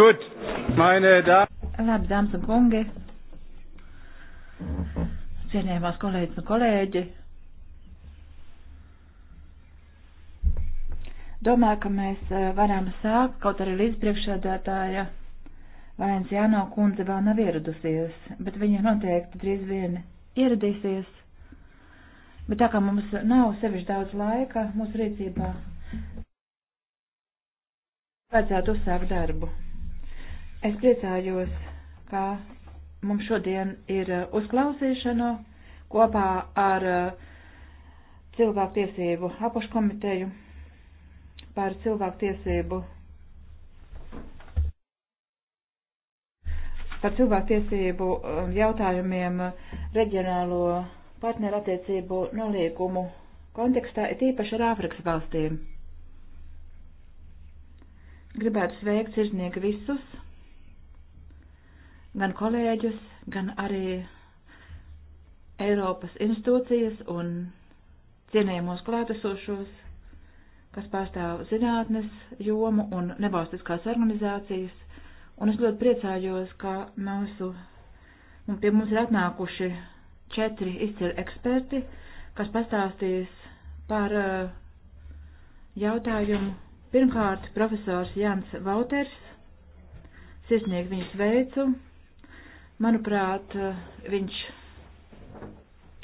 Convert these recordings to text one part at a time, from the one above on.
Gut, meine Damen. Labi, dāmas un kungi. Cienījamās kolēģis un kolēģi. Domāju, ka mēs eh, varam sākt, kaut arī līdzpriekšādātāja Vains Jāno kundze vēl nav ieradusies, bet viņa noteikti drīz vien ieradīsies. Bet tā kā mums nav sevišķi daudz laika mūsu rīcībā, vajadzētu uzsākt darbu. Es priecājos, ka mums šodien ir eh, uzklausīšana kopā ar eh, cilvēku tiesību apaškomiteju par cilvēku tiesību par cilvēku tiesību eh, jautājumiem reģionālo partnerattiecību nolīgumu kontekstā, ir īpaši ar Āfrikas valstīm. Gribētu sveikt sirdnieki visus, gan kolēģus, gan arī Eiropas institūcijas un cienējamos klātesošos, kas pārstāv zinātnes jomu un nebalstiskās organizācijas, un es ļoti priecājos, ka mūsu, un pie mums ir atnākuši četri izcili eksperti, kas pastāstīs par eh, jautājumu. Pirmkārt, profesors Jans Vauters, sirsnīgi viņu sveicu, Manuprāt, viņš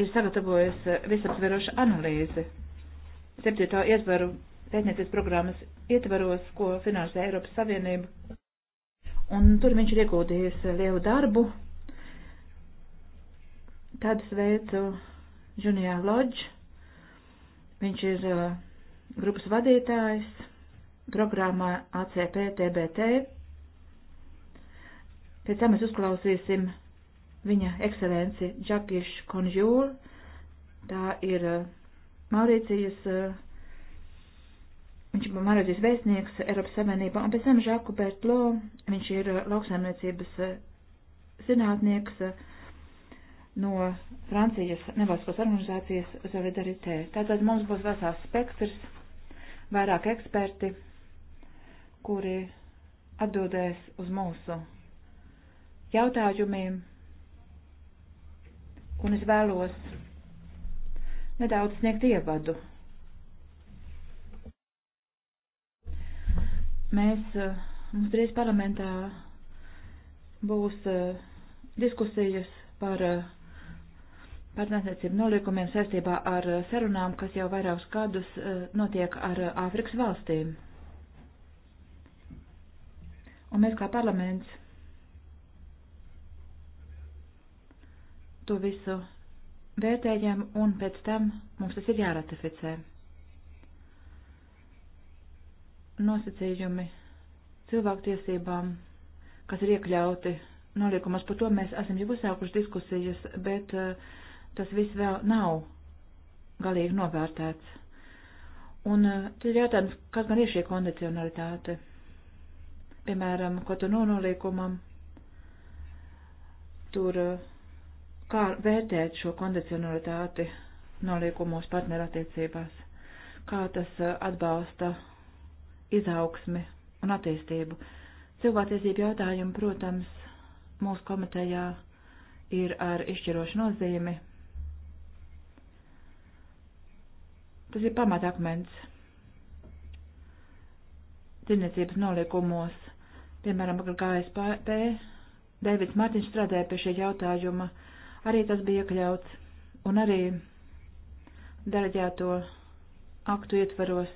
ir sagatavojis visaptverošu analīzi. Septīto ietvaru pētniecības programmas ietvaros, ko finansē Eiropas Savienība. Un tur viņš ir iegūtījis lielu darbu. Tādu sveicu Junijā Lodž. Viņš ir uh, grupas vadītājs programmā ACP TBT Pēc tam mēs uzklausīsim viņa ekscelenci Džakišu Konžūlu. Tā ir eh, Maurīcijas, eh, viņš ir Maurīcijas vēstnieks Eiropas Savienībā, un pēc tam Žaku Bertlo, viņš ir eh, lauksaimniecības zinātnieks no Francijas nevalstiskās organizācijas Solidarité. Tātad mums būs vesels spektrs, vairāk eksperti, kuri atbildēs uz mūsu jautājumiem, un es vēlos nedaudz sniegt ievadu. Mēs, eh, mums drīz parlamentā būs eh, diskusijas par eh, partnersniecību noliekumiem saistībā ar sarunām, kas jau vairākus gadus notiek ar Āfrikas valstīm. Un mēs kā parlaments to visu vērtējam un pēc tam mums tas ir jāratificē. Nosacījumi cilvēktiesībām, kas ir iekļauti noliekumos, par to mēs esam jau uzsākuši diskusijas, bet uh, tas viss vēl nav galīgi novērtēts. Un uh, tas ir jautājums, kas gan ir šī kondicionalitāte? Piemēram, ko tu no noliekumam? Tur uh, kā vērtēt šo kondicionalitāti noliekumos partnerattiecībās, kā tas eh, atbalsta izaugsmi un attīstību. Cilvēktiesību jautājumi, protams, mūsu komitejā ir ar izšķirošu nozīmi. Tas ir pamatakmens tirniecības noliekumos, piemēram, GSP. Dēvids Mārtiņš strādāja pie šī jautājuma arī tas bija iekļauts, un arī deleģēto aktu ietvaros.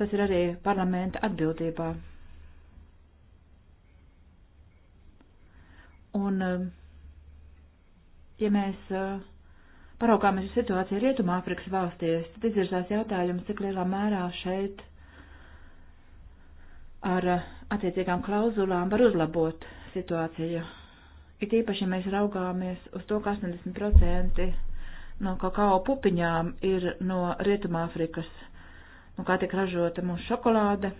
Tas ir arī parlamenta atbildībā. Un, um, ja mēs uh, paraugāmies uz situāciju Rietumāfrikas valstīs, tad izvirzās jautājums, cik lielā mērā šeit ar uh, attiecīgām klauzulām var uzlabot situāciju It īpaši, ja mēs raugāmies uz to, ka 80% no kakao pupiņām ir no Rietumāfrikas, no nu, kā tiek ražota mūsu šokolāde.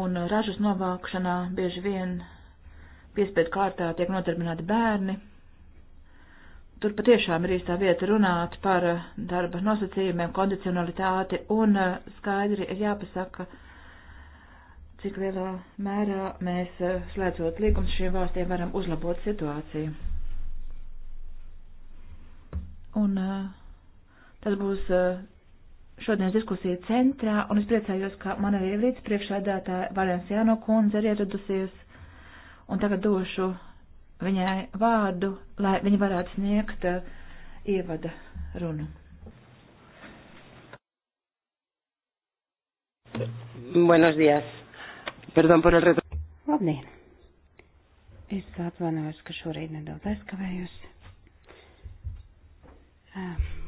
Un ražas novākšanā bieži vien piespiedu kārtā tiek nodarbināti bērni tur patiešām ir īstā vieta runāt par eh, darba nosacījumiem, kondicionalitāti un eh, skaidri ir jāpasaka, cik lielā mērā mēs, eh, slēdzot līgumus šīm valstīm, varam uzlabot situāciju. Un tas būs šodienas diskusija centrā, un es priecājos, ka man arī līdz priekšādātāja Valenciāno kundze ir ieradusies, un tagad došu viņai vārdu, lai viņa varētu sniegt uh, ievada runu. Buenos días. Perdón por el retraso. Labdien. Es atvainojos, ka šorīt nedaudz aizkavējos.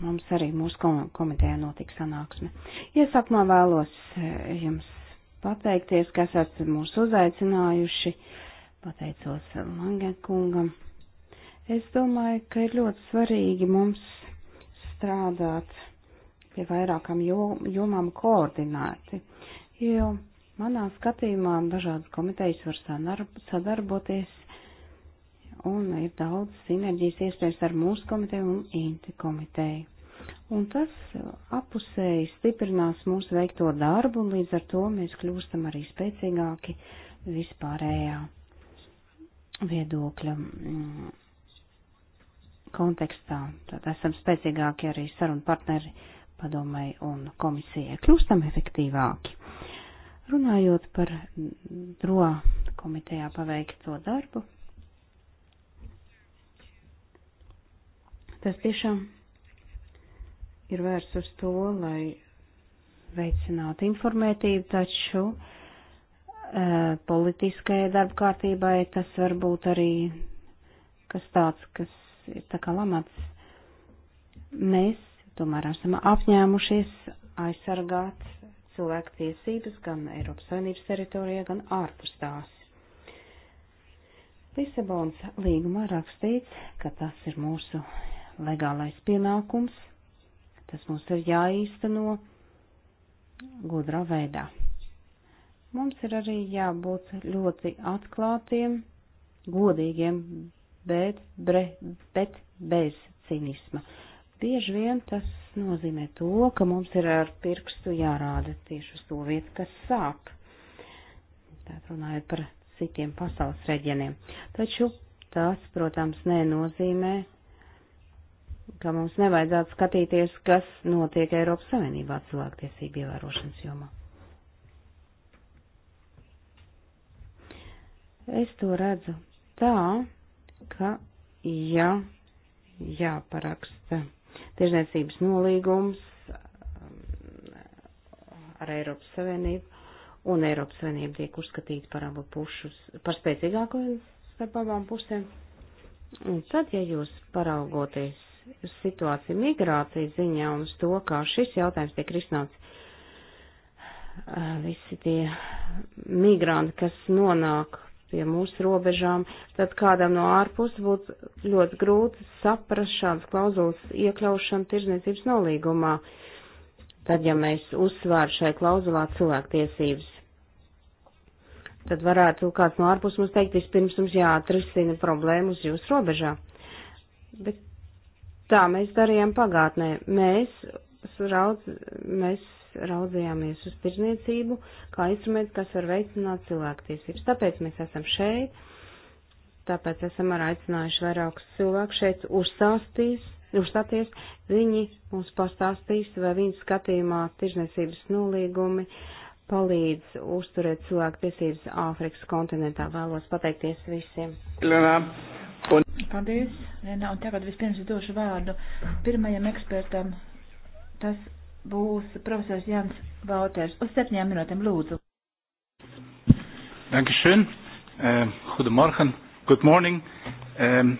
Mums arī mūsu komitejā notika sanāksme. Iesākumā vēlos jums pateikties, ka esat mūs uzaicinājuši. Uh, Pateicos Langekungam. Es domāju, ka ir ļoti svarīgi mums strādāt pie vairākām jomām koordināti, jo manā skatījumā dažādas komitejas var sadarboties un ir daudz sinerģijas iespējas ar mūsu komiteju un inti komiteju. Un tas apusēji stiprinās mūsu veikto darbu un līdz ar to mēs kļūstam arī spēcīgāki vispārējā viedokļa mm, kontekstā. Tad esam spēcīgāki arī sarunu partneri padomai un komisijai. Kļūstam efektīvāki. Runājot par DRO komitejā paveikto darbu, tas tiešām ir vērsts uz to, lai veicinātu informētību, taču uh, politiskajai darba kārtībai, tas var būt arī kas tāds, kas ir tā kā lamats. Mēs tomēr esam apņēmušies aizsargāt cilvēku tiesības gan Eiropas Savienības teritorijā, gan ārpus tās. Lisabons līgumā rakstīts, ka tas ir mūsu legālais pienākums, tas mums ir jāīsteno gudrā veidā. Mums ir arī jābūt ļoti atklātiem, godīgiem, bet, bre, bet bez cinisma. Bieži vien tas nozīmē to, ka mums ir ar pirkstu jārāda tieši uz to vietu, kas sāp. Tātad runājot par citiem pasaules reģioniem. Taču tas, protams, nenozīmē, ka mums nevajadzētu skatīties, kas notiek Eiropas Savienībā cilvēktiesību ievērošanas jomā. Es to redzu tā, ka ja jāparaksta tiešniecības nolīgums um, ar Eiropas Savienību, un Eiropas Savienība tiek uzskatīta par abu pušus, par spēcīgāko starp abām pusēm. Un tad, ja jūs paraugoties uz situāciju migrācijas ziņā un uz to, kā šis jautājums tiek risināts, uh, visi tie migranti, kas nonāk pie mūsu robežām, tad kādam no ārpuses būtu ļoti grūti saprast šādas klauzulas iekļaušanu tirzniecības nolīgumā, tad, ja mēs uzsvērtu šai klauzulā cilvēktiesības. Tad varētu kāds no ārpuses mums teikt, vispirms mums jāatrisina problēma uz jūsu robežā. Bet tā mēs darījām pagātnē. Mēs, raudz, mēs raudzījāmies uz tirzniecību kā instrumentu, kas var veicināt cilvēktiesības. Tāpēc mēs esam šeit, tāpēc esam arī aicinājuši vairākus cilvēkus šeit uzsāstīs, uzstāties. Viņi mums pastāstīs, vai viņu skatījumā tirzniecības nolīgumi palīdz uzturēt cilvēku tiesības Āfrikas kontinentā. Vēlos pateikties visiem. Lenā, un... Paldies, Lena, un tagad vispirms došu vārdu pirmajam ekspertam. Tas būs profesors Jans Vauters. Uz septiņām minūtēm lūdzu. Dankeschön. Uh, eh, guten Morgen. Good morning. Um... Ehm.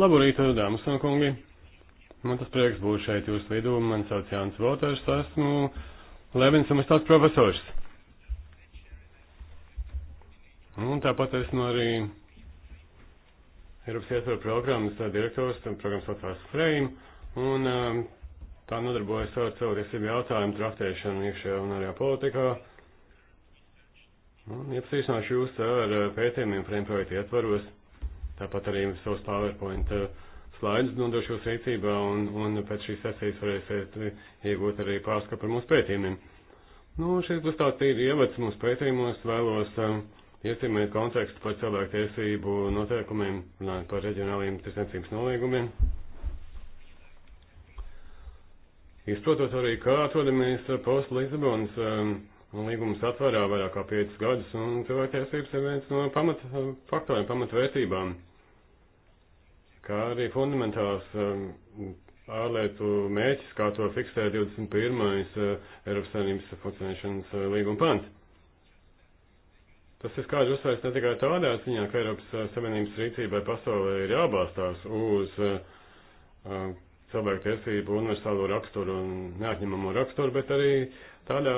Labu rītu, dāmas un kungi. Man tas prieks būt šeit jūsu vidū. Man sauc Jānis Vauters. Esmu Levins un es tāds profesors. Un tāpat esmu arī Eiropas ietvaru programmas direktors, programmas atvērts Frame. Un um, uh, Tā nodarbojas ar cilvēktiesību jautājumu traktēšanu iekšējā un ārējā politikā. Un iepazīstināšu jūs ar eh, pētījumiem frameprojektu ietvaros, tāpat arī savus PowerPoint eh, slaidus nodošu jūs rīcībā, un, un pēc šīs sesijas varēsiet iegūt arī pārskatu par mūsu pētījumiem. Nu, šis būs tāds tīri ievads mūsu pētījumos, vēlos um, iezīmēt kontekstu par cilvēktiesību noteikumiem, runājot par reģionāliem tirsniecības nolīgumiem. Izprotot arī, kā atrodamies post Lisabonas um, līgums atvērā vairāk kā 5 gadus, un cilvēktiesības ir viens no pamat um, faktoriem, pamatvērtībām, kā arī fundamentāls um, ārlietu mērķis, kā to fiksē 21. Uh, Eiropas Savienības funkcionēšanas uh, līguma pants. Tas ir skaidrs uzsvērts ne tikai tādā ziņā, ka Eiropas uh, Savienības rīcībai pasaulē ir jābalstās uz uh, cilvēku tiesību universālo raksturu un neatņemamo raksturu, bet arī tādā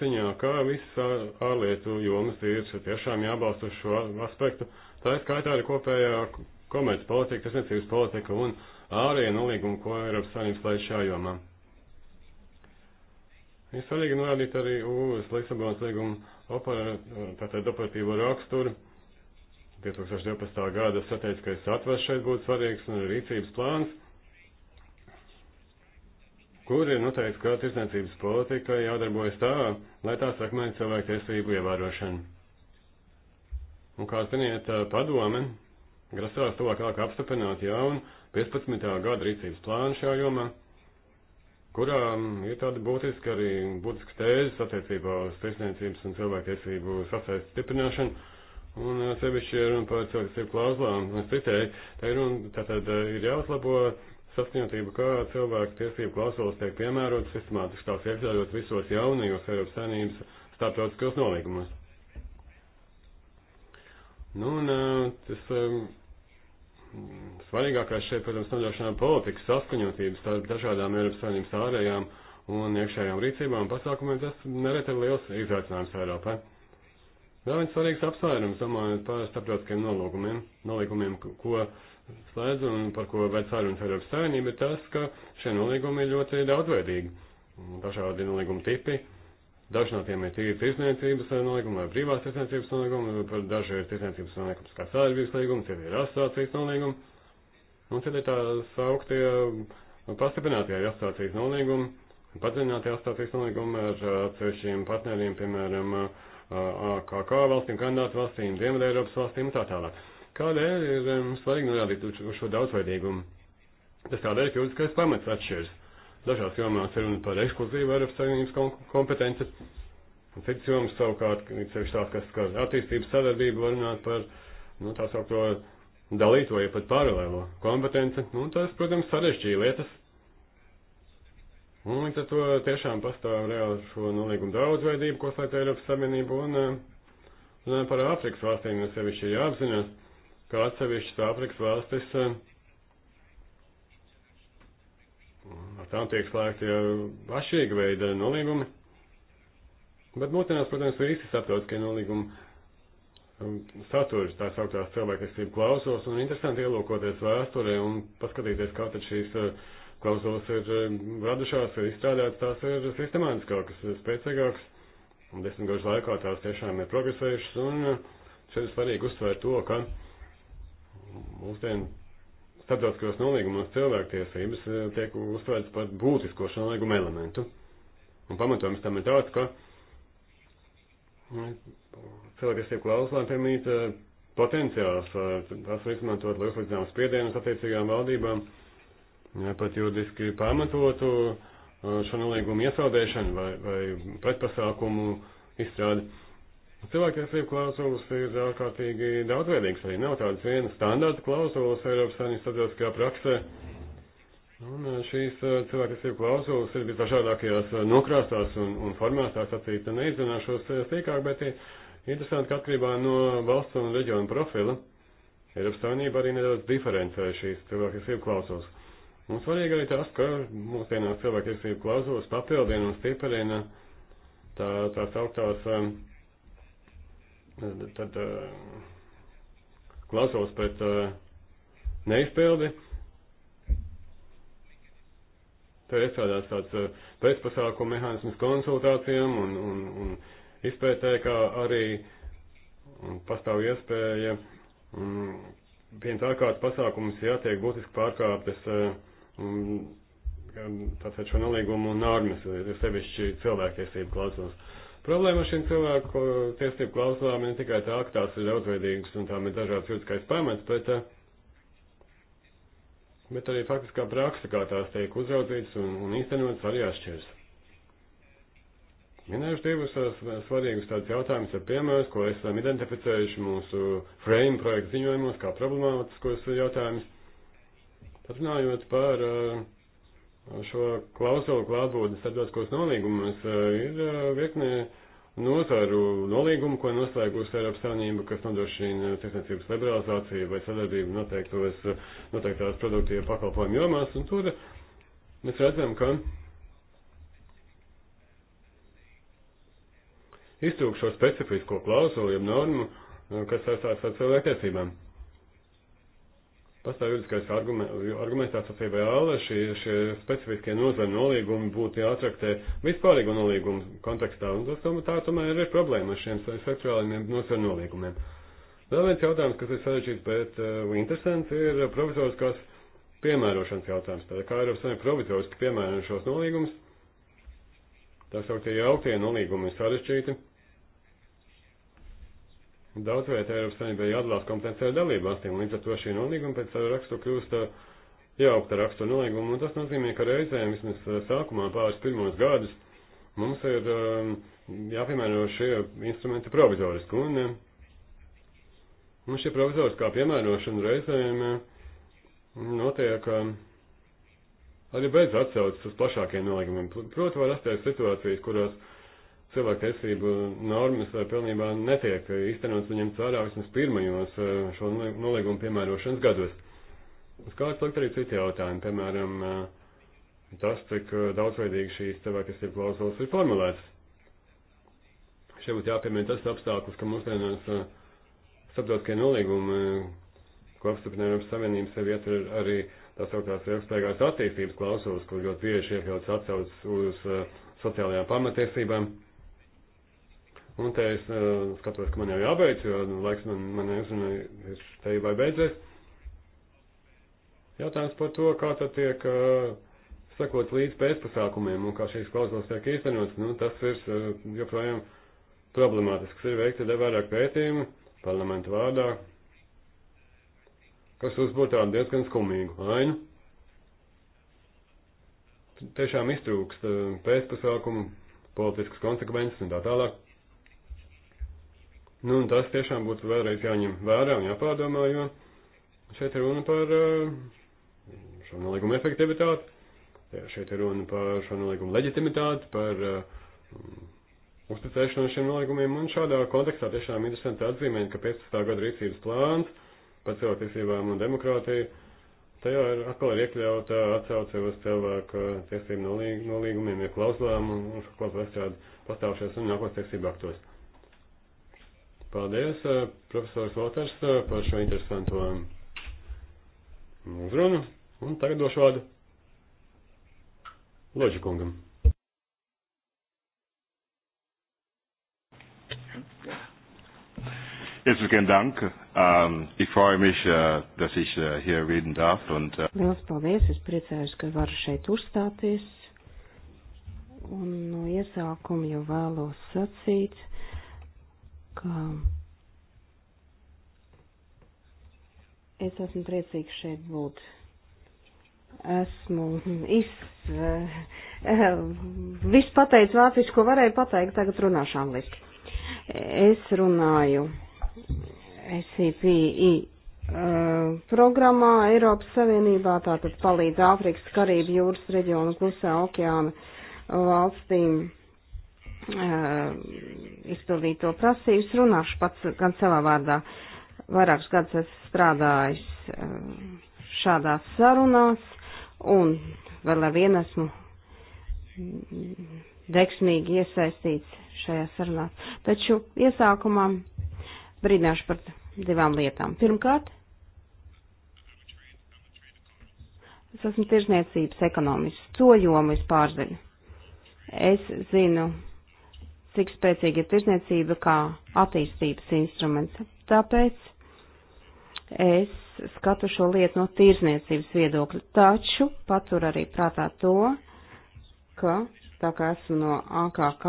ziņā, ka visas ārlietu jomas ir tiešām jābalst uz šo aspektu. Tā ir skaitā arī kopējā komerces politika, tiesniecības politika un ārējie nolīgumi, ko Eiropas Savienības lai šajā jomā. Ir svarīgi norādīt arī uz Lisabonas līguma operatīvo raksturu. 2012. gada strateģiskais atvers šeit būtu svarīgs un rīcības plāns kur ir noteikts, ka tirsniecības politika jādarbojas tā, lai tā sakmēta cilvēku tiesību ievērošanu. Un kā ziniet, padome grasās tuvākāk apstiprināt jaunu 15. gada rīcības plānu šajā jomā, kurā ir tāda būtiska arī būtiska tēzes attiecībā uz tirsniecības un cilvēktiesību sasaistes stiprināšanu. Un sevišķi ir runa par cilvēktiesību klauzulām. Es citēju, tā ir runa, tātad ir jāuzlabo sasniegtība, kā cilvēku tiesību klausulas tiek piemērotas sistemātiski tās iekļaujot visos jaunajos Eiropas Savienības starptautiskos nolīgumos. Nu, un eh, tas eh, svarīgākais šeit, protams, nodrošinām politikas saskaņotību starp dažādām Eiropas Savienības ārējām un iekšējām rīcībām un pasākumiem, tas nereti ir liels izaicinājums Eiropai. Vēl viens svarīgs apsvērums, domājot par starptautiskiem nolīgumiem, ko slēdz un par ko veids sarunas Eiropas Savienība, ir tas, ka šie nolīgumi ir ļoti daudzveidīgi. Dažādi nolīguma tipi, daži no tiem ir tīri tirsniecības nolīgumi vai brīvās tirsniecības nolīgumi, par daži ir tirsniecības nolīgums kā sādarbības līgums, citi ir asociācijas nolīgumi, un citi ir tā sauktie nu, pastiprinātie asociācijas nolīgumi, padziļinātie asociācijas nolīgumi ar atsevišķiem partneriem, piemēram, AKK valstīm, kandidātu valstīm, Dienvidē Eiropas valstīm un tā tālāk. Kādēļ ir svarīgi norādīt uz šo daudzveidīgumu? Tas tādēļ, ka juridiskais pamats atšķiras. Dažās jomās ir runa par ekskluzīvu Eiropas Savienības kompetenci, un citas jomas savukārt, ceļš tās, kas skar attīstības sadarbību, var runāt par, nu, tā saukto dalīto, ja pat paralēlo kompetenci, nu, tas, protams, sarežģīja lietas. Un līdz ar to tiešām pastāv reāli šo nolīgumu daudzveidību, ko slēdz Eiropas Savienība, un, un par Āfrikas valstīm, jo sevišķi jāapzinās. Ja kā atsevišķas Āfrikas valstis ar tām tiek slēgti vašīga veida nolīgumi. Bet mūsdienās, protams, ir visi starptautiskie nolīgumi um, saturs, tā sauktās cilvēktiesību klausos, un interesanti ielūkoties vēsturē un paskatīties, kā tad šīs uh, klausos ir um, radušās, ir izstrādātas, tās ir sistemātiskākas, spēcīgākas, un desmit gadu laikā tās tiešām ir progresējušas, un uh, šeit ir svarīgi uzsvērt to, ka mūsdienu starptautiskajos nolīgumos cilvēktiesības eh, tiek uztvērts par būtisko šo nolīgumu elementu. Un pamatojums tam ir tāds, ka eh, cilvēktiesību klausulām piemīt eh, potenciāls, tas var izmantot, lai uzlīdzinātu spiedienus attiecīgām valdībām, pat juridiski pamatotu šo nolīgumu iesaldēšanu vai, vai pretpasākumu izstrādi. Cilvēktiesību klausulas ir ārkārtīgi daudzveidīgas, arī nav tādas vienas standarta klausulas Eiropas Savienības starptautiskajā praksē. Un eh, šīs eh, cilvēktiesību klausulas ir visdažādākajās eh, nokrāstās un, un formās, tā sacīt, neizrunāšos sīkāk, bet ir interesanti, ka atkarībā no valsts un reģiona profila Eiropas Savienība arī nedaudz diferencē šīs cilvēktiesību klausulas. Un svarīgi arī tas, ka mūsdienās cilvēktiesību klausulas papildina un stiprina tā, tās augtās. Um, tad eh, klausos pēc eh, neizpildi. Te iestrādās tāds eh, pēcpasākumu mehānisms konsultācijām un, un, un izpētē, kā arī pastāv iespēja viens ārkārtas pasākums jātiek būtiski pārkāptas tātad šo nolīgumu normas, ir sevišķi cilvēktiesību klausos. Problēma ar šīm cilvēku tiesību klauzulām ir ne tikai tā, ka tās ir daudzveidīgas un tām ir dažāds jūtiskais pamats, bet, eh, bet arī faktiskā praksa, kā tās tiek uzraudzītas un, un īstenotas, arī atšķiras. Minējuši divus eh, svarīgus tādus jautājumus ar piemērus, ko esam identificējuši mūsu frame projekta ziņojumos kā problemātiskos jautājumus. Tad runājot par uh, šo klausulu klātbūtnes starptautiskos nolīgumus uh, ir uh, virkne nozaru nolīgumu, ko noslēgusi Eiropas Savienība, kas nodrošina tirsniecības liberalizāciju vai sadarbību noteiktos, uh, noteiktās produktīvu pakalpojumu jomās, un tur mēs redzam, ka iztrūkšo specifisko klausulu, jeb normu, kas saistās ar cilvēktiesībām. Pastāv juridiskais arguments, tāds ir vēl, šie, šie specifiskie nozara nolīgumi būtu jātraktē vispārīgo nolīgumu kontekstā, un tas tomēr tā tomēr ir problēma ar šiem sektorāliem nozara nolīgumiem. Vēl viens jautājums, kas ir sarežģīts, bet uh, interesants, ir provizoriskās piemērošanas jautājums. Tātad, kā Eiropas Savienība provizoriski piemēro šos nolīgumus, tā sauktie jauktie nolīgumi ir sarežģīti. Daudz vietā Eiropas Savienībai jādalās kompetencija ar dalību valstīm, līdz ar to šī nolīguma pēc savu rakstu kļūst uh, jaukta rakstu nolīguma, un tas nozīmē, ka reizēm vismaz uh, sākumā pāris pirmos gadus mums ir um, jāpiemēro šie instrumenti provizoriski, un, un uh, šī provizoriskā piemērošana reizēm notiek um, arī bez atsaucas uz plašākiem nolīgumiem. Proti, var rasties situācijas, kurās cilvēku tiesību normas eh, pilnībā netiek eh, īstenots un ņemts vērā vismaz pirmajos eh, šo nolīgumu piemērošanas gados. Uz kārtas likt arī citi jautājumi, piemēram, tas, cik daudzveidīgi šīs cilvēku tiesību klauzulas ir formulētas. Šeit būtu jāpiemina tas apstākļus, ka mūsdienās starptautiskie nolīgumi, ko apstiprina Eiropas Savienības sevi ietver arī tā sauktās ilgspējīgās attīstības klausulas, kur ļoti bieži iekļauts atsaucas uz sociālajām pamatiesībām. Uh, Un te es uh, skatos, ka man jau jābeidz, jo nu, laiks man, man uzrunai ir te jau vai beidzies. Jautājums par to, kā tad tiek uh, sekots līdz pēcpasākumiem un kā šīs klausulas tiek īstenotas, nu, tas ir uh, joprojām problemātisks. Ir veikti devērāk pētījumi parlamentu vārdā, kas uzbūr tādu diezgan skumīgu ainu. Tiešām iztrūkst uh, pēcpasākumu, politiskas konsekvences un tā tālāk. Nu, un tas tiešām būtu vēlreiz jāņem vērā un jāpārdomā, jo šeit ir runa par eh, šo nolīgumu efektivitāti, eh, šeit ir runa par šo nolīgumu leģitimitāti, par um, uzticēšanos šiem nolīgumiem, un šādā kontekstā tiešām interesanti atzīmēt, ka 15. gada rīcības plāns par cilvēktiesībām un demokrātiju, tajā ir atkal ir iekļauta atsauce uz cilvēku tiesību nolīgumiem, ja klauzulām un, un šo klauzulu aizstrādu pastāvšies un nākotnes tiesību aktos. Paldies, eh, profesors Loters, eh, par šo interesanto mm, uzrunu. Un tagad došu vārdu Loģikungam. Herzlichen Dank. Um, ich freue mich, uh, dass ich uh, hier reden darf. Und, uh... Lielas paldies. Es priecājos, ka varu šeit uzstāties. Un no iesākuma jau vēlos sacīt, ka es esmu priecīgs šeit būt. Esmu iz, eh, viss pateicu vāciski, ko varēju pateikt, tagad runāšu angliski. Es runāju SCPI e eh, programmā Eiropas Savienībā, tātad palīdz Āfrikas, Karību jūras reģionu, Klusā okeāna valstīm Eh, izpildīto prasības. Runāšu pats gan savā vārdā. Vairākus gadus esmu strādājis eh, šādās sarunās un vēl ar vienu esmu deksmīgi iesaistīts šajā sarunā. Taču iesākumā brīdināšu par divām lietām. Pirmkārt, es esmu tirzniecības ekonomists, to jomu es pārzinu. Es zinu cik spēcīga ir tirzniecība kā attīstības instruments. Tāpēc es skatu šo lietu no tirzniecības viedokļa, taču patur arī prātā to, ka tā kā esmu no AKK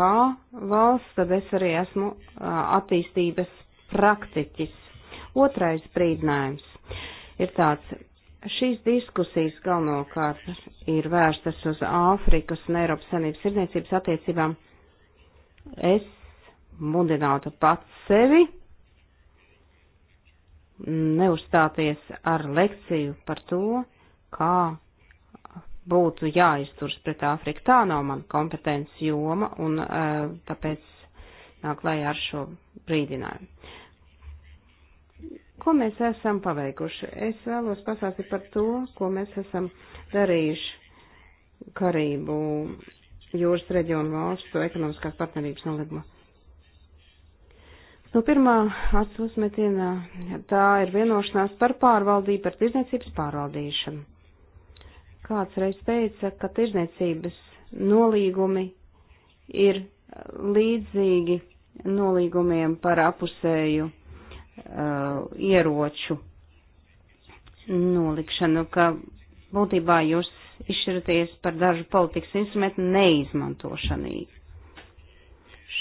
valsts, tad es arī esmu attīstības praktiķis. Otrais brīdinājums ir tāds, šīs diskusijas galvenokārt ir vērstas uz Āfrikas un Eiropas Sanības tirdzniecības attiecībām es mudinātu pats sevi neuzstāties ar lekciju par to, kā būtu jāizturas pret Āfriku. Tā nav mana kompetences joma, un uh, tāpēc nāk lējā ar šo brīdinājumu. Ko mēs esam paveikuši? Es vēlos pasāstīt par to, ko mēs esam darījuši Karību jūras reģionu valstu ekonomiskās partnerības nolīguma. No pirmā acu uzmetienā tā ir vienošanās par pārvaldību, par tirzniecības pārvaldīšanu. Kāds reiz teica, ka tirzniecības nolīgumi ir līdzīgi nolīgumiem par apusēju uh, ieroču nolikšanu, ka būtībā jūs izšķirties par dažu politikas instrumentu neizmantošanību.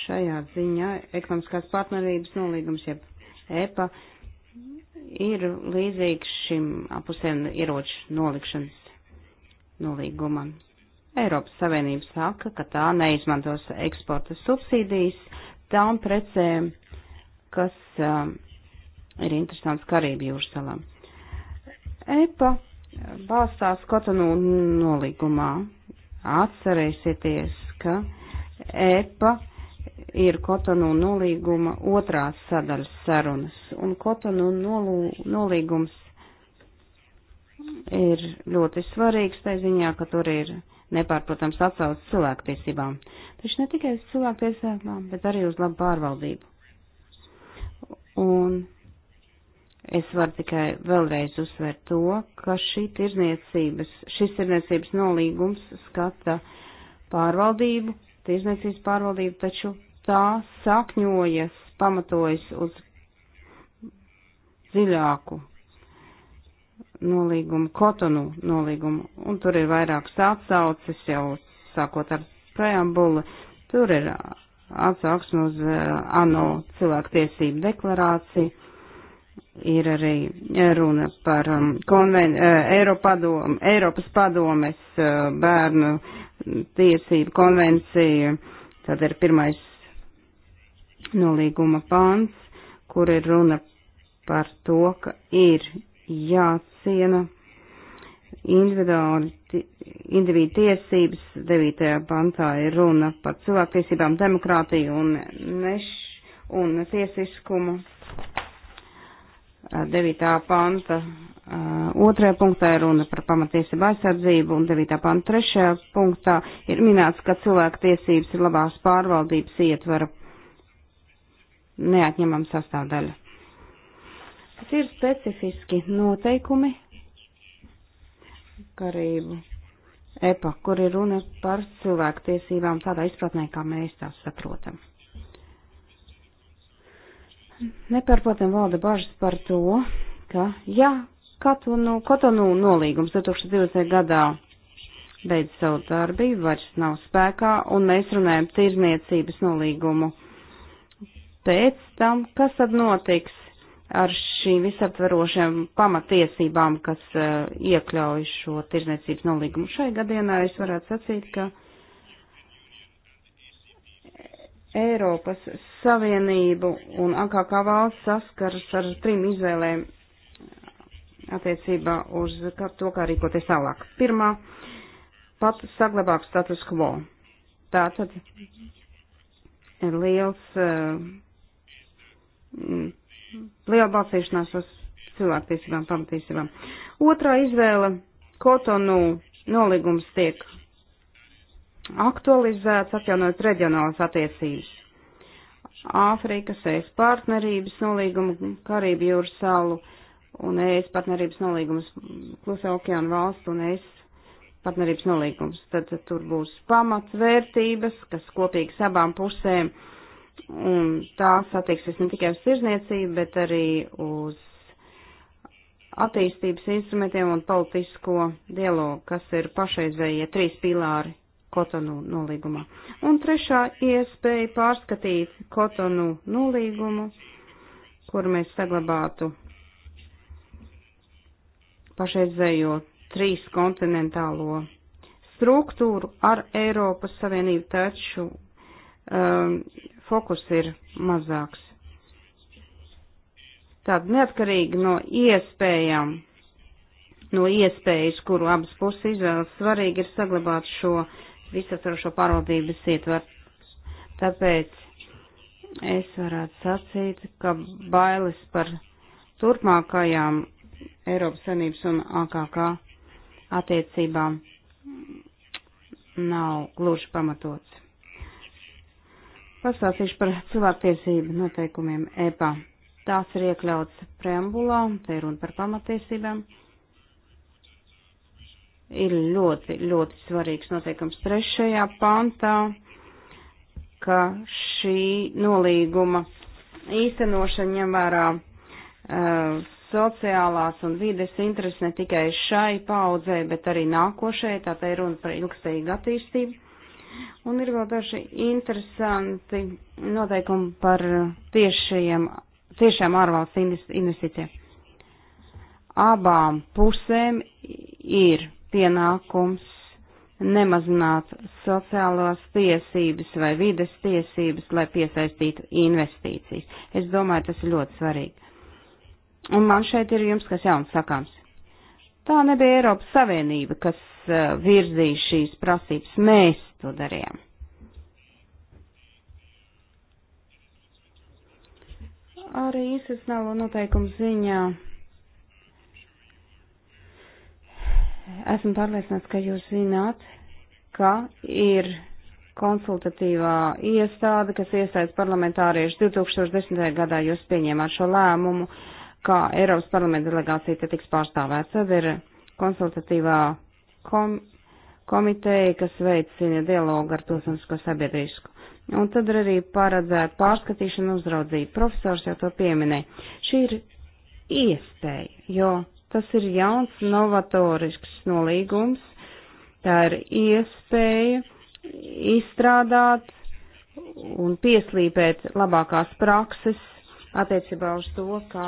Šajā ziņā ekonomiskās partnerības nolīgums, jeb EPA, ir līdzīgs šim apusēm ieroču nolikšanas nolīgumam. Eiropas Savienība saka, ka tā neizmantos eksporta subsīdijas tām precēm, kas um, ir interesants Karību jūras salām. EPA balstās Kotonu nolīgumā. Atcerēsieties, ka EPA ir Kotonu nolīguma otrās sadaļas sarunas, un Kotonu nolīgums ir ļoti svarīgs, tai ziņā, ka tur ir nepārprotams atsauc cilvēktiesībām. Taču ne tikai uz cilvēktiesībām, bet arī uz labu pārvaldību. Un Es varu tikai vēlreiz uzsvērt to, ka šī tirzniecības, šis tirzniecības nolīgums skata pārvaldību, tirzniecības pārvaldību, taču tā sakņojas, pamatojas uz dziļāku nolīgumu, kotonu nolīgumu, un tur ir vairākas atsauces jau sākot ar preambulu, tur ir atsauksme uz uh, ANO cilvēktiesību deklarāciju ir arī eh, runa par um, konven, uh, Eiropadom, Eiropas padomes uh, bērnu tiesību konvenciju. Tad ir pirmais nolīguma pāns, kur ir runa par to, ka ir jāciena individuāli individu tiesības, 9. pantā ir runa par cilvēktiesībām, demokrātiju un, neš, un tiesiskumu 9. panta otrajā punktā ir runa par pamatiesību aizsardzību, un 9. panta trešajā punktā ir minēts, ka cilvēku tiesības ir labās pārvaldības ietvara neatņemama sastāvdaļa. Tas ir specifiski noteikumi karību epa, kur ir runa par cilvēku tiesībām tādā izpratnē, kā mēs tās saprotam. Nepārprotam valda bažas par to, ka, ja Katonu, Kotonu nolīgums 2020. gadā beidz savu darbību, vairs nav spēkā, un mēs runājam tirzniecības nolīgumu pēc tam, kas tad notiks ar šīm visaptverošajām pamatiesībām, kas uh, iekļauj šo tirzniecības nolīgumu. Šai gadienā es varētu sacīt, ka Eiropas Savienību un AKK valsts saskaras ar trim izvēlēm attiecībā uz to, kā rīkoties tālāk. Pirmā, pat saglabāk status quo. Tā tad ir liels, eh, liela balsīšanās uz cilvēktiesībām, pamatīsībām. Otrā izvēle, kotonu nolīgums tiek aktualizēts, atjaunot reģionālas attiecības. Āfrikas ES partnerības nolīgumu, Karību jūras salu un ES partnerības nolīgumus, Klusā okeāna valstu un ES partnerības nolīgums. Tad tur būs pamatsvērtības, kas kopīgas abām pusēm, un tās attieksies ne tikai uz tirzniecību, bet arī uz attīstības instrumentiem un politisko dialogu, kas ir pašreizējie trīs pīlāri Kotonu nolīgumā. Un trešā iespēja pārskatīt Kotonu nolīgumu, kur mēs saglabātu pašreizējo trīs kontinentālo struktūru ar Eiropas Savienību, taču um, fokus ir mazāks. Tātad neatkarīgi no iespējām no iespējas, kuru abas puses izvēlas, svarīgi ir saglabāt šo visaptvarošo pārvaldības ietvaru. Tāpēc es varētu sacīt, ka bailes par turpmākajām Eiropas Savienības un AKK attiecībām nav gluži pamatots. Pastāstīšu par cilvēktiesību noteikumiem EPA. Tās ir iekļauts preambulā, te ir runa par pamatiesībām ir ļoti, ļoti svarīgs noteikums trešajā pantā, ka šī nolīguma īstenošana ņem vērā uh, sociālās un vides intereses ne tikai šai paudzē, bet arī nākošajai, tā te ir runa par ilgstīgu attīstību. Un ir vēl daži interesanti noteikumi par tiešajiem, tiešām ārvalsts investīcijiem. Abām pusēm ir pienākums nemazināt sociālās tiesības vai vides tiesības, lai piesaistītu investīcijas. Es domāju, tas ir ļoti svarīgi. Un man šeit ir jums kas jauns sakāms. Tā nebija Eiropas Savienība, kas uh, virzīja šīs prasības. Mēs to darījām. Arī izsasnālo noteikumu ziņā Esmu pārliecināts, ka jūs zināt, ka ir konsultatīvā iestāde, kas iesaist parlamentāriešu 2010. gadā jūs pieņēmāt šo lēmumu, kā Eiropas parlamenta delegācija te tiks pārstāvēts. Tad ir konsultatīvā kom komiteja, kas veicina dialogu ar pilsonisko sabiedrisku. Un tad ir arī paredzēta pārskatīšana uzraudzība. Profesors jau to pieminēja. Šī ir iespēja, jo Tas ir jauns, novatorisks nolīgums. Tā ir iespēja izstrādāt un pieslīpēt labākās prakses attiecībā uz to, kā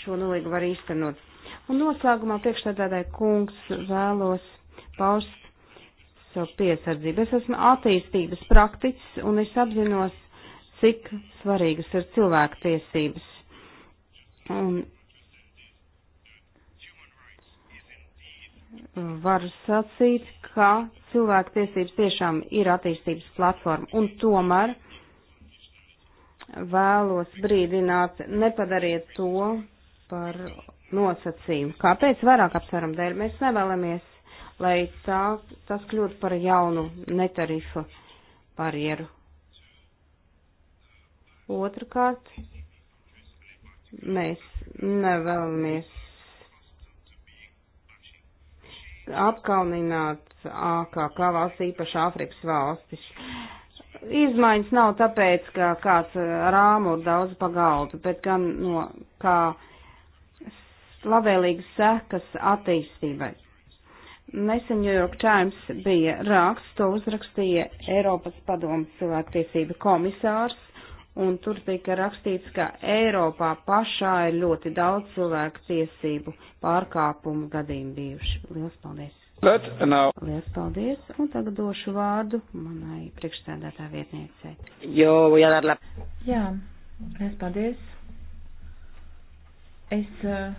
šo nolīgu var īstenot. Un noslēgumā priekšstādātāji kungs vēlos paust savu piesardzību. Es esmu attīstības praktiķis un es apzinos, cik svarīgas ir cilvēktiesības. Un varu sacīt, ka cilvēku tiesības tiešām ir attīstības platforma, un tomēr vēlos brīdināt, nepadariet to par nosacījumu. Kāpēc vairāk apsveram dēļ? Mēs nevēlamies, lai tā, tas kļūtu par jaunu netarifu barjeru. Otrakārt, mēs nevēlamies apkalnināt AKK valsts, īpaši Āfrikas valstis. Izmaiņas nav tāpēc, ka kāds rāmu ir daudz pagaldu, bet gan no kā labvēlīgas sekas attīstībai. Nesen New York Times bija raksts, to uzrakstīja Eiropas padomu cilvēktiesību komisārs un tur tika rakstīts, ka Eiropā pašā ir ļoti daudz cilvēku tiesību pārkāpumu gadījumu bijuši. Lielas paldies! Lielas paldies, un tagad došu vārdu manai priekšstādātā vietniecei. Jo, jādarla. Jā, lielas paldies. Es uh,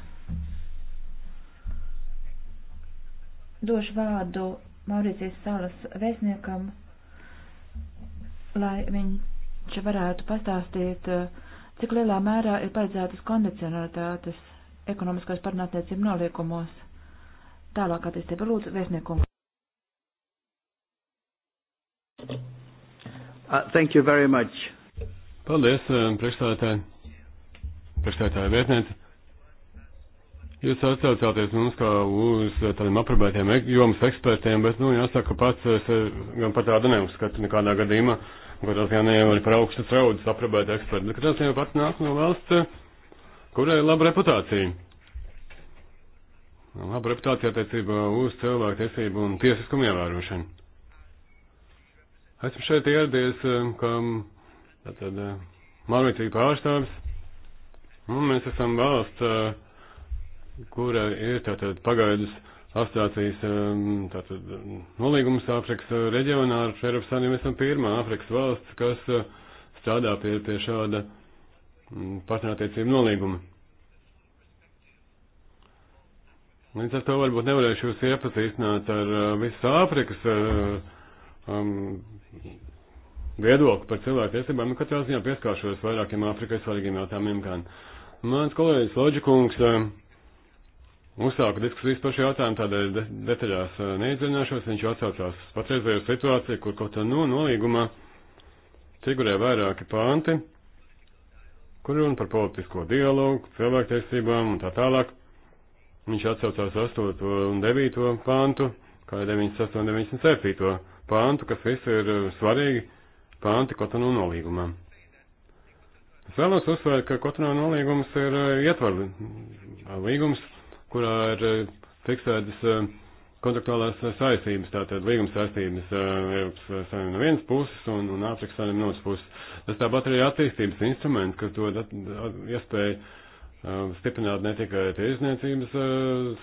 došu vārdu Maurīcijas salas vēstniekam, lai viņi Čia varētu pastāstīt, eh, cik lielā mērā ir paredzētas kondicionalitātes ekonomiskās parunātniecību noliekumos. Tālāk attīstība lūdzu vēstniekumu. Uh, thank you very much. Paldies, eh, priekšstādātāji. Priekšstādātāja vietniece. Jūs atcaucāties mums kā uz eh, tādiem aprobētiem e- jomas ekspertiem, bet, nu, jāsaka, pats es gan par tādu neuzskatu nekādā gadījumā. Uh, Katrā ziņā ne jau ir par augstu traudas aprabēt eksperti, bet nu, katrā ziņā pat nāk no valsts, kurai ir laba reputācija. Laba reputācija attiecībā uz cilvēku tiesību un tiesiskumu ievērošanu. Esmu šeit ieradies, eh, ka tātad eh, Marvīcija pārstāvis, un mēs esam valsts, eh, kura ir tātad pagaidus asociācijas um, tātad, um, nolīgums Āfrikas uh, reģionā ar Eiropas Savienību esam pirmā Āfrikas valsts, kas uh, strādā pie, pie šāda mm, partnerattiecību nolīguma. Līdz ar to varbūt nevarēšu jūs iepazīstināt ar uh, visu Āfrikas um, viedokli par cilvēku tiesībām, un nu, katrā ziņā pieskāršos vairākiem Āfrikai svarīgiem jautājumiem. Mans kolēģis Loģikungs uh, uzsāku diskusijas par šo jautājumu, tādēļ de detaļās eh, neiedziļināšos. Viņš atsaucās patreizējo situāciju, kur kaut kā no nolīgumā figurē vairāki pānti, kur runa par politisko dialogu, cilvēktiesībām un tā tālāk. Viņš atsaucās 8. un 9. pāntu, kā 98. un 97. pāntu, kas visi ir eh, svarīgi pānti Kotonu nolīgumā. Es vēlos uzsvērt, ka Kotonu nolīgums ir eh, ietver līgums, kurā ir eh, fiksētas eh, kontraktuālās saistības, tātad līguma saistības eh, Eiropas Savienības no vienas puses un, un Āfrikas Savienības no otras puses. Tas tāpat arī attīstības instruments, kas dod iespēju stiprināt ne tikai tiesniecības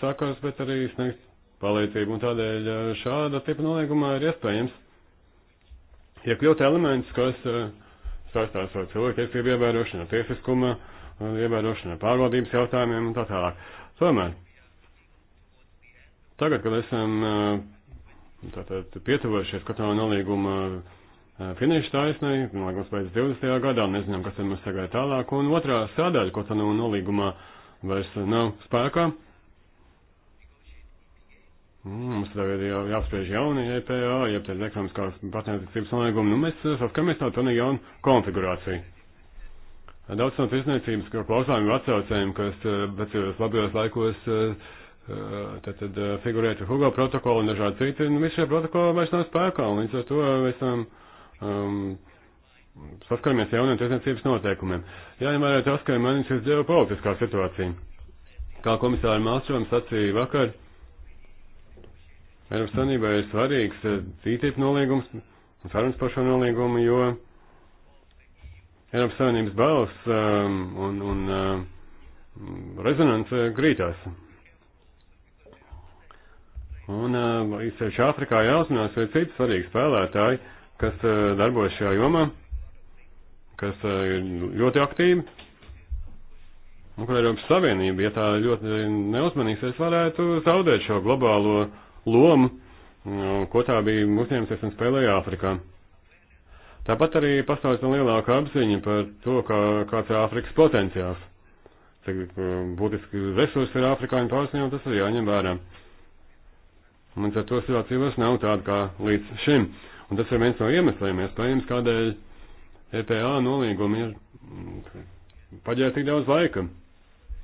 sakars, bet arī sniegt palīdzību. Un tādēļ šāda tipa nolīgumā ir iespējams iekļaut elements, kas saistās ar cilvēktiesību ievērošanu, tiesiskuma ievērošanu, pārvaldības jautājumiem un tā tālāk. Tomēr, tagad, kad esam eh, tātad pietuvojušies katrā nolīguma eh, finiša taisnai, nolīgums pēc 20. gadā, nezinām, kas tad mums tagad tālāk, un otrā sādaļa, ko tā no nolīgumā vairs nav spēkā, mm, Mums tagad jā, jāspriež jauni EPA, jeb tāda ekonomiskās partnerattiecības nolīguma. Nu, mēs saskaramies tādu pilnīgi jaunu konfigurāciju. Daudz no tirsniecības, kur klausām atsaucēm, kas vecajos eh, labajos laikos eh, eh, tad, tad figurēta Hugo protokola un dažādi citi, nu, visi šie protokoli vairs nav spēkā, un līdz ar to esam um, ehm, saskaramies jauniem tirsniecības noteikumiem. Jāņem vērā tas, ka ir mainīsies ģeopolitiskā situācija. Kā komisāra Mālstrom sacīja vakar, Eiropas Sanībā ir svarīgs cītību nolīgums un sarunas par šo nolīgumu, jo Eiropas Savienības balss um, un, un um, rezonance grītās. Un um, īpaši Āfrikā jāuzmanās, vai citi svarīgi spēlētāji, kas uh, darbojas šajā jomā, kas uh, ir ļoti aktīvi. Un kur Eiropas Savienība, ja tā ļoti neuzmanīsies, varētu zaudēt šo globālo lomu, uh, ko tā bija uzņēmusies un spēlēja Āfrikā. Tāpat arī pastāv lielāka apziņa par to, kā, kāds ir Āfrikas potenciāls. Cik um, būtiski resursi ir afrikāņu pārsniņā, tas ir jāņem vērā. Un ar to situācija vairs nav tāda kā līdz šim. Un tas ir viens no iemesliem, iespējams, kādēļ EPA nolīgumi ir mm, paģēri tik daudz laika.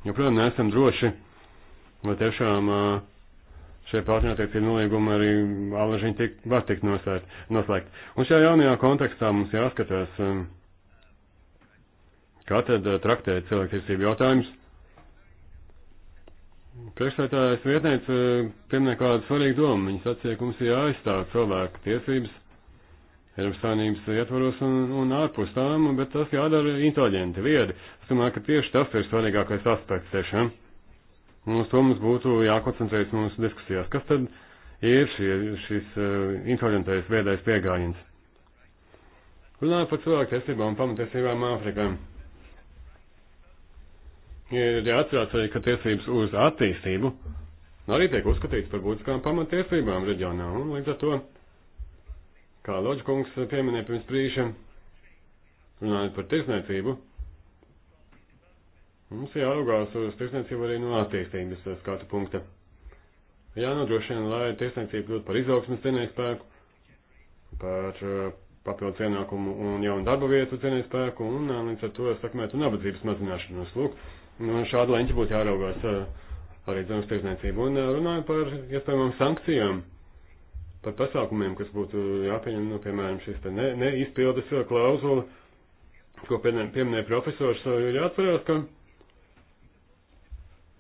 Jo, protams, neesam droši, vai tiešām uh, šie partnerattiecību nolīgumi arī alažiņi tiek, var tikt noslēgt, noslēgt. Un šajā jaunajā kontekstā mums jāskatās, um, kā tad uh, traktē cilvēktiesību jautājums. Priekšsētājs vietnēca uh, pieminē kādu svarīgu domu. Viņa sacīja, ka mums ir jāaizstāv cilvēku tiesības Eiropas Savienības ietvaros un, un ārpus tām, bet tas jādara inteliģenti, viedi. Es domāju, ka tieši tas ir svarīgākais aspekts tiešām. Ja? Un uz to mums būtu jākoncentrējas mūsu diskusijās. Kas tad ir šie, šis uh, eh, insolventais viedais piegājiens? Runājot par cilvēku tiesībām un pamatiesībām Āfrikā. Ir jāatcerās arī, ka tiesības uz attīstību arī tiek uzskatīts par būtiskām pamatiesībām reģionā. Un līdz ar to, kā Loģikungs pieminēja pirms brīža, runājot par tirsniecību, Mums jāraugās uz tirsniecību arī no attīstības skatu punkta. Jānodrošina, lai tirsniecība kļūtu par izaugsmes cienīgu spēku, par uh, papildu cienākumu un jaunu darba vietu cienīgu spēku un uh, līdz ar to sakmētu nabadzības mazināšanos. Lūk, no šāda leņķa būtu jāraugās uh, arī zemes tirsniecību. Un runāju par iespējamām sankcijām, par pasākumiem, kas būtu jāpieņem, nu, piemēram, šis te ne, neizpildes klauzula, ko pieminēja profesors, ir jāatcerās, ka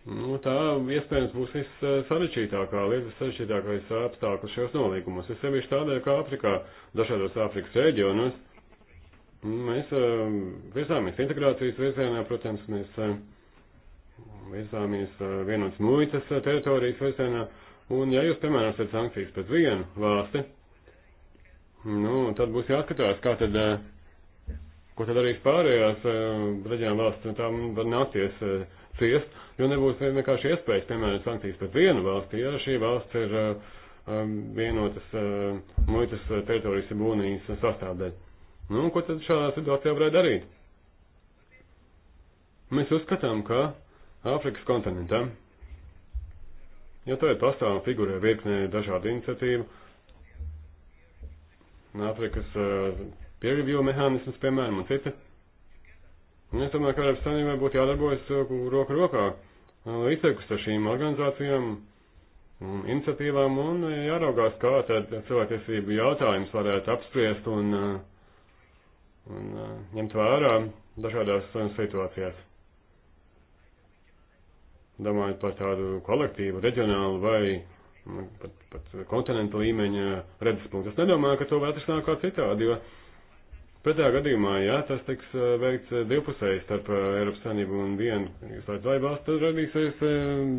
Nu, tā iespējams būs vissarežģītākā eh, lieta, sarežģītākais apstākļus šajos nolīgumos. Es sevišķi tādēļ, ka Āfrikā, dažādos Āfrikas reģionos, mēs eh, virzāmies integrācijas virzienā, protams, mēs eh, virzāmies vienotas muitas teritorijas virzienā, un ja jūs piemērosiet sankcijas pēc vienu valsti, nu, tad būs jāskatās, kā tad, ko tad darīs pārējās reģionu valsts, un tām var nākties ciest jo nebūs vienkārši iespējas, piemēram, sankcijas pret vienu valsti, ja šī valsts ir eh, um, vienotas eh, muitas teritorijas un būnijas sastāvdē. Nu, ko tad šādā situācijā varētu darīt? Mēs uzskatām, ka Āfrikas kontinentam, ja tā ir pastāv figurē virknē dažādu iniciatīvu, Āfrikas uh, eh, pierevju mehānismus, piemēram, un citi, un es domāju, ka Eiropas Savienībai būtu jādarbojas roku rokā izteikusi ar šīm organizācijām un iniciatīvām un jāraugās, kā tad cilvēktiesību jautājums varētu apspriest un, uh, un uh, ņemt vērā dažādās uh, situācijās. Domājot par tādu kolektīvu, reģionālu vai mm, pat, pat kontinentu līmeņa redzes punktu. Es nedomāju, ka to vēl atrisināt kā citādi, jo Pretējā gadījumā, ja tas tiks eh, veikts eh, divpusēji starp eh, Eiropas Savienību un vienu iestāžu valsts, tad radīsies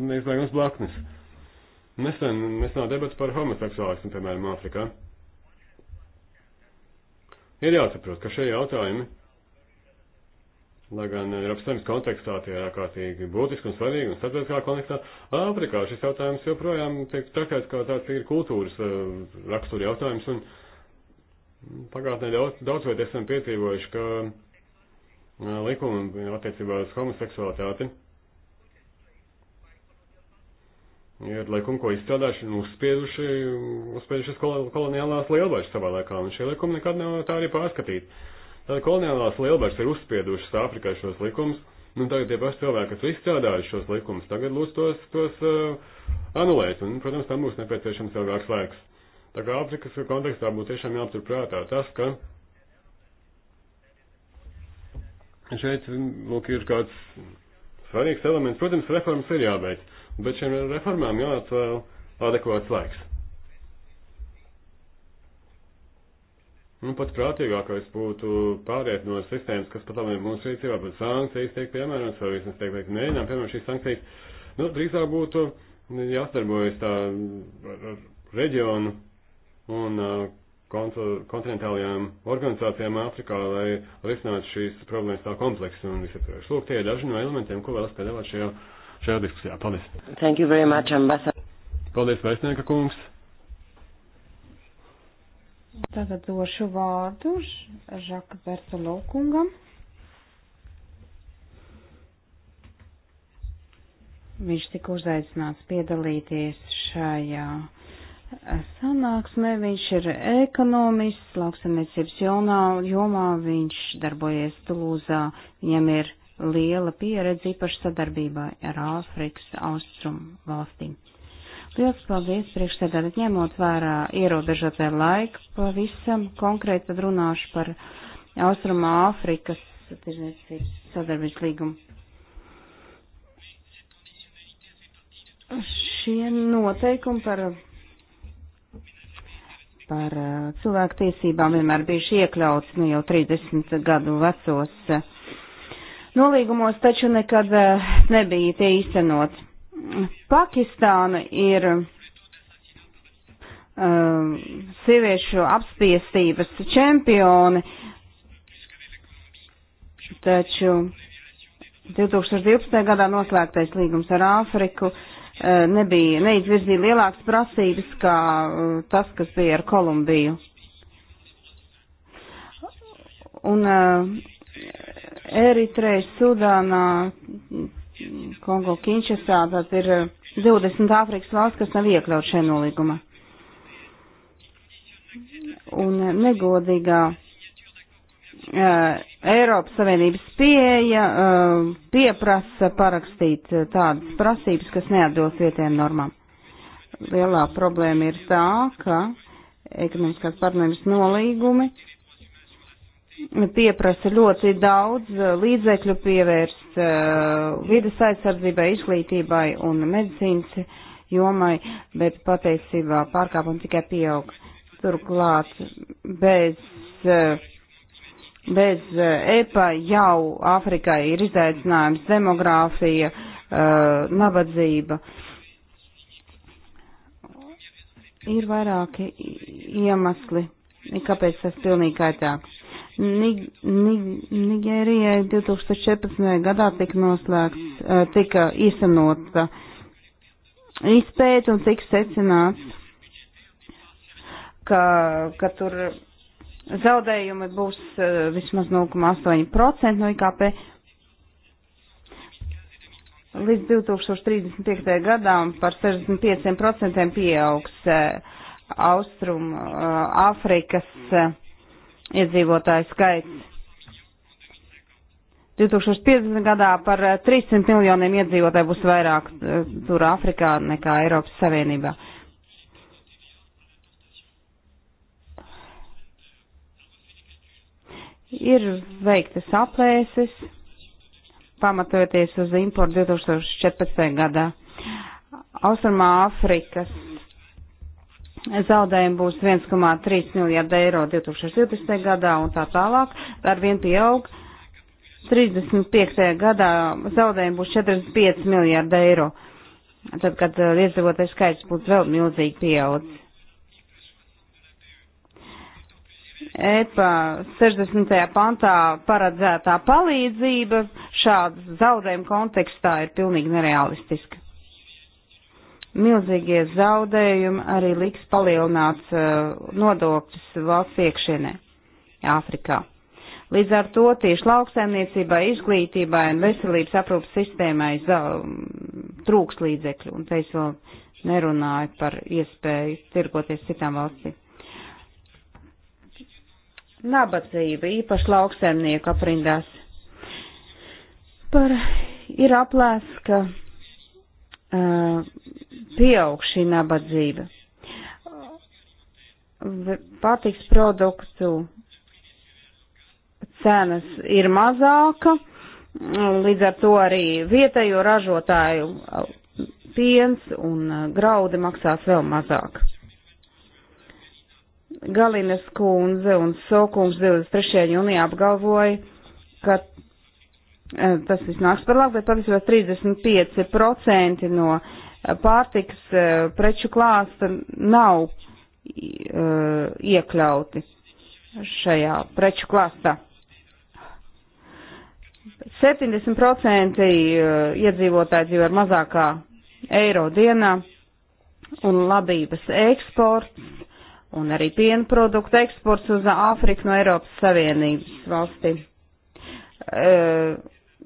neizbēgams blaknes. Nesen, nesenā debats par homoseksuālismu, piemēram, Āfrikā. Ir jāsaprot, ka šie jautājumi, lai gan Eiropas Savienības kontekstā tie ir ārkārtīgi būtiski un svarīgi, un starptautiskā kontekstā, Āfrikā šis jautājums joprojām tiek traktēts kā tāds ir kultūras rakstura jautājums. Un, Pagātnē daudz, daudzveid esam piedzīvojuši, ka likumi attiecībā uz homoseksualitāti ir likumi, ko izstrādājuši un uzspieduši, uzspiedušas koloniālās lielvaļas savā laikā, un šie likumi nekad nav tā arī pārskatīti. Tad koloniālās lielvaļas ir uzspiedušas Āfrikai šos likumus, nu tagad tie paši cilvēki, kas ir izstrādājuši šos likumus, tagad lūdz tos, tos uh, anulēt, un, protams, tam būs nepieciešams ilgāks laiks. Tā kā Āfrikas kontekstā būtu tiešām jāaptur prātā tas, ka šeit, lūk, ir kāds svarīgs elements. Protams, reformas ir jābeidz, bet šiem reformām jāatvēl adekvāts laiks. Nu, pats prātīgākais būtu pāriet no sistēmas, kas pat labi mums rīcībā, bet sankcijas tiek piemērotas, vai vismaz tiek veikt mēģinām, piemēram, šīs sankcijas. Nu, drīzāk būtu jāsadarbojas tā ar, ar reģionu un uh, kontinentālajām organizācijām Āfrikā, lai risinātu šīs problēmas tā kompleksi un visaptvaroši. Lūk, tie ir daži no elementiem, ko vēlas piedāvāt šajā, šajā diskusijā. Paldies! Thank you very much, ambasador. Paldies, vēstnieka kungs! Tagad došu vārdu Žaka Bersalo kungam. Viņš tika uzaicināts piedalīties šajā sanāksmē. Viņš ir ekonomists, lauksamniecības jomā, jomā viņš darbojies Tulūzā. Viņam ir liela pieredze īpaši sadarbībā ar Āfrikas austrumu valstīm. Liels paldies priekšsēdētājiem, ņemot vērā ierobežotē laiku, pavisam konkrēti tad runāšu par Austrumā Āfrikas tirzniecības sadarbības līgumu. Šie noteikumi par par eh, cilvēku tiesībām vienmēr bijuši iekļauts nu, jau 30 gadu vecos eh, nolīgumos, taču nekad eh, nebija tie īstenot. Pakistāna ir um, sieviešu apspiestības čempioni, taču 2012. gadā noslēgtais līgums ar Āfriku uh, Eh, nebija, neizvirzīja lielākas prasības kā eh, tas, kas bija ar Kolumbiju. Un uh, eh, Eritreja, Sudānā, Kongo, Kinčesā, tad ir 20 Āfrikas valsts, kas nav iekļaut šajā nolīgumā. Un negodīgā Eh, Eiropas Savienības pieeja eh, pieprasa parakstīt eh, tādas prasības, kas neatbilst vietējiem normām. Lielā problēma ir tā, ka ekonomiskās partneris nolīgumi pieprasa ļoti daudz līdzekļu pievērst uh, vidas aizsardzībai, izglītībai un medicīnas jomai, bet patiesībā pārkāpumi tikai pieaug. Turklāt bez uh, Bez eh, EPA jau Āfrikai ir izaicinājums demogrāfija, eh, nabadzība. Ir vairāki iemesli, kāpēc tas pilnīgi kaitāk. Nigērijai 2014. gadā tika noslēgts, eh, tika izsanota izpēta un tika secināts, ka, ka tur zaudējumi būs eh, vismaz 0,8% no IKP. Līdz 2035. gadām par 65% pieaugs eh, Austrum eh, Āfrikas iedzīvotāju skaits. 2050. gadā par 300 miljoniem iedzīvotāju būs vairāk tur Āfrikā nekā Eiropas Savienībā. Uh, Ir veiktas aplēses, pamatojoties uz importu 2014. gadā. Austrumā Afrikas zaudējumi būs 1,3 miljārda eiro 2020. gadā un tā tālāk, ar vien pieaug. 35. gadā zaudējumi būs 45 miljārda eiro, tad, kad eh, iedzīvotais skaits būs vēl milzīgi pieaudzis. EPA 60. pantā paredzētā palīdzība šādas zaudējuma kontekstā ir pilnīgi nerealistiska. Milzīgie zaudējumi arī liks palielināt uh, nodokļus valsts iekšienē, Āfrikā. Līdz ar to tieši lauksaimniecībai, izglītībai un veselības aprūpas sistēmai um, trūks līdzekļu, un te es vēl nerunāju par iespēju tirgoties citām valstīm nabadzība, īpaši lauksaimnieku aprindās. Par ir aplēsts, ka uh, pieaug šī nabadzība. Pārtiks produktu cenas ir mazāka, līdz ar to arī vietējo ražotāju piens un graudi maksās vēl mazāk. Galinas kundze un Sokungs 23. jūnijā apgalvoja, ka e, tas viss nāks par labu, bet patiesībā 35% no e, pārtiks e, preču klāsta nav iekļauti šajā preču klāstā. 70% iedzīvotāji dzīvo ar mazākā eiro dienā un labības eksports un arī piena produktu eksports uz Āfriku no Eiropas Savienības valstīm. Uh,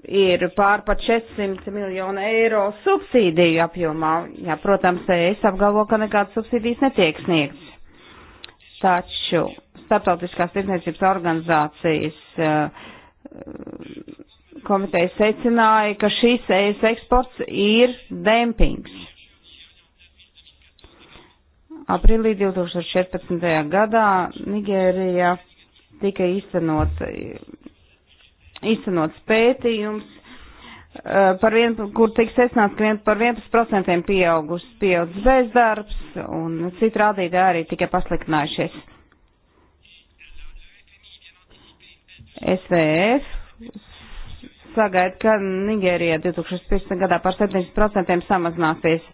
ir pār pat 400 miljonu eiro subsīdiju apjomā. Jā, protams, es apgalvo, ka nekādas subsīdijas netiek sniegts. Taču Startautiskās tirdzniecības organizācijas uh, komiteja secināja, ka šīs ES eksports ir dempings Aprilī 2014. gadā Nigērijā tika izcenot, izcenot spētījums, eh, par vien, kur tiks secināts, ka vien, par 11% pieaugus pieaudz bezdarbs un citi rādītāji arī tikai pasliktinājušies. SVF sagaida, ka Nigērija 2015. gadā par 70% samazināsies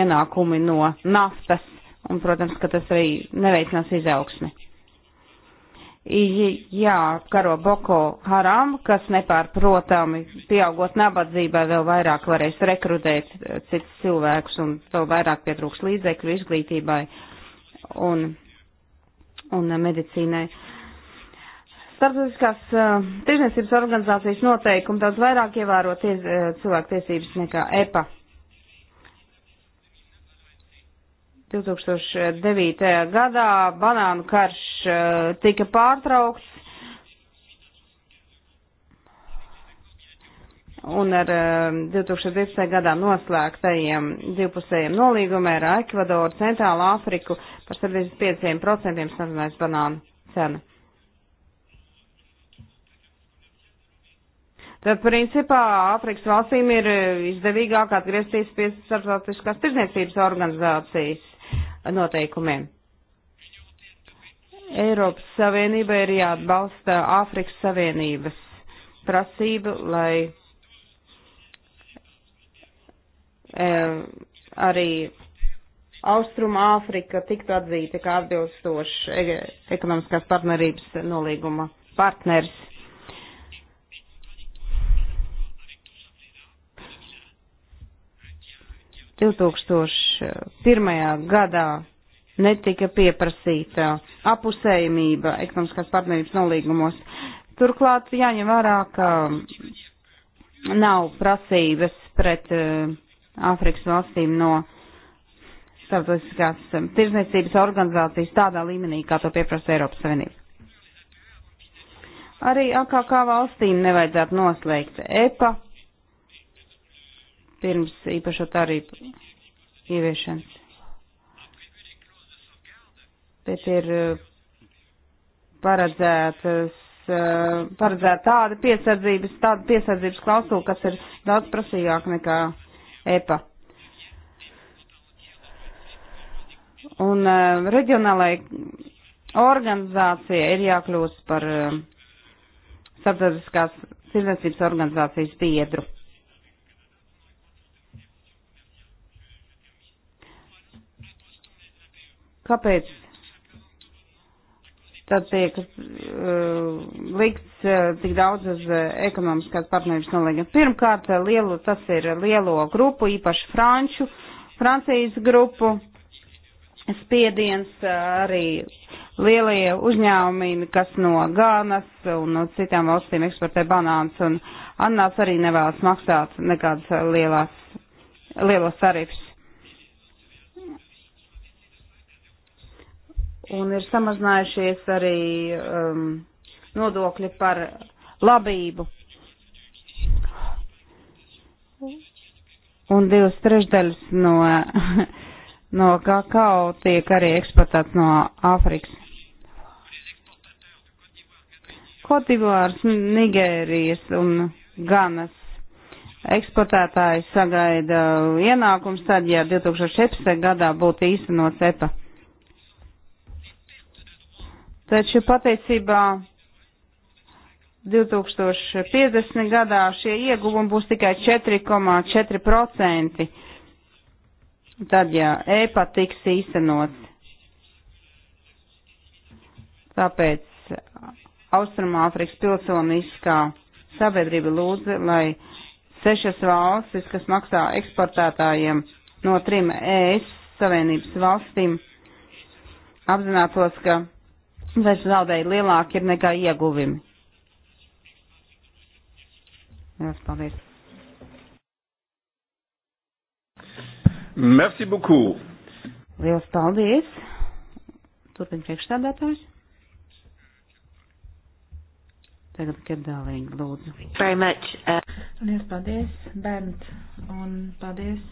ienākumi no naftas un, protams, ka tas arī neveicinās izaugsmi. Jā, karo Boko Haram, kas nepārprotami pieaugot nabadzībai vēl vairāk varēs rekrutēt citus cilvēkus un vēl vairāk pietrūks līdzekļu izglītībai un, un medicīnai. Starptautiskās uh, tirzniecības organizācijas noteikumi daudz vairāk ievēro ties, uh, eh, cilvēku tiesības nekā EPA 2009. gadā banānu karš eh, tika pārtraukts. Un ar 2012. Eh, gadā noslēgtajiem divpusējiem nolīgumiem ar Ekvadoru, Centrālu Āfriku par 75% samazinājās banānu cenu. Tad, principā, Āfrikas valstīm ir eh, izdevīgāk atgriezties pie starptautiskās tirdzniecības organizācijas noteikumiem. Eiropas Savienība ir jāatbalsta Āfrikas Savienības prasība, lai e, arī Austruma Āfrika tiktu atzīta kā atbilstoši e, ekonomiskās partnerības nolīguma partners. 2001. gadā netika pieprasīta apusējumība ekonomiskās partnerības nolīgumos. Turklāt jāņem vērā, ka nav prasības pret eh, Āfrikas valstīm no starptautiskās eh, tirzniecības organizācijas tādā līmenī, kā to pieprasa Eiropas Savienība. Arī AKK valstīm nevajadzētu noslēgt EPA pirms īpašo tarifu ieviešanas. Bet ir uh, paredzētas, uh, paredzēta tāda piesardzības, tāda piesardzības klausula, kas ir daudz prasīgāk nekā EPA. Un uh, reģionālai organizācija ir jākļūst par uh, starptautiskās cilvēcības organizācijas biedru. Kāpēc tad tiek uh, likts uh, tik daudz uz uh, ekonomiskās partnerības nolīgumu. Pirmkārt, uh, lielu, tas ir lielo grupu, īpaši franču, Francijas grupu spiediens, uh, arī lielie uzņēmumi, kas no Gānas un no citām valstīm eksportē banāns un annās arī nevēlas maksāt nekādas uh, lielās, lielos tarifus. un ir samazinājušies arī um, nodokļi par labību. Un divas trešdaļas no, no kakao tiek arī eksportēts no Āfrikas. Kotivārs, Nigērijas un Ganas eksportētāji sagaida ienākums tad, ja 2016. gadā būtu īstenot cepa Taču patiesībā 2050. gadā šie ieguvumi būs tikai 4,4%. Tad, ja EPA tiks īstenots. Tāpēc Austrumāfrikas pilsoniskā sabiedrība lūdza, lai sešas valstis, kas maksā eksportētājiem no trim ES Savienības valstīm, apzinātos, ka vai zaudēji lielāki ir nekā ieguvumi. Jās, paldies. Merci beaucoup. Liels paldies. Turpin priekšstādātājs. Tagad, kad dālīgi, lūdzu. Very much. Uh... Liels paldies, Bernt, un paldies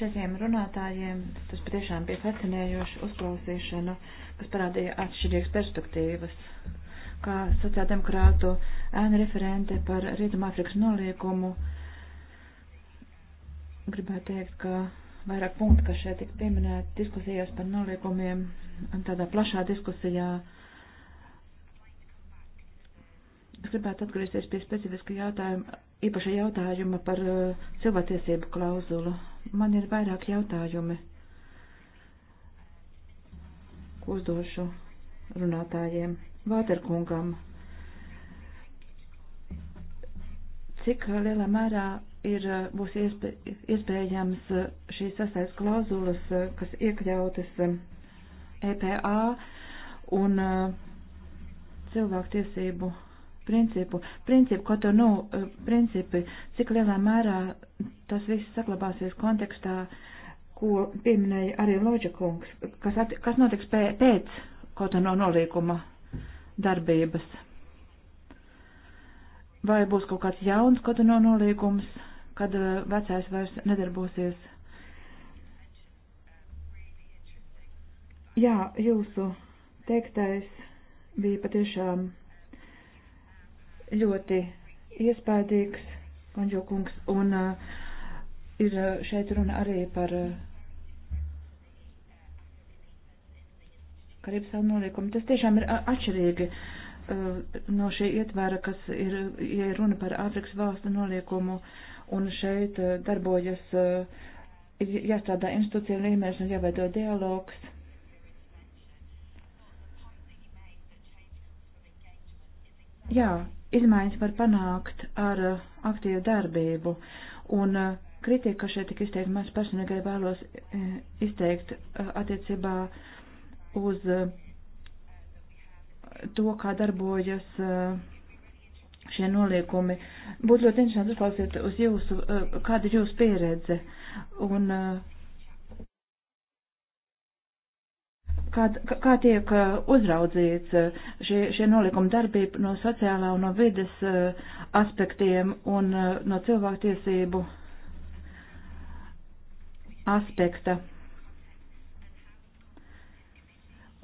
četriem runātājiem. Tas patiešām bija fascinējoši uzklausīšana, kas parādīja atšķirīgas perspektīvas. Kā sociāldemokrātu ēna referente par Rietumāfrikas noliekumu, gribētu teikt, ka vairāk punktu, kas šeit tika pieminēti diskusijās par noliekumiem un tādā plašā diskusijā. Es gribētu atgriezties pie specifiska jautājuma, īpaša jautājuma par uh, cilvēktiesību klauzulu Man ir vairāk jautājumi, ko uzdošu runātājiem. Vāterkungam, cik lielā mērā ir, būs iespē, iespējams šīs sastais klauzulas, kas iekļautas EPA un uh, cilvēku tiesību principu, principu, ko to nu eh, principi, cik lielā mērā tas viss saglabāsies kontekstā, ko pieminēja arī Loģakungs, kas, at, kas notiks pēc, pēc kaut no nolīkuma darbības. Vai būs kaut kāds jauns kaut no nolīkums, kad eh, vecais vairs nedarbosies? Jā, jūsu teiktais bija patiešām ļoti iespaidīgs, Konģo kungs, un uh, ir uh, šeit runa arī par uh, Karības salu noliekumu. Tas tiešām ir uh, atšķirīgi uh, no šī ietvēra, kas ir, ja runa par Āfrikas valstu noliekumu, un šeit uh, darbojas, uh, jāstrādā institūcija līmenis un jāveido dialogs. Jā, izmaiņas var panākt ar eh, aktīvu darbību. Un eh, kritika, kas šeit tik izteikti, mēs personīgai vēlos eh, izteikt attiecībā uz to, kā darbojas šie noliekumi. Būtu ļoti interesanti uzklausīt uz jūsu, kāda ir jūsu pieredze. Un uh, kā, kā tiek uh, uzraudzīts uh, šie, šie nolikuma darbība no sociālā un no vides uh, aspektiem un no cilvēktiesību aspekta.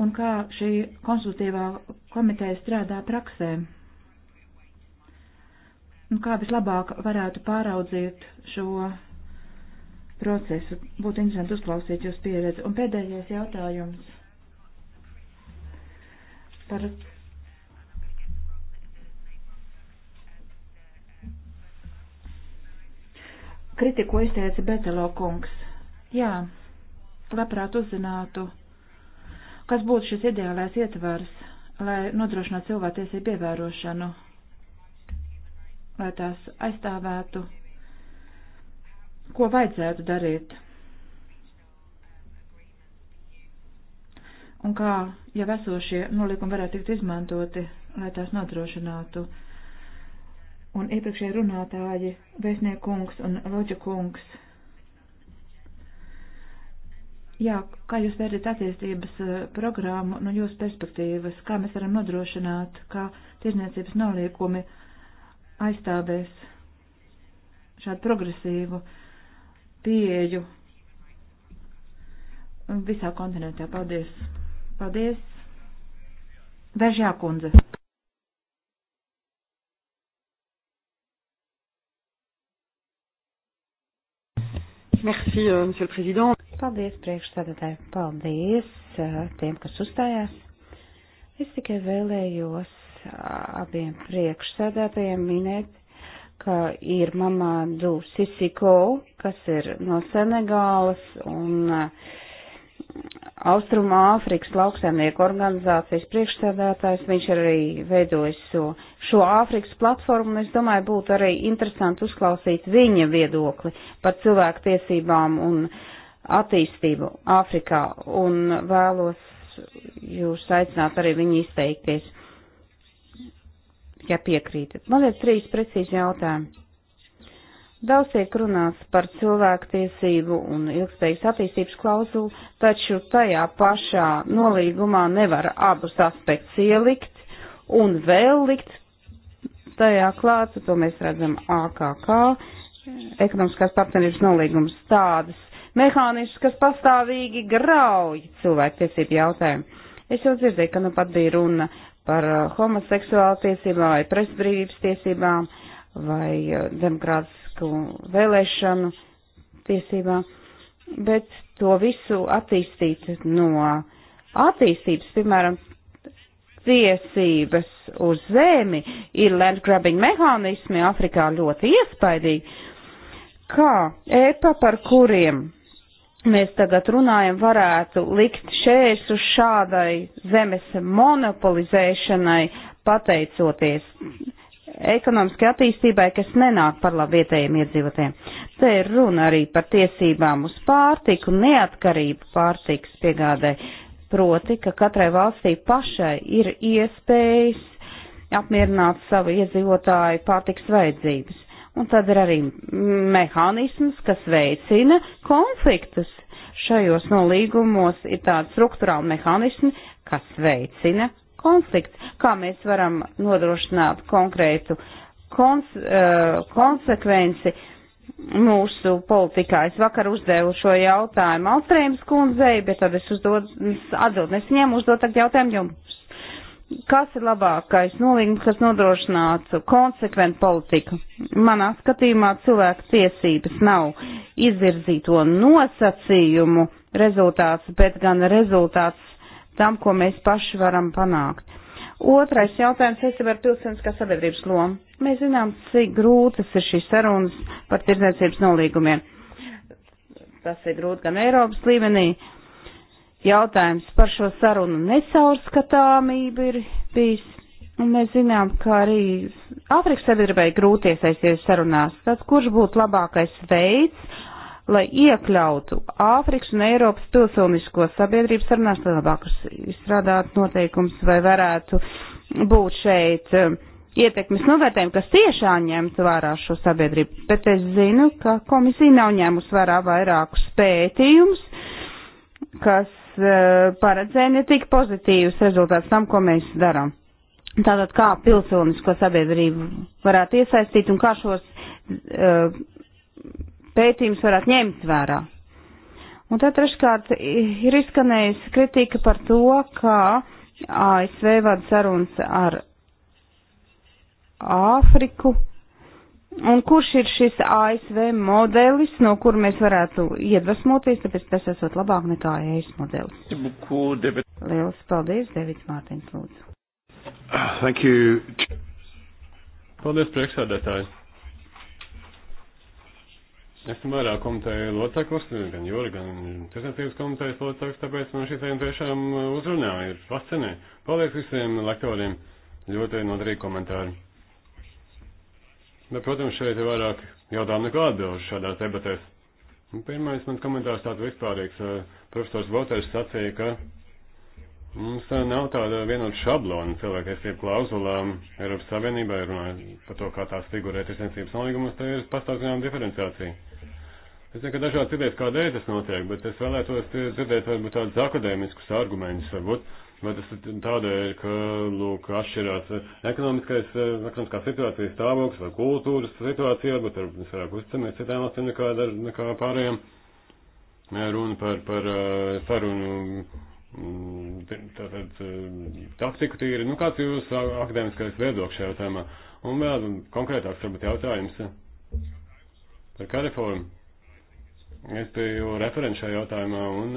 Un kā šī konsultīvā komiteja strādā praksē. Un kā vislabāk varētu pāraudzīt šo procesu. Būtu interesanti uzklausīt jūs pieredzi. Un pēdējais jautājums par kritiku izteica Betelo kungs. Jā, labprāt uzzinātu, kas būtu šis ideālais ietvars, lai nodrošinātu cilvēktiesību ievērošanu, lai tās aizstāvētu, ko vajadzētu darīt. un kā jau esošie nolikumi varētu tikt izmantoti, lai tās nodrošinātu. Un iepriekšējie runātāji, Vēsniekungs un Loģakungs. Jā, kā jūs vērtat attīstības eh, programmu no jūsu perspektīvas, kā mēs varam nodrošināt, ka tirzniecības noliekumi aizstāvēs šādu progresīvu pieeju visā kontinentā? Paldies! Paldies. Veržjā kundze. Merci, euh, monsieur le président. Paldies, priekšsēdētāji. Paldies uh, tiem, kas uzstājās. Es tikai vēlējos uh, abiem priekšsēdētājiem minēt, ka ir mamā Du Sisiko, kas ir no Senegālas un uh, Austrumā Āfrikas lauksaimnieku organizācijas priekšsēdētājs, viņš arī veidojis šo, šo Āfrikas platformu, un es domāju, būtu arī interesanti uzklausīt viņa viedokli par cilvēku tiesībām un attīstību Āfrikā, un vēlos jūs aicināt arī viņu izteikties, ja piekrītat. Man ir trīs precīzi jautājumi. Daudz tiek runāts par cilvēktiesību un ilgspējas attīstības klauzulu, taču tajā pašā nolīgumā nevar abus aspektus ielikt un vēl likt tajā klāt, to mēs redzam AKK, ekonomiskās partnerības nolīgums tādas mehānismus, kas pastāvīgi grauj cilvēktiesību jautājumu. Es jau dzirdēju, ka nu pat bija runa par uh, homoseksuālu tiesībām vai presbrīvības tiesībām vai uh, demokrātas vēlēšanu, vēlēšanu tiesībām, bet to visu attīstīt no attīstības, piemēram, tiesības uz zemi ir land grabbing mehānismi Afrikā ļoti iespaidīgi, kā EPA, par kuriem mēs tagad runājam, varētu likt šērs uz šādai zemes monopolizēšanai, pateicoties ekonomiskai attīstībai, kas nenāk par labu vietējiem iedzīvotiem. Te ir runa arī par tiesībām uz pārtiku, neatkarību pārtikas piegādē. Proti, ka katrai valstī pašai ir iespējas apmierināt savu iedzīvotāju pārtiks vajadzības. Un tad ir arī mehānisms, kas veicina konfliktus. Šajos nolīgumos ir tādi struktūrāli mehānismi, kas veicina konflikts, kā mēs varam nodrošināt konkrētu kons, uh, konsekvenci mūsu politikā. Es vakar uzdevu šo jautājumu Austrējums kundzei, bet tad es uzdod, atbild nesņēmu uzdot tagad jautājumu jums. Kas ir labākais nolīgums, kas nodrošinātu konsekventu politiku? Manā skatījumā cilvēku tiesības nav izvirzīto nosacījumu rezultāts, bet gan rezultāts tam, ko mēs paši varam panākt. Otrais jautājums saistībā ar pilsoniskās sabiedrības lomu. Mēs zinām, cik grūtas ir šīs sarunas par tirdzniecības nolīgumiem. Tas ir grūti gan Eiropas līmenī. Jautājums par šo sarunu nesaurskatāmību ir bijis. Un mēs zinām, ka arī Āfrikas sabiedrībai grūti iesaisties sarunās. Tad kurš būtu labākais veids, lai iekļautu Āfrikas un Eiropas pilsonisko sabiedrību sarunās, lai labāk izstrādātu noteikums, vai varētu būt šeit um, ietekmes novērtējumi, kas tiešā ņemtu vērā šo sabiedrību. Bet es zinu, ka komisija nav ņēmusi vērā vairākus pētījumus, kas uh, paredzēja ne tik pozitīvus rezultātus tam, ko mēs darām. Tātad kā pilsonisko sabiedrību varētu iesaistīt un kā šos uh, pētījums varētu ņemt vērā. Un tad treškārt ir izskanējusi kritika par to, ka ASV vada sarunas ar Āfriku. Un kurš ir šis ASV modelis, no kur mēs varētu iedvesmoties, tāpēc tas esot labāk nekā ES modelis? Lielas paldies, Devits Mārtiņš, lūdzu. Thank you. Paldies, priekšsēdētāji. Esmu vairāk komiteja loceklis, gan Jūra, gan Tiesnesības komitejas loceklis, tāpēc man šī tēma tiešām uh, uzrunā, ir fascinē. Paldies visiem lektoriem, ļoti noderīgi komentāri. Bet, protams, šeit ir vairāk jautājumu nekā atbilžu šādās debatēs. Un pirmais mans komentārs tāds vispārīgs. Uh, profesors Voters sacīja, ka mums uh, nav tāda vienota šablona cilvēktiesību klauzulām Eiropas Savienībā, runājot par to, kā tās figurē tiesniecības nolīgumos, tā ir pastāv zinām diferenciācija. Es zinu, ka dažādi dzirdēt, kādēļ tas notiek, bet es vēlētos dzirdēt varbūt tādus akadēmiskus argumentus, varbūt, vai tas ir tādēļ, ka, lūk, atšķirās eh, ekonomiskais, eh, ekonomiskā situācija stāvoklis vai kultūras situācija, varbūt ar, mēs vairāk uzticamies citām valstīm nekā, nekā pārējām. Mē runa par, par eh, sarunu mm, tātad taktiku tīri, nu kāds jūs akadēmiskais viedoklis šajā jautājumā? Un vēl konkrētāks varbūt jautājums par kā reformu. Es biju referents šajā jautājumā, un,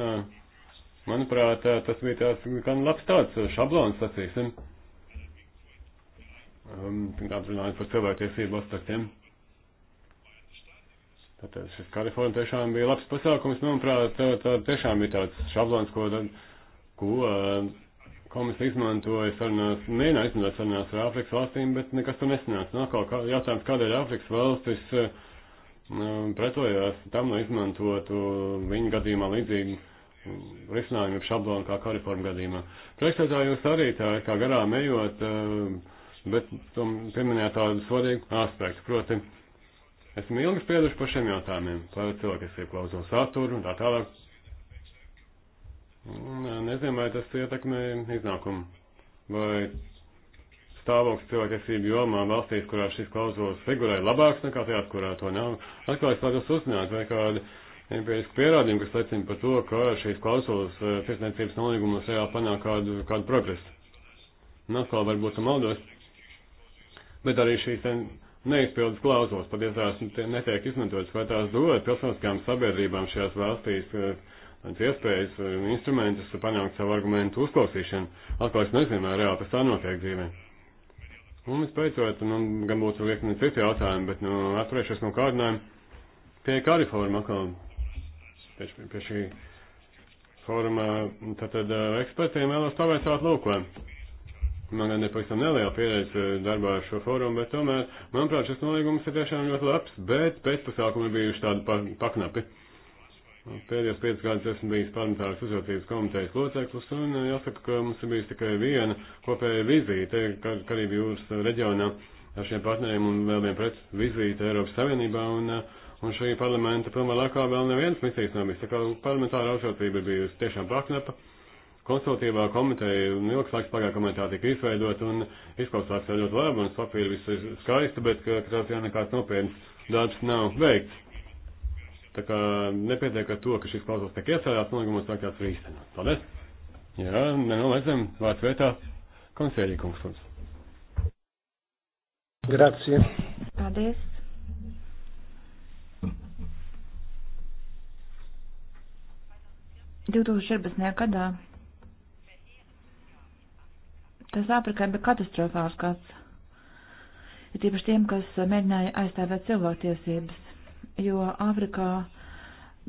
manuprāt, tas bija tāds gan labs tāds šablons, sacīsim. Tagad runājot par cilvēktiesību aspektiem. Tātad šis Kalifornija tiešām bija labs pasākums, manuprāt, tā, tā tiešām bija tāds šablons, ko, tad, ko komisija izmantoja sarunās, mēģināja izmantot sarunās ar Āfrikas valstīm, bet nekas tur nesanāca. Nākal kā, jautājums, kādēļ Āfrikas valstis uh, Ehm, pretojās tam, lai izmantotu viņa gadījumā līdzīgu mm, risinājumu šablonu kā kariforma gadījumā. Priekšstādā jūs arī tā kā garām ejot, ehm, bet tom pieminējāt tādu svarīgu aspektu, proti, esmu ilgi sprieduši par šiem jautājumiem, par cilvēkiem klauso saturu un tā tālāk. Eh, nezinu, vai tas ietekmē iznākumu, vai stāvoklis cilvēktiesību jomā valstīs, kurā šis klauzulas figurē labāks nekā tajās, kurā to nav. Atklājas tādus uzzināt, vai kādi empiriski pierādījumi, kas liecina par to, ka šīs klauzulas eh, tiesniecības nolīgumos reāli panāk kādu, kādu progresu. Un atkal varbūt maldos, bet arī šīs neizpildas klauzulas patiesi tās netiek izmantotas, vai tās dod pilsoniskām sabiedrībām šajās valstīs eh, iespējas un eh, instrumentus panākt savu argumentu uzklausīšanu. Atklājas nezinu, vai reāli tas tā notiek dzīvē. Un nu, vispēcot, nu, gan būtu vēl iekni citi jautājumi, bet, nu, atturēšos no kārdinājuma pie kariforma atkal, tieši pie, pie šī foruma, tātad ekspertiem vēlos pavaicāt lūko. Man gan nepavisam neliela pieredze darbā ar šo fórumu, bet tomēr, manuprāt, šis nolīgums ir tiešām ļoti labs, bet pēcpasākumi bijuši tādi paknapi. Pa Pēdējos 5 gadus esmu bijis parlamentāras uzraudzības komitejas loceklis, un uh, jāsaka, ka mums ir bijis tikai viena kopēja vizīte Kar eh, Karību jūras reģionā ar šiem partneriem un vēl viena pret vizīte Eiropas Savienībā, un, uh, un šī parlamenta pilnā laikā vēl nevienas misijas nav bijis. Tā kā parlamentāra uzraudzība ir bijusi tiešām praknapa, konsultīvā komiteja, un ilgs laiks pagāja, kamēr tā tika izveidot, un izklausās ļoti labi, un Sofija viss ir skaista, bet katrā ziņā nekāds nopietns darbs nav veikts. Tā kā nepietiek ar to, ka šis klausos tiek iecerēts, nolīgumos tiek jāsver īstenot. Paldies! Jā, nenolaidzam, vārds vietā, konsēļī kungs mums. Grazie. Paldies. gadā tas Āfrikai bija katastrofāls gads. Ir tīpaši tiem, kas mēģināja aizstāvēt cilvēktiesības jo Āfrikā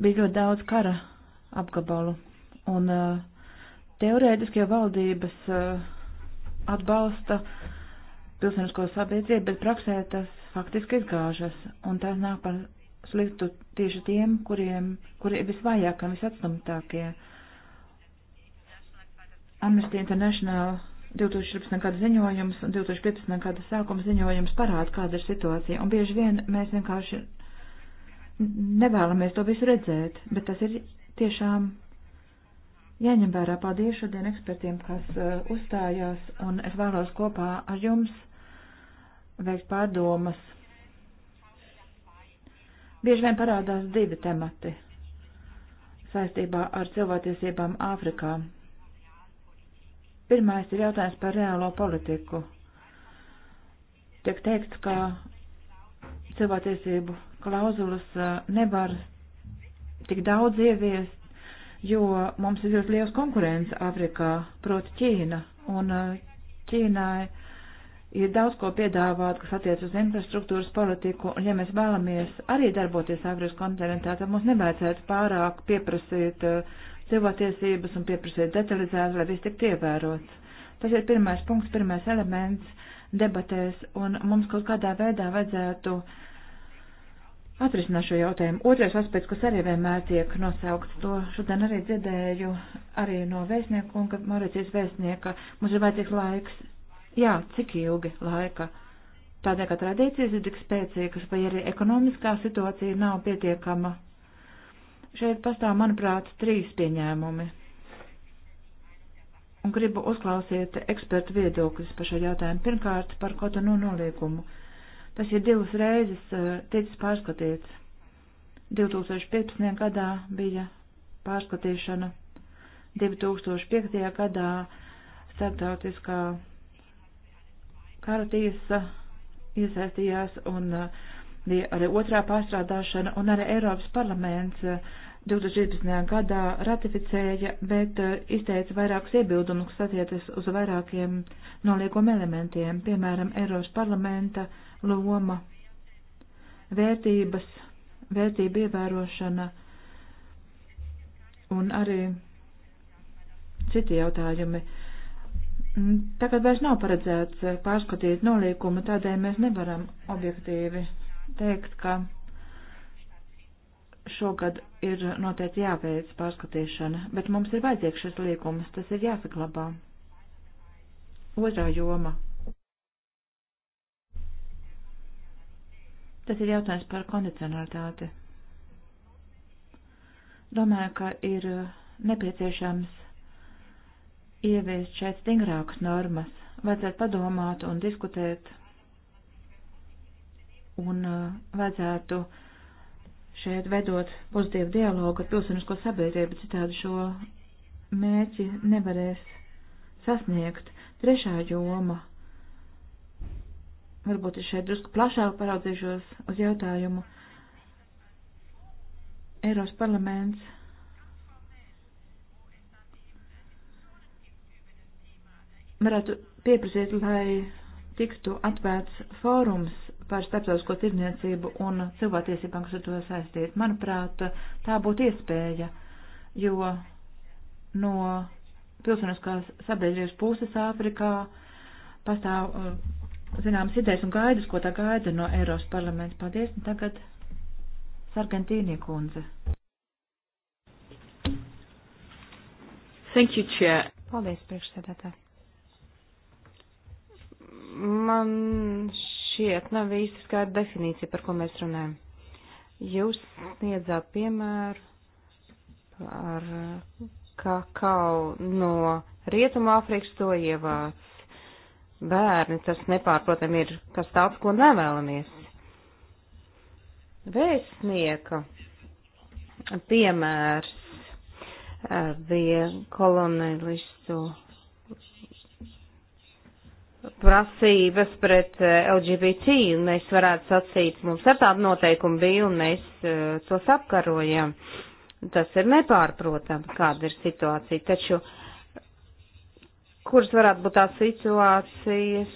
bija ļoti daudz kara apgabalu. Un eh, teorētiski jau valdības eh, atbalsta pilsonisko sabiedrību, bet praksē tas faktiski izgāžas, un tas nāk par sliktu tieši tiem, kuriem, kuri ir visvājākie, visatstumtākie. Amnesty International 2014. gada ziņojums un 2015. gada sākuma ziņojums parāda, kāda ir situācija, un bieži vien mēs vienkārši nevēlamies to visu redzēt, bet tas ir tiešām jāņem vērā. Paldies šodien ekspertiem, kas uh, uzstājās, un es vēlos kopā ar jums veikt pārdomas. Bieži vien parādās divi temati saistībā ar cilvēktiesībām Āfrikā. Pirmais ir jautājums par reālo politiku. Tiek teikts, ka cilvēktiesību klauzulas eh, nevar tik daudz ieviest, jo mums ir ļoti liels konkurence Afrikā, proti Ķīna, un eh, Ķīnai ir daudz ko piedāvāt, kas attiec uz infrastruktūras politiku, un ja mēs vēlamies arī darboties Afrikas kontinentā, tad mums nevajadzētu pārāk pieprasīt eh, cilvēktiesības un pieprasīt detalizēt, lai viss tiktu ievērots. Tas ir pirmais punkts, pirmais elements debatēs, un mums kaut kādā veidā vajadzētu uh, atrisināt šo jautājumu. Otrais aspekts, kas arī vienmēr tiek nosaukts, to šodien arī dzirdēju arī no vēstnieku un, kad Mauricijas vēstnieka, mums ir vajadzīgs laiks. Jā, cik ilgi laika? Tādēļ, ka tradīcijas ir tik spēcīgas, vai arī ekonomiskā situācija nav pietiekama. Šeit pastāv, manuprāt, trīs pieņēmumi. Un gribu uzklausīt ekspertu viedokļus par šo jautājumu. Pirmkārt, par kotonu noliegumu. No Tas ir divas reizes eh, ticis pārskatīts. 2015. gadā bija pārskatīšana, 2005. gadā starptautiskā kara tiesa iesaistījās un eh, bija arī otrā pārstrādāšana un arī Eiropas parlaments 2013. Eh, gadā ratificēja, bet izteica vairākus iebildumus, kas attiecas uz vairākiem noliegumu elementiem, piemēram, Eiropas parlamenta uh, loma, vērtības, vērtība ievērošana un arī citi jautājumi. Tagad vairs nav paredzēts pārskatīt nolīkumu, tādēļ mēs nevaram objektīvi teikt, ka šogad ir noteikti jāveic pārskatīšana, bet mums ir vajadzīgs šis līgums, tas ir jāsaglabā. Otrā joma Tas ir jautājums par kondicionalitāti. Domāju, ka ir uh, nepieciešams ieviest šeit stingrākas normas. Vajadzētu padomāt un diskutēt. Un uh, vajadzētu šeit vedot pozitīvu dialogu ar pilsonisko sabiedrību, citādi šo mērķi nevarēs sasniegt. Trešā joma varbūt es šeit drusku plašāk paraudzīšos uz jautājumu. Eiropas parlaments varētu pieprasīt, lai tiktu atvērts fórums par starptautisko tirdzniecību un cilvēktiesībām, kas ar to saistīt. Manuprāt, tā būtu iespēja, jo no pilsoniskās sabiedrības puses Āfrikā pastāv uh, zināmas idejas un gaidas, ko tā gaida no Eiropas parlamenta. Paldies, un tagad Sargentīnī kundze. Thank you, Chair. Paldies, priekšsēdētāji. Man šķiet nav īsti skaidra definīcija, par ko mēs runājam. Jūs sniedzāt piemēru par kakao no Rietuma Afrikas to ievāc bērni, tas nepārprotam ir kas tāds, ko nevēlamies. Vēstnieka piemērs eh, bija kolonelistu prasības pret eh, LGBT, un mēs varētu sacīt, mums ar tādu noteikumu bija, un mēs eh, tos apkarojam. Tas ir nepārprotam, kāda ir situācija, taču uh, kuras varētu būt tās situācijas.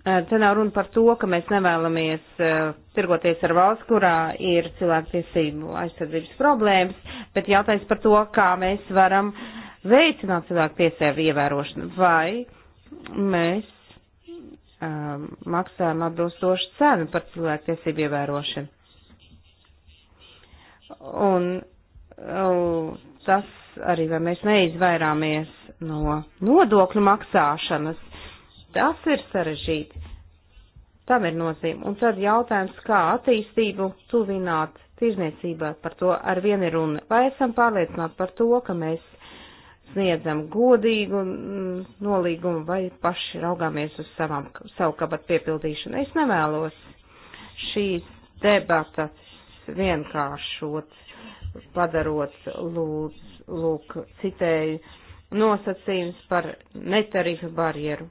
Te nav runa par to, ka mēs nevēlamies uh, tirgoties ar valsts, kurā ir cilvēktiesību aizsardzības problēmas, bet jautājums par to, kā mēs varam veicināt cilvēktiesību ievērošanu, vai mēs um, maksājam atbilstošu cenu par cilvēktiesību ievērošanu. Un uh, tas arī, vai mēs neizvairāmies no nodokļu maksāšanas. Tas ir sarežģīti. Tam ir nozīme. Un tad jautājums, kā attīstību tuvināt tirzniecībā, par to ar vienu ir runa. Vai esam pārliecināti par to, ka mēs sniedzam godīgu mm, nolīgumu vai paši raugāmies uz savām, savu kabatu piepildīšanu. Es nevēlos šīs debatas vienkāršot, padarot lūdzu, lūk, citēju nosacījums par netarifu barjeru.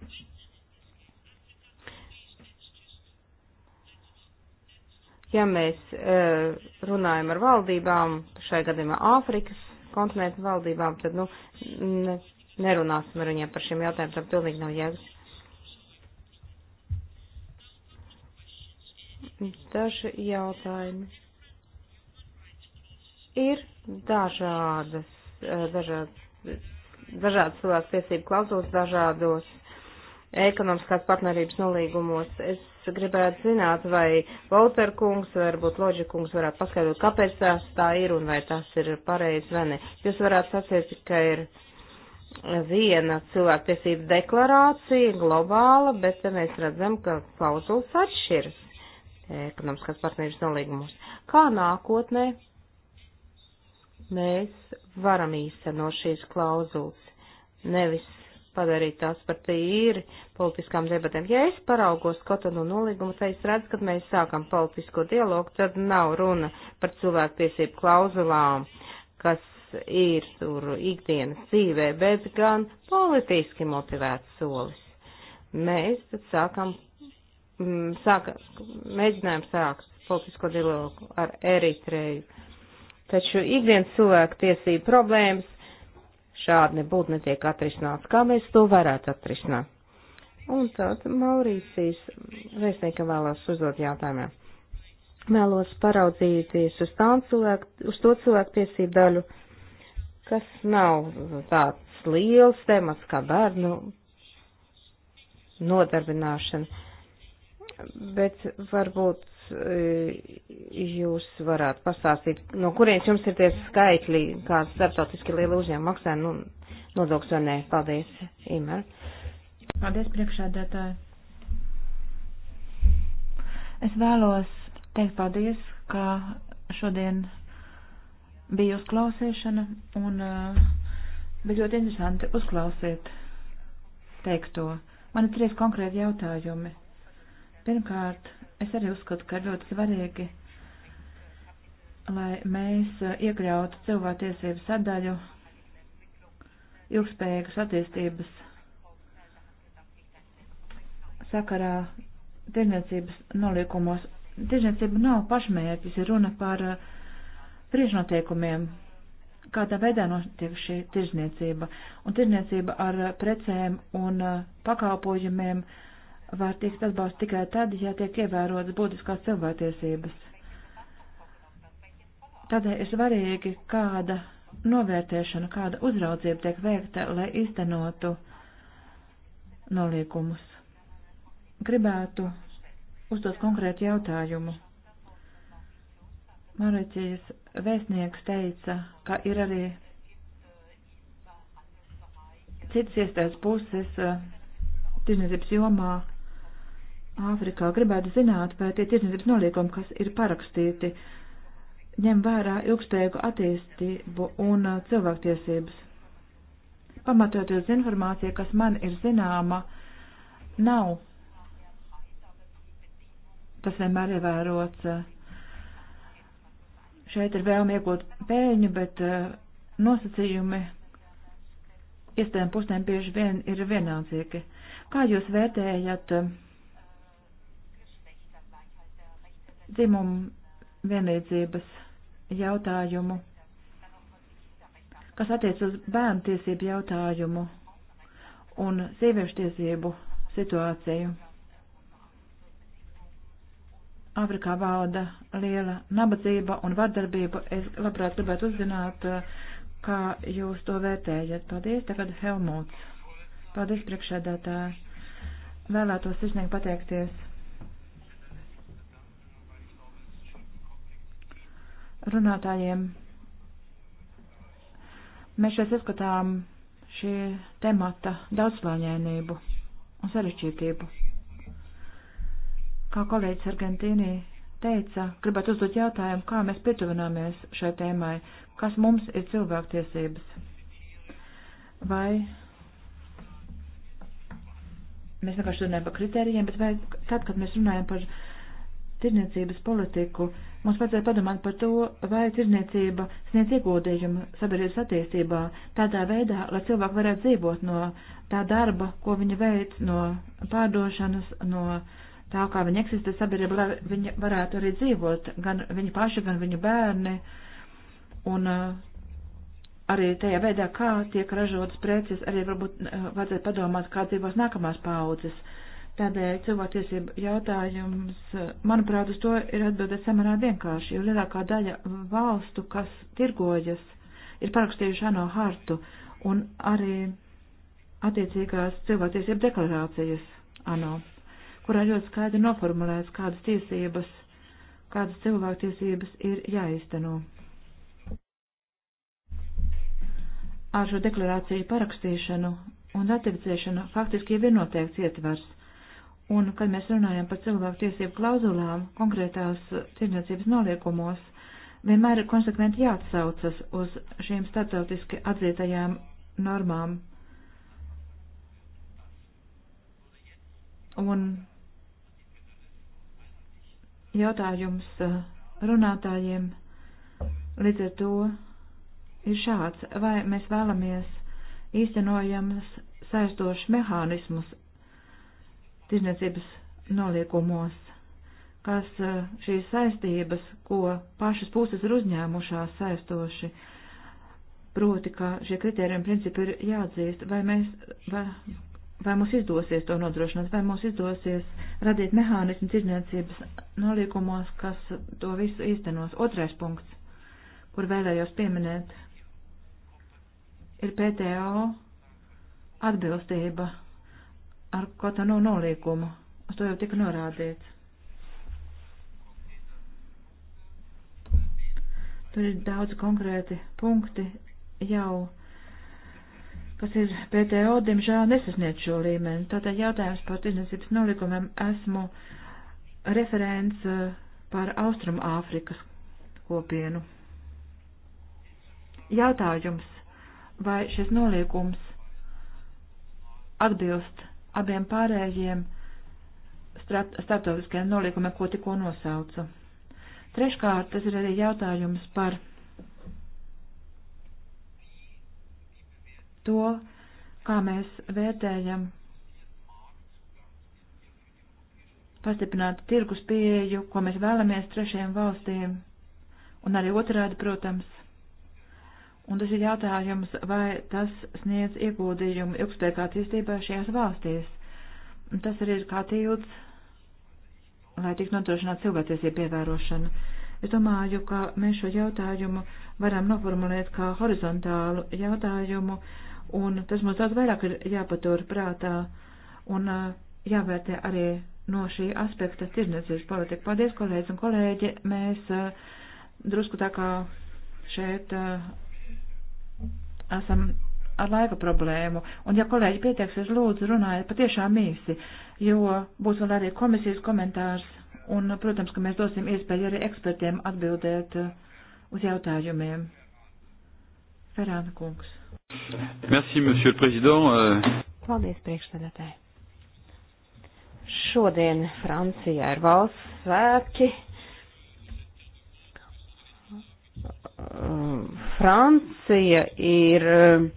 Ja mēs e, runājam ar valdībām, šai gadījumā Āfrikas kontinentu valdībām, tad, nu, ne, nerunāsim ar viņiem par šiem jautājumiem, tam pilnīgi nav jēgas. Daži jautājumi. Ir dažādas, e, dažādas dažādas cilvēku tiesību klauzulas, dažādos ekonomiskās partnerības nolīgumos. Es gribētu zināt, vai Volter kungs, varbūt Loģi kungs varētu paskaidrot, kāpēc tās tā ir un vai tas ir pareizi vai ne. Jūs varētu sacīt, ka ir viena cilvēktiesība deklarācija globāla, bet mēs redzam, ka klauzulas atšķiras ekonomiskās partnerības nolīgumos. Kā nākotnē mēs varam īstenot šīs klauzulas, nevis padarīt tās par tīri politiskām debatēm. Ja es paraugos Kotonu nolīgumu, tad es redzu, ka mēs sākam politisko dialogu, tad nav runa par cilvēktiesību klauzulām, kas ir tur ikdienas dzīvē, bet gan politiski motivēts solis. Mēs tad sākam, mm, sākam mēģinājām sākt politisko dialogu ar Eritreju Taču ikdienas cilvēku tiesību problēmas šādi nebūtu netiek atrisināts. Kā mēs to varētu atrisināt? Un tad Maurīsijas vēstniekam vēlos uzdot jautājumu. Mēlos paraudzīties uz, cilvēku, uz to cilvēku tiesību daļu, kas nav tāds liels temats kā bērnu nodarbināšana, bet varbūt Eh, jūs varētu pastāstīt, no kurienes jums ir tie skaitļi, kāds starptautiski liela uzņēma maksā nu, nodokļus vai nē? Paldies, Imer. Paldies, priekšādātāji. Es vēlos teikt paldies, ka šodien bija uzklausīšana un uh, bija ļoti interesanti uzklausīt teikto. Man ir trīs konkrēti jautājumi. Pirmkārt, Es arī uzskatu, ka ir ļoti svarīgi, lai mēs eh, iekļautu cilvēktiesību sadaļu ilgspējīgas attīstības sakarā tirniecības noliekumos. Tirniecība nav pašmērķis, ir runa par eh, priekšnoteikumiem, kādā veidā notiek šī tirzniecība. Un tirzniecība ar precēm un eh, pakalpojumiem uh, var tikt atbalsts tikai tad, ja tiek ievērotas būtiskās cilvēktiesības. Tādēļ ir svarīgi, kāda novērtēšana, kāda uzraudzība tiek veikta, lai iztenotu noliekumus. Gribētu uzdot konkrētu jautājumu. Mauricijas vēstnieks teica, ka ir arī citas iestādes puses uh, tirdzniecības jomā, Āfrikā gribētu zināt, vai tie tiesnesības nolīgumi, kas ir parakstīti, ņem vērā ilgspējīgu attīstību un uh, cilvēktiesības. Pamatoties informācija, kas man ir zināma, nav tas vienmēr ievērots. Uh, šeit ir vēlme iegūt pēļņu, bet uh, nosacījumi iestādēm pusēm bieži vien ir vienaldzīgi. Kā jūs vērtējat? Uh, dzimumu vienlīdzības jautājumu, kas attiec uz bērnu tiesību jautājumu un sieviešu tiesību situāciju. Āfrikā valda liela nabadzība un vardarbība. Es labprāt gribētu uzzināt, kā jūs to vērtējat. Paldies, tagad Helmuts. Paldies, priekšēdētāji. Vēlētos izniegt pateikties runātājiem. Mēs šeit saskatām šī temata daudzslāņainību un sarežģītību. Kā kolēģis Argentīnī teica, gribētu uzdot jautājumu, kā mēs pietuvināmies šai tēmai, kas mums ir cilvēktiesības. Vai mēs vienkārši runājam par kritērijiem, bet vai tad, kad mēs runājam par tirniecības politiku, uh, Mums vajadzētu padomāt par to, vai tirniecība sniedz ieguldījumu sabiedrības attīstībā tādā veidā, lai cilvēki varētu dzīvot no tā darba, ko viņi veic, no pārdošanas, no tā, kā viņi eksistē sabiedrība, lai viņi varētu arī dzīvot, gan viņi paši, gan viņu bērni. Un uh, arī tajā veidā, kā tiek ražotas preces, arī varbūt uh, vajadzētu padomāt, kā dzīvos nākamās paudzes. Uh, Tādēļ cilvēktiesība jautājums, manuprāt, uz to ir atbildēt samērā vienkārši, jo lielākā daļa valstu, kas tirgojas, ir parakstījuši ANO hartu un arī attiecīgās cilvēktiesība deklarācijas ANO, kurā ļoti skaidri noformulēts, kādas tiesības, kādas cilvēktiesības ir jāizteno. Ar šo deklarāciju parakstīšanu un ratificēšanu faktiski jau ir noteikts ietvers Un, kad mēs runājam par cilvēku tiesību klauzulām konkrētās tirdzniecības noliekumos, vienmēr ir konsekventi jāatsaucas uz šīm starptautiski atzītajām normām. Un jautājums eh, runātājiem līdz ar to ir šāds, vai mēs vēlamies īstenojams saistošs mehānismus tirzniecības noliekumos, kas eh, šīs saistības, ko pašas puses ir uzņēmušās saistoši, proti, ka šie kriterijumi principi ir jāatzīst, vai mēs, vai, vai mums izdosies to nodrošināt, vai mums izdosies radīt mehānismu tirzniecības noliekumos, kas to visu īstenos. Otrais punkts, kur vēlējos pieminēt, ir PTO atbilstība ar ko tā nav nolīkumu. Uz to jau tika norādīts. Tur ir daudz konkrēti punkti jau, kas ir PTO, diemžēl nesasniedz šo līmeni. Tātad jautājums par tirdzniecības nolikumiem esmu referents eh, par Austrumu Āfrikas kopienu. Jautājums, vai šis noliekums atbilst abiem pārējiem starptautiskajiem noliekumiem, ko tikko nosaucu. Treškārt, tas ir arī jautājums par to, kā mēs vērtējam pastiprinātu tirgus pieeju, ko mēs vēlamies trešajiem valstīm, un arī otrādi, protams, Un tas ir jautājums, vai tas sniedz ieguldījumu ilgspējīgā attīstībā šajās valstīs. Un tas arī ir kā tilts, lai tik nodrošinātu cilvēktiesību ievērošanu. Es domāju, ka mēs šo jautājumu varam noformulēt kā horizontālu jautājumu, un tas mums daudz vairāk ir jāpatur prātā un uh, jāvērtē arī no šī aspekta tirdzniecības politika. Paldies, kolēģis un kolēģi! Mēs uh, drusku tā kā šeit uh, esam ar laika problēmu. Un, ja kolēģi pieteiksies, lūdzu, runājiet patiešām īsi, jo būs vēl arī komisijas komentārs. Un, protams, ka mēs dosim iespēju arī ekspertiem atbildēt uh, uz jautājumiem. Ferāna kungs. Merci, monsieur le président. Euh, Paldies, priekšsēdētāji. Šodien Francijā ir valsts svētki Francija ir eh,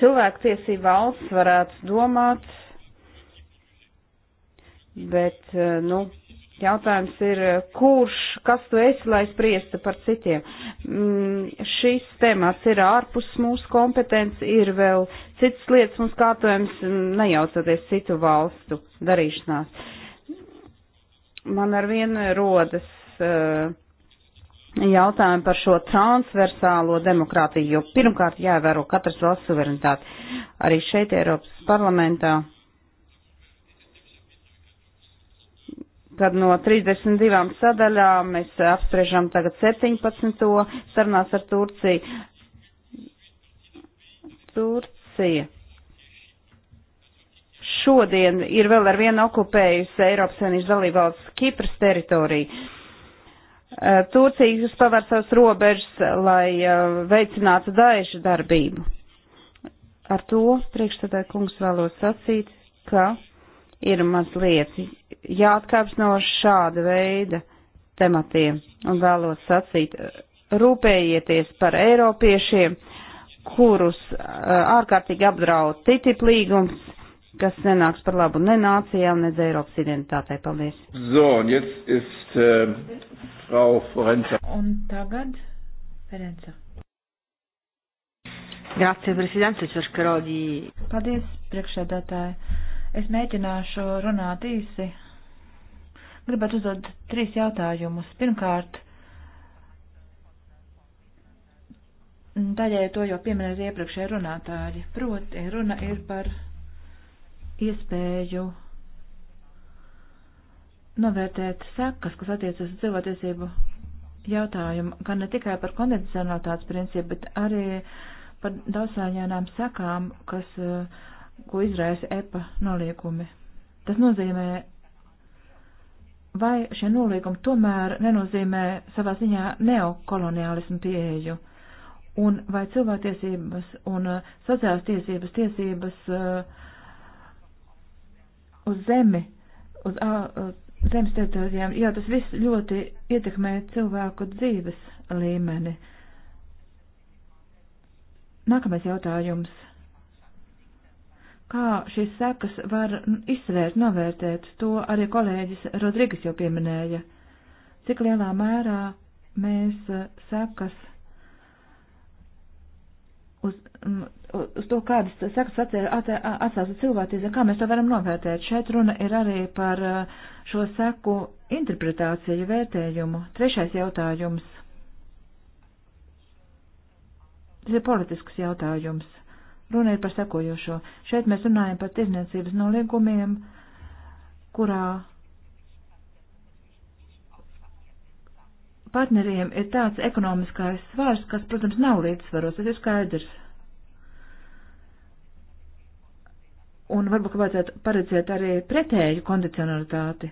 cilvēktiesība valsts, varētu domāt, bet, eh, nu, jautājums ir, kurš, kas tu esi, lai spriestu par citiem. Mm, šis temats ir ārpus mūsu kompetences, ir vēl citas lietas mums kārtojams, mm, nejaucoties citu valstu darīšanās. Man ar vienu rodas. Uh, jautājumu par šo transversālo demokrātiju, jo pirmkārt jāievēro katras valsts suverenitāte. Arī šeit Eiropas parlamentā, kad no 32 sadaļām mēs apspriežam tagad 17. sarunās ar Turciju. Turcija šodien ir vēl ar vienu okupējusi Eiropas Savienības dalībvalsts Kipras teritoriju Eh, Turcijas pavēr savas robežas, lai eh, veicinātu daļu darbību. Ar to priekšstādāju kungs vēlos sacīt, ka ir mazliet jāatkāps no šāda veida tematiem un vēlos sacīt, eh, rūpējieties par eiropiešiem, kurus ārkārtīgi apdraud TTIP līgums, kas nenāks par labu ne nācijām, ne Eiropas identitātei. Paldies! So, un jetzt ist, uh... Frau Forenza. Un tagad Ferenza. Grazie, Presidente, cercherò di... Paldies, priekšsēdētāji. Es mēģināšu runāt īsi. Gribētu uzdot trīs jautājumus. Pirmkārt, daļai to jau pieminēja iepriekšēji runātāji. Proti, runa ir par iespēju novērtēt sekas, kas attiecas uz dzīvotiesību jautājumu, gan ne tikai par kondicionalitātes principu, bet arī par daudzsāņainām sekām, kas, eh, ko izraisa EPA noliekumi. Tas nozīmē, vai šie noliekumi tomēr nenozīmē savā ziņā neokoloniālismu pieeju, un vai cilvēktiesības un eh, sociālās tiesības, tiesības eh, uz zemi, uz zemes teritorijām, jā, tas viss ļoti ietekmē cilvēku dzīves līmeni. Nākamais jautājums. Kā šīs sekas var izsvērt, novērtēt, to arī kolēģis Rodrigas jau pieminēja. Cik lielā mērā mēs eh, sekas uz, uz to, kādas sekas atstās uz cilvēcību, kā mēs to varam novērtēt. Šeit runa ir arī par uh, šo seku interpretāciju, vērtējumu. Trešais jautājums. Tas ir politisks jautājums. Runa ir par sekojošo. Šeit mēs runājam par tirzniecības noliegumiem, kurā partneriem ir tāds ekonomiskais svārs, kas, protams, nav līdzsvaros, tas ir skaidrs. Un varbūt, ka vajadzētu paredzēt arī pretēju kondicionalitāti.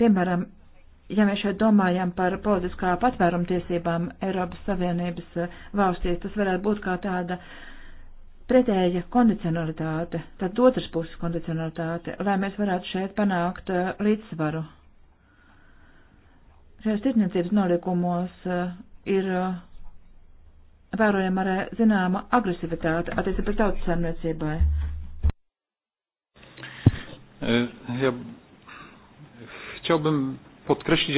Piemēram, ja mēs šeit domājam par politiskā patvērumtiesībām Eiropas Savienības eh, valstīs, tas varētu būt kā tāda pretēja kondicionalitāte, tad otrs puses kondicionalitāte, lai mēs varētu šeit panākt eh, līdzsvaru šajos tirdzniecības nolikumos eh, ir eh, vērojama arī zināma agresivitāte attiecībā pret tautas saimniecībai. E, ja chciałbym podkreślić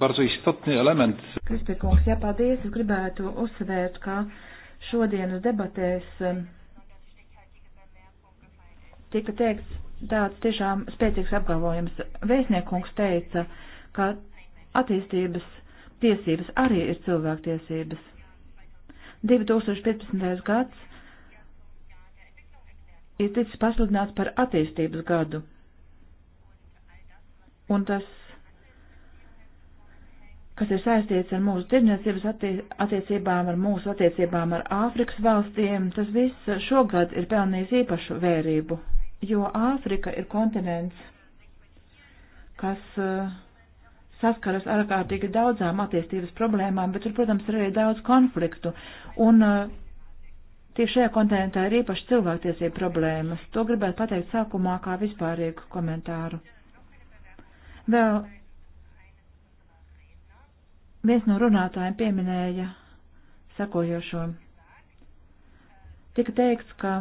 bardzo istotny element. Kristikungs, jā, paldies. Es gribētu uzsvērt, ka šodienas debatēs eh, tika teikts tāds tiešām spēcīgs apgalvojums. Vēstniekungs teica, ka attīstības tiesības arī ir cilvēktiesības. 2015. gads ir ticis pasludināts par attīstības gadu. Un tas, kas ir saistīts ar mūsu tirdzniecības attiecībām, ar mūsu attiecībām ar Āfrikas valstīm, tas viss šogad ir pelnījis īpašu vērību, jo Āfrika ir kontinents, kas uh, saskaras ar ārkārtīgi daudzām attīstības problēmām, bet tur, protams, ir arī daudz konfliktu. Un uh, tieši šajā kontinentā ir īpaši cilvēktiesība problēmas. To gribētu pateikt sākumā kā vispārīgu komentāru. Vēl viens no runātājiem pieminēja sakojošo. Tika teikts, ka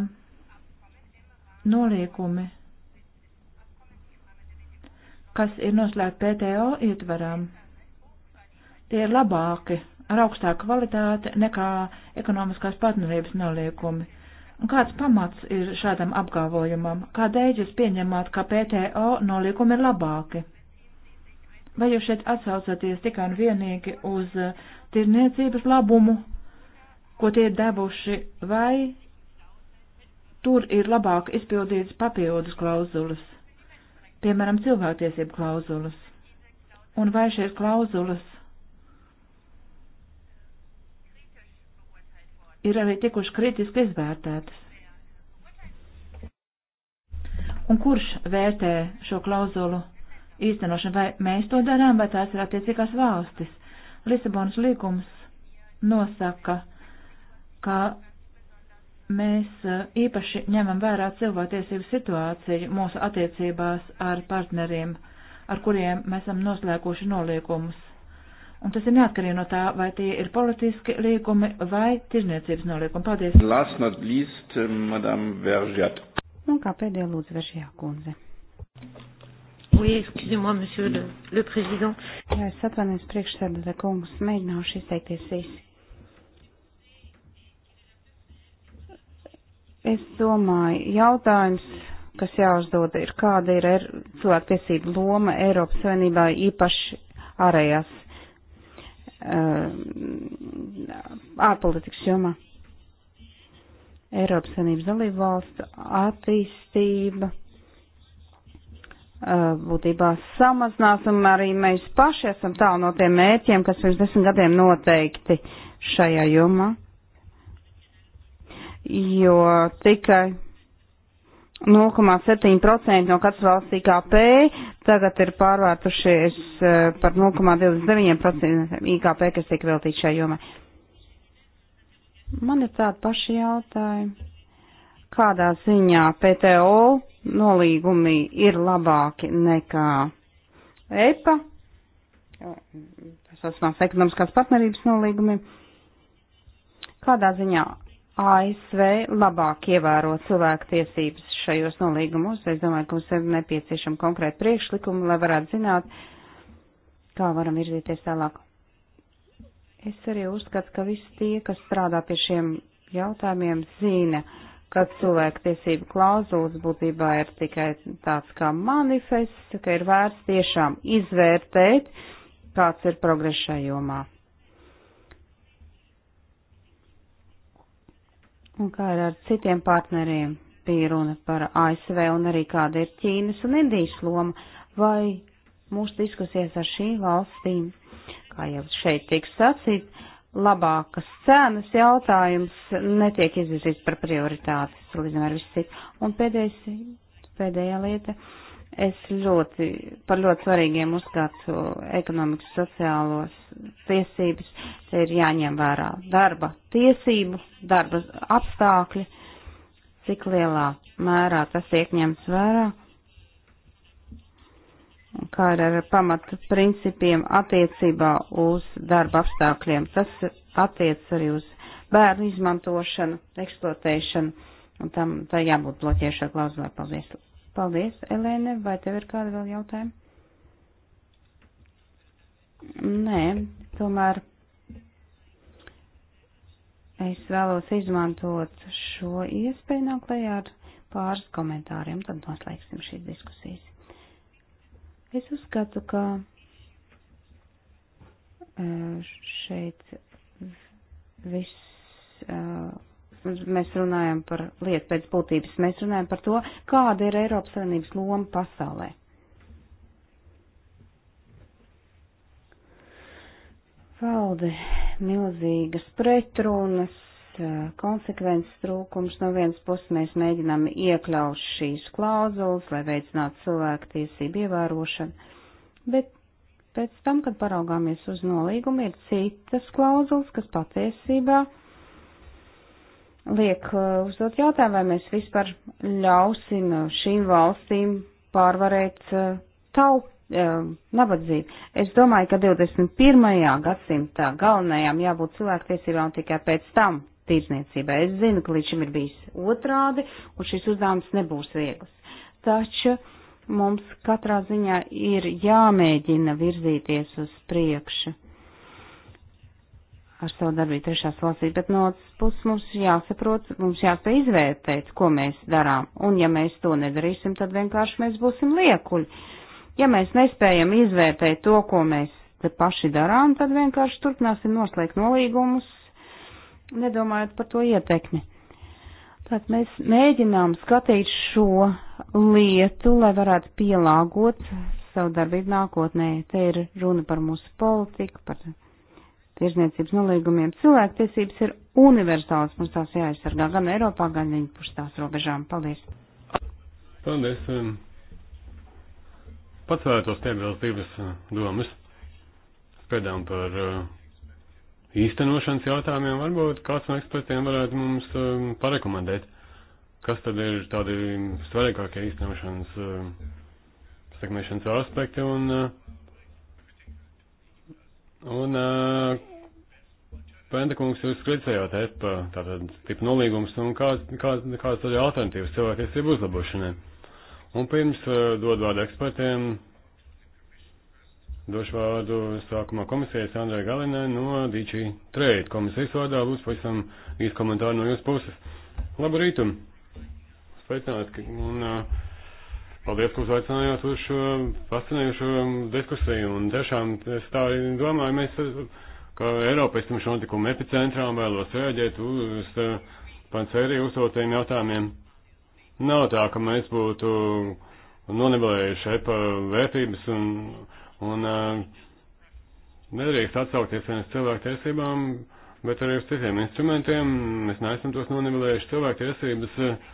noliekumi kas ir noslēgti PTO ietvarām, tie ir labāki, ar augstāku kvalitāti nekā ekonomiskās partnerības noliekumi. Un kāds pamats ir šādam apgāvojumam? Kādēļ jūs pieņemat, ka PTO noliekumi ir labāki? Vai jūs šeit atsaucaties tikai un vienīgi uz tirniecības labumu, ko tie ir devuši, vai tur ir labāk izpildītas papildus klauzulas? piemēram, cilvēktiesību klauzulas. Un vai šīs klauzulas ir arī tikuši kritiski izvērtētas? Un kurš vērtē šo klauzulu īstenošanu? Vai mēs to darām, vai tās ir attiecīgās valstis? Lisabonas līgums nosaka, ka mēs uh, īpaši ņemam vērā cilvēktiesību situāciju mūsu attiecībās ar partneriem, ar kuriem mēs esam noslēguši noliekumus. Un tas ir neatkarīgi no tā, vai tie ir politiski līgumi vai tirzniecības noliekumi. Paldies! Last not least, uh, Madame Veržiat. Un kā pēdējā lūdzu Veržijā kundze. Oui, excusez-moi, monsieur le, le président. Es atvainojos priekšsēdētāj kungs, mēģināšu izteikties īsi. Es domāju, jautājums, kas jāuzdod, ir kāda ir er, cilvēktiesība loma Eiropas Savienībā īpaši ārējās uh, ārpolitikas jomā. Eiropas Savienības dalību valstu attīstība uh, būtībā samazinās, un arī mēs paši esam tālu no tiem mērķiem, kas pirms desmit gadiem noteikti šajā jomā. Uh, jo tikai 0,7% no katras valsts IKP tagad ir pārvērtušies eh, par 0,29% IKP, kas tiek veltīts šai jomai. Man ir tādi paši jautājumi. Kādā ziņā PTO nolīgumi ir labāki nekā EPA? Tas esmu ekonomiskās partnerības nolīgumi. Kādā ziņā ASV labāk ievēro cilvēku tiesības šajos nolīgumos. Es domāju, ka mums ir nepieciešama konkrēta priekšlikuma, lai varētu zināt, kā varam virzīties tālāk. Es arī uzskatu, ka visi tie, kas strādā pie šiem jautājumiem, zina, ka cilvēku tiesību klauzulas būtībā ir tikai tāds kā manifests, ka ir vērts tiešām izvērtēt, kāds ir progress šajā jomā. Un kā ir ar citiem partneriem? Bija runa par ASV un arī kāda ir Ķīnas un Indijas loma. Vai mūsu diskusijas ar šīm valstīm, kā jau šeit tiek sacīt, labākas cenas jautājums netiek izvirzīts par prioritāti, salīdzinām ar visu citu. Un pēdējais, pēdējā lieta. Uh, Es ļoti par ļoti svarīgiem uzskatu ekonomikas sociālos tiesības. Te ir jāņem vērā darba tiesību, darba apstākļi, cik lielā mērā tas tiek ņemts vērā, kā ir ar pamatu principiem attiecībā uz darba apstākļiem. Tas attiec arī uz bērnu izmantošanu, eksploatēšanu, un tam tā jābūt bloķēšai klauzulē. Paldies! Paldies, Elēne, vai tev ir kāda vēl jautājuma? Nē, tomēr es vēlos izmantot šo iespēju nāklējā ar pāris komentāriem, tad noslēgsim šīs diskusijas. Es uzskatu, ka eh, šeit viss eh, mēs runājam par lietu pēc būtības, mēs runājam par to, kāda ir Eiropas Savienības loma pasaulē. Valde milzīgas pretrunas, konsekvences trūkums. No vienas puses mēs mēģinām iekļaut šīs klauzulas, lai veicinātu cilvēku tiesību ievērošanu, bet pēc tam, kad paraugāmies uz nolīgumu, ir citas klauzulas, kas patiesībā uh, liek uh, uzdot jautājumu, vai mēs vispār ļausim uh, šīm valstīm pārvarēt uh, taup, nabadzību. Es domāju, ka 21. gadsimtā galvenajām jābūt cilvēktiesībām tikai pēc tam tīrzniecībai. Es zinu, ka līdz šim ir bijis otrādi, un šis uzdevums nebūs viegls. Taču mums katrā ziņā ir jāmēģina virzīties uz priekšu ar savu darbību trešās valstīs, bet no otras puses mums jāsaprot, mums jāspēj izvērtēt, ko mēs darām, un ja mēs to nedarīsim, tad vienkārši mēs būsim liekuļi. Ja mēs nespējam izvērtēt to, ko mēs te paši darām, tad vienkārši turpināsim noslēgt nolīgumus, nedomājot par to ietekmi. Tad mēs mēģinām skatīt šo lietu, lai varētu pielāgot savu darbību nākotnē. Te ir runa par mūsu politiku, par tirzniecības nolīgumiem. Cilvēktiesības ir universāls, mums tās jāaizsargā gan Eiropā, gan viņa puš tās robežām. Paldies! Paldies! Pats vēlētos piebilst divas domas. Spēdām par īstenošanas jautājumiem. Varbūt kāds no ekspertiem varētu mums parekomendēt, kas tad ir tādi svarīgākie īstenošanas sekmēšanas aspekti un, un Pentakungs jūs kritizējāt EPA, tātad tipa nolīgums, un kāds, kāds, kāds ir alternatīvas cilvēktiesību uzlabošanai. Un pirms uh, dod vārdu ekspertiem, došu vārdu sākumā komisijas Andrei Galinai no DG Trade. Komisijas vārdā lūdzu pavisam īsti komentāru no jūsu puses. Labu rītu! Sveicināt, un uh, paldies, ka uzaicinājāt uz šo fascinējušo diskusiju, un tiešām es tā arī domāju, mēs. Uh, ka Eiropas pirmšu notikumu epicentrā vēlos rēģēt uz eh, pancēri uzdotajiem jautājumiem. Nav tā, ka mēs būtu nonivelējuši EPA vērtības un, un eh, nedrīkst atsaukties viens cilvēku tiesībām, bet arī uz citiem instrumentiem. Mēs neesam tos nonivelējuši cilvēku tiesības. Eh,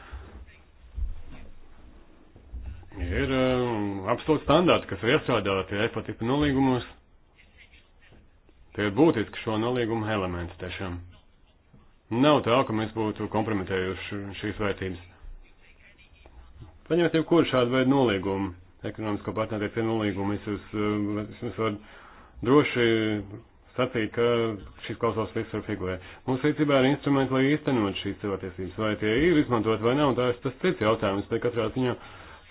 ir um, absolūti standarti, kas ir iestrādāti EPA tipu nolīgumos. Tie ir būtiski šo nolīguma elementi tiešām. Nav tā, ka mēs būtu kompromitējuši šīs vērtības. Paņemt jebkuru šādu veidu nolīgumu, ekonomisko partnerības nolīgumu, es jūs, eh, es jūs varu droši sacīt, ka šis klausos visur figurē. Mums rīcībā ir instrumenti, lai īstenot šīs cilvēktiesības, vai tie ir izmantot vai nav, tas tas cits jautājums, bet katrā ziņā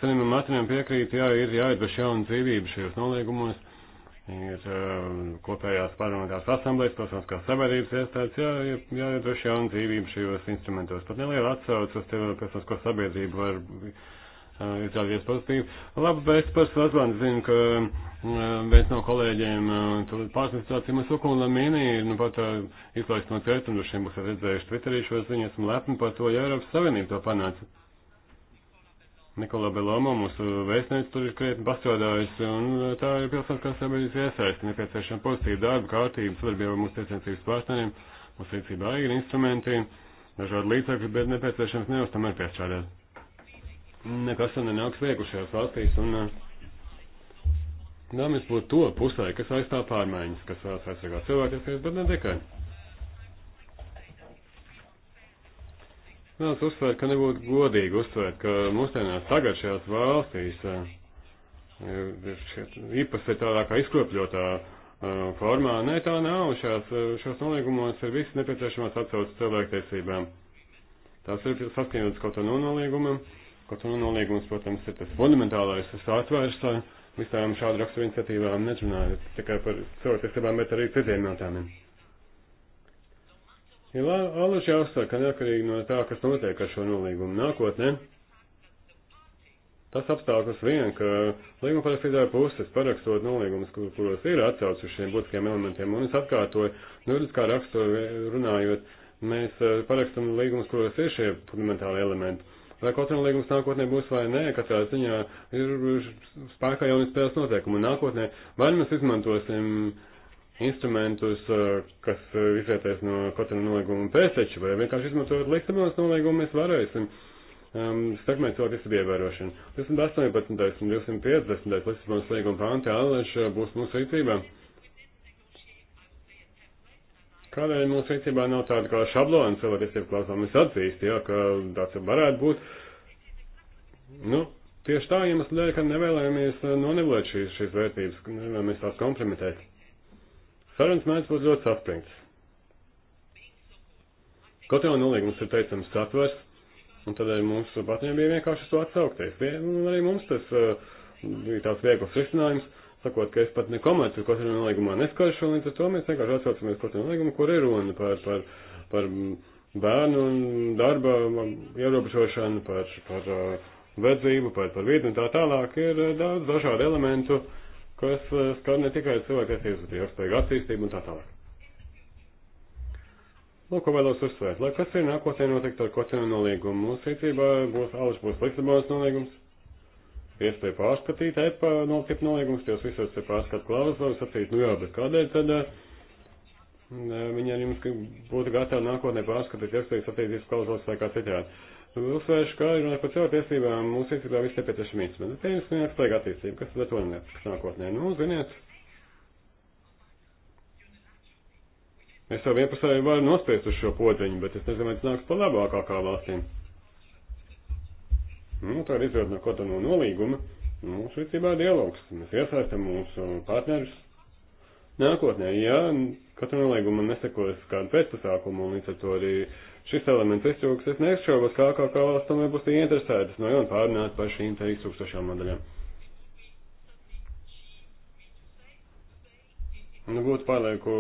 saņemam atruniem piekrīt, jā, ir jāiedveš jauna dzīvība šajos noliegumos, ir um, kopējās parlamentārās asamblējas, pilsoniskās sabiedrības iestādes, jā, jāiedroš jauna dzīvība šajos instrumentos. Pat neliela atsauca uz tevi pilsonisko sabiedrību var uh, izrādīties pozitīvi. Labi, bet par Svetlānu zinu, ka um, viens no kolēģiem uh, pārsniedzācija mēs Ukulna Mini ir nu pat uh, izlaist no cietuma, droši vien būs redzējuši Twitterī šo ziņu, esmu lepni par to, ja Eiropas Savienība to panāca. Nikola Belomo, mūsu vēstnieks, tur ir krietni pastrādājis, un tā ir pilsētiskās sabiedrības iesaisti, nepieciešama pozitīva darba kārtība, sadarbība ar mūsu tiesniecības partneriem, mūsu rīcībā ir instrumenti, dažādi līdzekļi, bet nepieciešams neustamēr piestrādāt. Nekas tam nenāks viegli šajās valstīs, un uh, dāmas būtu to pusē, kas aizstāv pārmaiņas, kas vēlas aizsargāt cilvēktiesības, bet ne tikai. Vēlas uzsvērt, ka nebūtu godīgi uzsvērt, ka mūsdienās tagad šajās valstīs eh, eh, īpas ir tādā kā izkropļotā eh, formā. Nē, tā nav. Šās, šos nolīgumos ir viss nepieciešamās atsaucas cilvēktiesībām. Tās ir saskaņotas kaut no nolīgumam. Kaut no nolīgums, protams, ir tas fundamentālais atvērs visām šādu raksturu iniciatīvām, nerunājot tikai par cilvēktiesībām, bet arī citiem jautājumiem. Ir alaži jāuzsver, ka neatkarīgi no tā, kas notiek ar šo nolīgumu nākotnē, tas apstākļus vien, ka līguma parakstītāja puses parakstot nolīgumus, kur, kuros ir atsaucis uz šiem būtiskiem elementiem, un es atkārtoju, juridiskā rakstura runājot, mēs eh, parakstam līgumus, kuros ir šie fundamentāli elementi. Vai kaut kādā līgums nākotnē būs vai nē, katrā ziņā ir spēkā jaunas spēles noteikumi. Nākotnē vai nu mēs izmantosim instrumentus, eh, kas eh, izrietēs no katra nolīguma pēcteču, vai vienkārši izmantojot Lisabonas nolīgumu, mēs varēsim um, sekmēt cilvēku tiesību ievērošanu. 218. un 250. Lisabonas līguma panti Aleš būs mūsu rīcībā. Kādēļ mūsu rīcībā nav tāda kā šablona cilvēku tiesību klausā? Mēs atzīst, jā, ka tāds varētu būt. Nu, tieši tā iemesla ja dēļ, ka nevēlamies eh, nonivlēt šīs, šīs vērtības, nevēlamies tās kompromitēt. Sarunas mērķis būtu ļoti saspringts. Kaut jau nolīgums ir teicams satvers, un tādēļ mums patiem bija vienkārši to atsaukties. Un nu, arī mums tas eh, bija tāds viegls risinājums, sakot, ka es pat nekomentēju kaut kādā nolīgumā neskaršu, un līdz ar to mēs vienkārši atsaucamies kaut kādā nolīgumā, kur ir runa par, par, par bērnu un darba ierobežošanu, par, par eh, vedzību, par, par vidi un tā tālāk. Ir eh, daudz dažādu elementu. Uh, kas eh, skar ne tikai cilvēktiesības, bet arī ilgspējīgu attīstību un tā tālāk. Lūk, ko vēlos uzsvērt. Lai kas ir nākotnē noteikti ar kocienu nolīgumu, mūsu rīcībā būs alus būs Lisabonas nolīgums, iespēja pārskatīt EPA nolīgumu nolīgums, tos visos ir pārskat klauzulas, sacīt, nu jā, bet kādēļ tad uh, Viņi ar jums būtu gatavi nākotnē pārskatīt iespējas attiecības klauzulas vai kā citādi. Uzsvēršu, ka runājot par cilvēktiesībām, mums izskatā viss nepieciešami instrumenti. Pirms viens vajag attīstību, kas tad to nepieciešams nākotnē. Nu, ziniet, es jau vienpusēji varu nospiest uz šo podziņu, bet es nezinu, vai tas nāks par labākā kā valstīm. Nu, tā ir izvēle no kaut kā no nolīguma. Nu, švicībā dialogs. Mēs iesaistam mūsu partnerus nākotnē. Ja katra nolīguma nesekos kādu pēcpasākumu, un līdz ar to arī šis elements iztrūks, es neizšaubos, kā kā kā valsts tomēr būs ieinteresētas no nu, jauna pārnāt par šīm te iztrūkstošām nodaļām. Nu, būtu pārlieku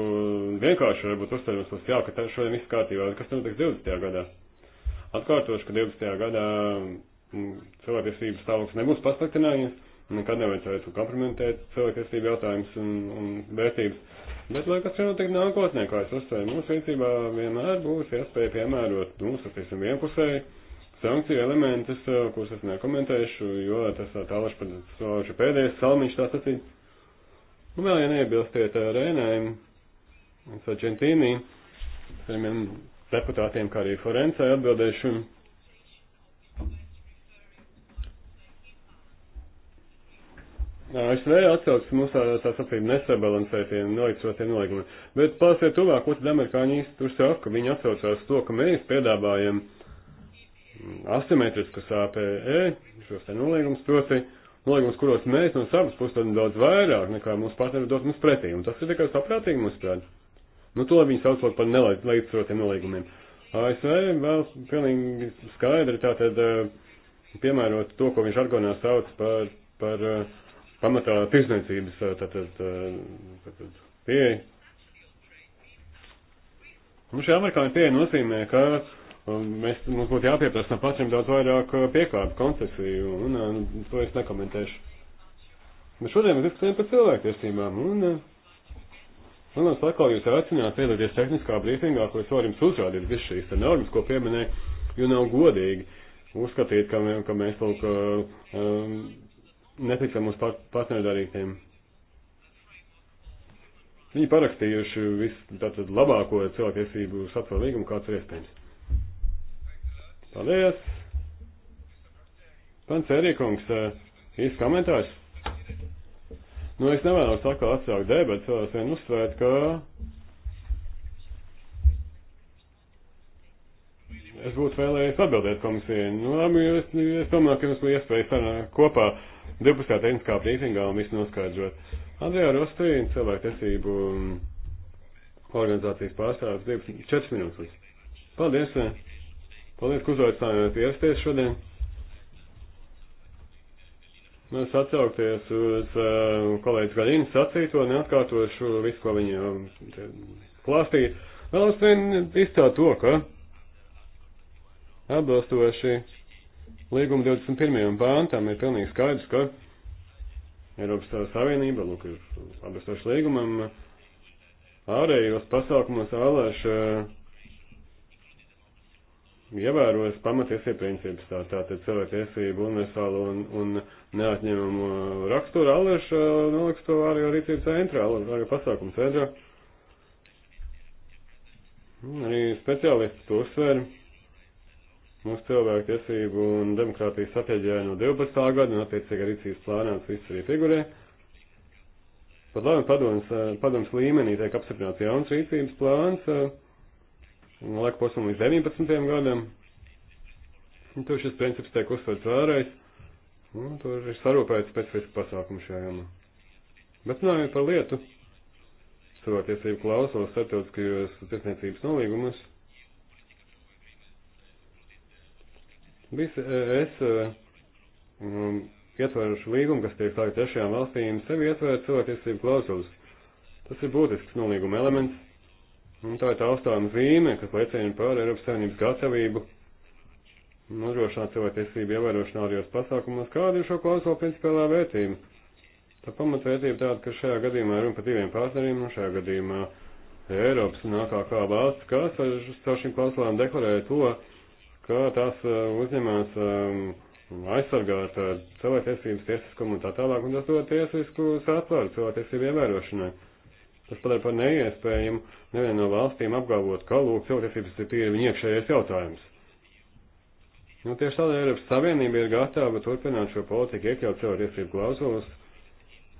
vienkārši varbūt uzstādījums būs jā, ka tā šodien viss kārtībā, kas notiks 20. gadā. Atkārtošu, ka 20. gadā mm, cilvēktiesības stāvoklis nebūs pasliktinājies, nekad nevajadzētu kompromitēt cilvēktiesību jautājumus un, un vērtības. Bet, lai kas notiek nākotnē, kā es uzsveru, mūsu rīcībā vienmēr būs iespēja piemērot, nu, sacīsim, vienpusēji sankciju elementus, eh, kurus es nekomentēšu, jo tas eh, tālaši pat sauši pēdējais salmiņš tā sacīt. Un vēl, ja neiebilstiet eh, Rēnēm, Sargentīnī, saviem deputātiem, kā arī Forencē atbildēšu. ASV atsaucas mums tādās tā saprība nesabalansētiem, nolicotiem nolīgumiem. Bet pārsiet tuvāk, ko tad amerikāņi īsti tur saka, viņi atsaucās to, ka mēs piedāvājam mm, asimetriskas APE, šos te nolīgumus, proti nolīgumus, kuros mēs no savas puses tad daudz vairāk nekā mūsu partneri dod mums pretī. Un tas ir tikai saprātīgi mums prāt. Nu, to viņi sauc par nelīdzsvarotiem nolīgumiem. ASV vēl pilnīgi skaidri tātad piemērot to, ko viņš argonā sauc par, par uh, pamatā tirsniecības eh, tātad, eh, tātad pieeja. Un šī amerikāņu pieeja nozīmē, ka um, mēs, mums būtu jāpieprasa no pašiem daudz vairāk eh, piekāpju koncesiju, un, un nu, to es nekomentēšu. Bet šodien mēs diskutējam par cilvēktiesībām, un, un es atkal jūs aicināt piedalīties tehniskā brīfingā, ko es varu jums uzrādīt visu šīs normas, ko pieminēju, jo nav godīgi uzskatīt, ka, mē, ka mēs lūk, um, netiks ar mūsu partnerdarīgtiem. Viņi parakstījuši visu tātad labāko cilvēktiesību satvaru līgumu, kāds ir iespējams. Paldies! Pants Erikungs, eh, īsts komentārs. Nu, es nevēlos atkal atsākt debats, vēlos vien uzsvērt, ka es būtu vēlējies atbildēt komisijai. Nu, labi, es, es domāju, ka jums bija iespēja sarunāt kopā 12. tehniskā brīfingā un visu noskaidrot. Andrejā Rostī, cilvēktiesību organizācijas pārstāvis, 12, 4 minūtes. Paldies! Eh. Paldies, ka uzaicinājāt ierasties šodien. Es nu, atsaukties uz uh, kolēģis Gaļinas sacīto, neatkārtošu visu, ko viņa um, klāstīja. Vēlos vien izcelt to, ka atbilstoši Līguma 21. pāntam ir pilnīgi skaidrs, ka Eiropas Savienība, lūk, ir atbilstoši līgumam, ārējos pasākumos ālēš eh, ievēros pamatiesību principus, tā, tātad cilvēktiesību universālu un, un neatņemumu raksturu ālēš eh, noliks to ārējo rīcību centrā, ārējo pasākumu centrā. Arī speciālisti to uzsver. Mūsu cilvēku tiesību un demokrātijas apieģē no 12. gada un attiecīgi rīcības plānās viss arī figurē. Pat labi, padoms, eh, padoms līmenī tiek apstiprināts jauns rīcības plāns, eh, laika posmam līdz 19. gadam. Un tur šis princips tiek uzsverts vēlreiz. Un tur ir sarūpēts specifiski pasākumu šajā jomā. Bet runājot par lietu, cilvēktiesību klausos starptautiskajos tiesniecības nolīgumus. Visi e, es um, ietveruši līgumu, kas tiek slēgts trešajām valstīm, sevi ietver cilvēktiesību klauzulas. Tas ir būtisks nolīguma elements, un tā ir taustāma zīme, kas liecina par Eiropas Savienības gatavību nodrošināt cilvēktiesību ievērošanā arī uz pasākumos, kāda ir šo klauzulu principālā vērtība. Tā pamatvērtība tāda, ka šajā gadījumā runa par diviem partneriem, un šajā gadījumā Eiropas un AKK valsts, kas ar, ar šīm klauzulām deklarē to, ka tās uzņemās aizsargāt cilvēktiesības, tiesiskumu un tā tālāk, un tas dod tiesisku satvaru cilvēktiesību ievērošanai. Tas padara par neiespējumu nevienu no valstīm apgalvot, ka lūk, cilvēktiesības ir tie viņa iekšējais jautājums. Nu, tieši tādēļ Eiropas Savienība ir gatava turpināt šo politiku, iekļaut cilvēktiesību klauzulas,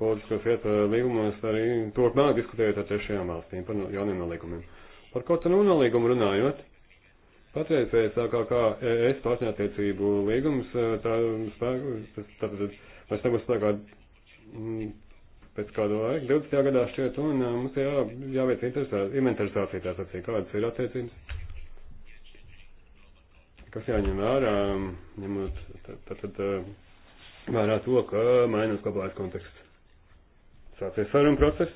politiskos ietvaru līgumos, arī turpmāk diskutējot ar trešajām valstīm par jauniem nolīgumiem. Par kaut kādu nolīgumu runājot, Patreizējais AKK ES partnerattiecību līgums, eh, tā, tā, tā, tā, mēs nebūs spēkā mm, pēc kādu laiku, 20. gadā šķiet, un eh, mums jā, jāveic inventarizācija tā sacīja, kādas ir attiecības, kas jāņem vērā, ņemot tātad eh, vērā to, ka mainās globālais konteksts. Sācies saruna process,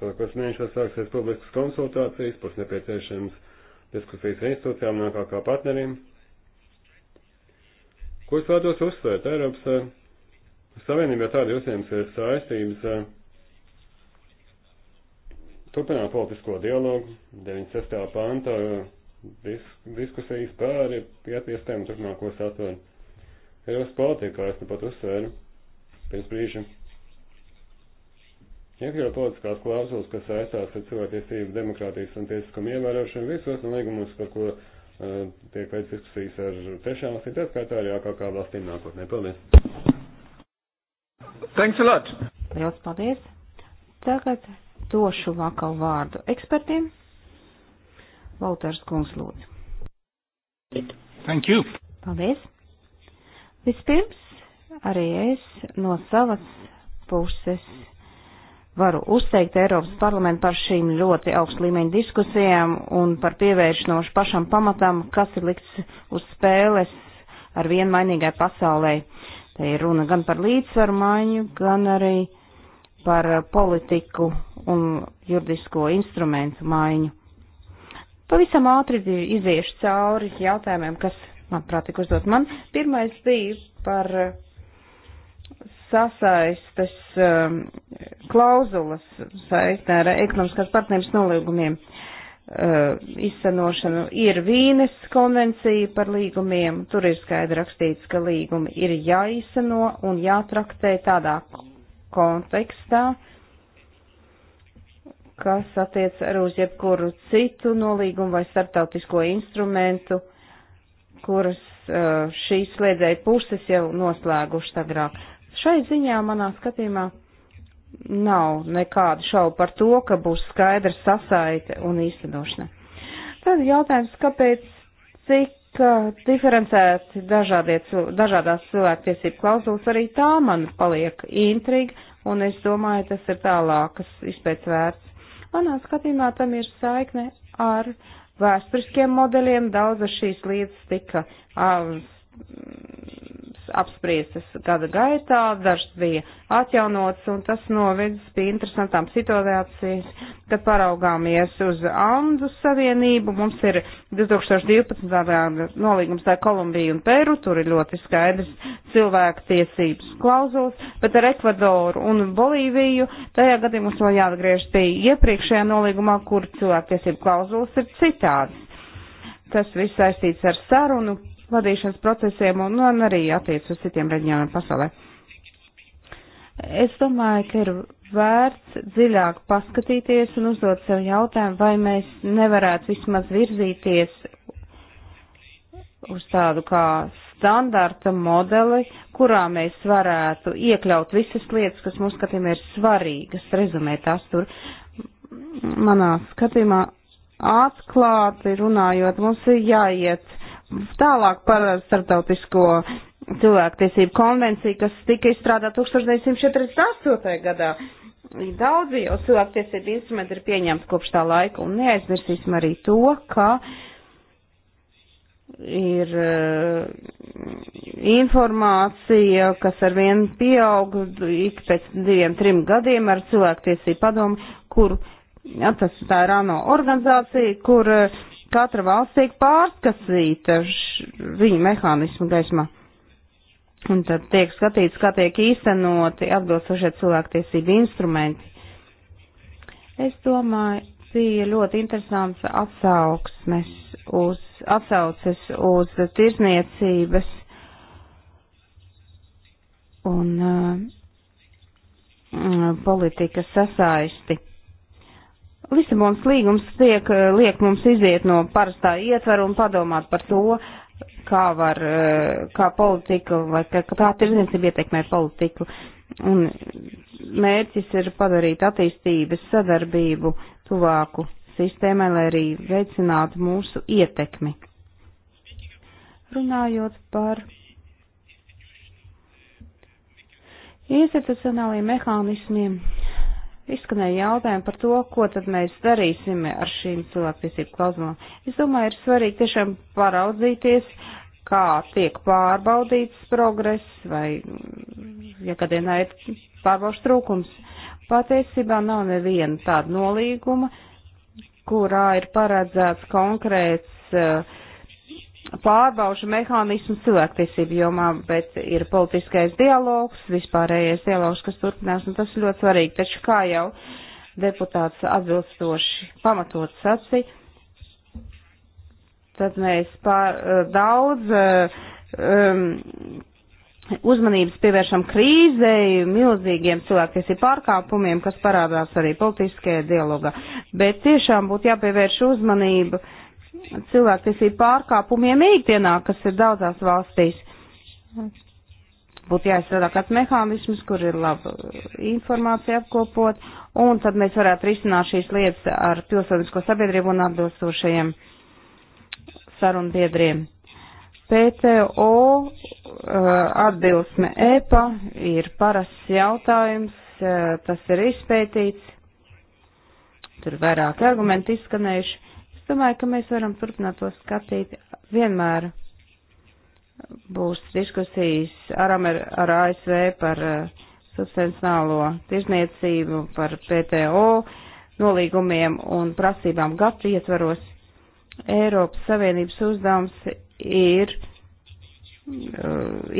to, kas mēnešos sāksies publiskas konsultācijas, būs nepieciešams diskusijas ar institūcijām un kā, kā partneriem. Ko es vēlos uzsvērt? Eiropas eh, Savienībā tāda uzņēmums ir eh, saistības eh, turpināt politisko dialogu 96. panta disk, diskusijas par ietiestēm turpmāko saturu. Eiropas politikā es tepat nu uzsvēru pirms brīža. Iekļaut politiskās klausulas, kas saistās ar cilvēktiesību, demokrātijas un tiesiskumu ievērošanu visos nolīgumus, par ko uh, tiek veids diskusijas ar trešām valstīm, tā skaitā arī AKK valstīm nākotnē. Paldies! Thanks a lot! Liels paldies! Tagad došu vakal vārdu ekspertiem. Valters Kungs lūdzu. Thank you! Paldies! Vispirms arī es no savas puses. Mm varu uzteikt Eiropas parlamentu par šīm ļoti augstu līmeņu diskusijām un par pievēršanošu pašam pamatam, kas ir likts uz spēles ar vienmainīgai pasaulē. Te ir runa gan par līdzsvaru maiņu, gan arī par politiku un juridisko instrumentu maiņu. Pavisam ātri iziešu cauri jautājumiem, kas, manuprāt, tik uzdot man. Pirmais bija par sasaistes um, klauzulas saistē ar ekonomiskās partnerības nolīgumiem uh, izsanošanu. Ir Vīnes konvencija par līgumiem, tur ir skaidri rakstīts, ka līgumi ir jāizsano un jātraktē tādā kontekstā, kas attiec ar uz jebkuru citu nolīgumu vai startautisko instrumentu, kuras uh, šīs slēdzēja puses jau noslēgušas agrāk. Šai ziņā manā skatījumā nav nekādu šaubu par to, ka būs skaidra sasaite un īstenošana. Tad jautājums, kāpēc cik uh, diferencēti cil dažādās cilvēktiesību klauzulas arī tā man paliek intriga, un es domāju, tas ir tālākas izpēc vērts. Manā skatījumā tam ir saikne ar vēsturiskiem modeļiem, daudz šīs lietas tika uh, apspriestas gada gaitā, dažas bija atjaunotas, un tas novedis pie interesantām situācijas, kad paraugāmies uz Andu Savienību. Mums ir 2012. gada nolīgums ar Kolumbiju un Peru, tur ir ļoti skaidrs cilvēku tiesības klauzulas, bet ar Ekvadoru un Bolīviju tajā gadījumā mums vēl jāatgriež pie iepriekšējā nolīgumā, kur cilvēku tiesību klauzulas ir citādas. Tas viss saistīts ar sarunu vadīšanas procesiem un, un arī attiec uz citiem reģioniem pasaulē. Es domāju, ka ir vērts dziļāk paskatīties un uzdot sev jautājumu, vai mēs nevarētu vismaz virzīties uz tādu kā standarta modeli, kurā mēs varētu iekļaut visas lietas, kas mums skatījumā ir svarīgas, rezumēt tās tur. Manā skatījumā atklāti runājot, mums ir jāiet Tālāk par starptautisko cilvēktiesību konvenciju, kas tika izstrādāta 1948. gadā. Daudzi jau cilvēktiesību instrumenti ir pieņemti kopš tā laika, un neaizmirsīsim arī to, ka ir eh, informācija, kas ar vienu pieaug ik pēc diviem, trim gadiem ar cilvēktiesību padomu, kur, ja, tas tā ir ANO organizācija, kur uh, katra valsts tiek pārskatīta viņu mehānismu gaismā. Un tad tiek skatīts, kā tiek īstenoti atbilstošie cilvēktiesību instrumenti. Es domāju, bija ļoti interesants atsauksmes uz, atsauces uz tirzniecības un uh, politikas sasaisti. Lisabons līgums tiek, eh, liek mums iziet no parastā ietvera un padomāt par to, kā var, eh, kā politika vai kā, kā tā tirdzniecība ietekmē politiku. Un mērķis ir padarīt attīstības sadarbību tuvāku sistēmai, lai arī veicinātu mūsu ietekmi. Runājot par institucionāliem mehānismiem, Izskanēja jautājumi par to, ko tad mēs darīsim ar šīm cilvēktiesību klauzulām. Es domāju, ir svarīgi tiešām paraudzīties, kā tiek pārbaudīts progress vai, ja kādienā ir pārbaudas trūkums. Patiesībā nav neviena tāda nolīguma, kurā ir paredzēts konkrēts uh, pārbaužu mehānismus cilvēktiesību jomā, bet ir politiskais dialogs, vispārējais dialogs, kas turpinās, un tas ir ļoti svarīgi. Taču kā jau deputāts atbilstoši pamatot saci, tad mēs pār, eh, daudz eh, um, uzmanības pievēršam krīzei, milzīgiem cilvēktiesību pārkāpumiem, kas parādās arī politiskajā dialogā. Bet tiešām būtu jāpievērš uzmanība uh, cilvēktiesību pārkāpumiem ikdienā, kas ir daudzās valstīs. Būtu jāizstrādā kāds mehānisms, kur ir laba informācija apkopot, un tad mēs varētu risināt šīs lietas ar pilsonisko sabiedrību un atbilstošajiem sarunbiedriem. PTO uh, atbilsme EPA ir parasts jautājums, uh, tas ir izpētīts, tur vairāki argumenti izskanējuši. Es domāju, ka mēs varam turpināt to skatīt vienmēr. Būs diskusijas ar, Amer ar ASV par uh, eh, substancionālo tirzniecību, par PTO nolīgumiem un prasībām GATT ietvaros. Eiropas Savienības uzdevums ir eh,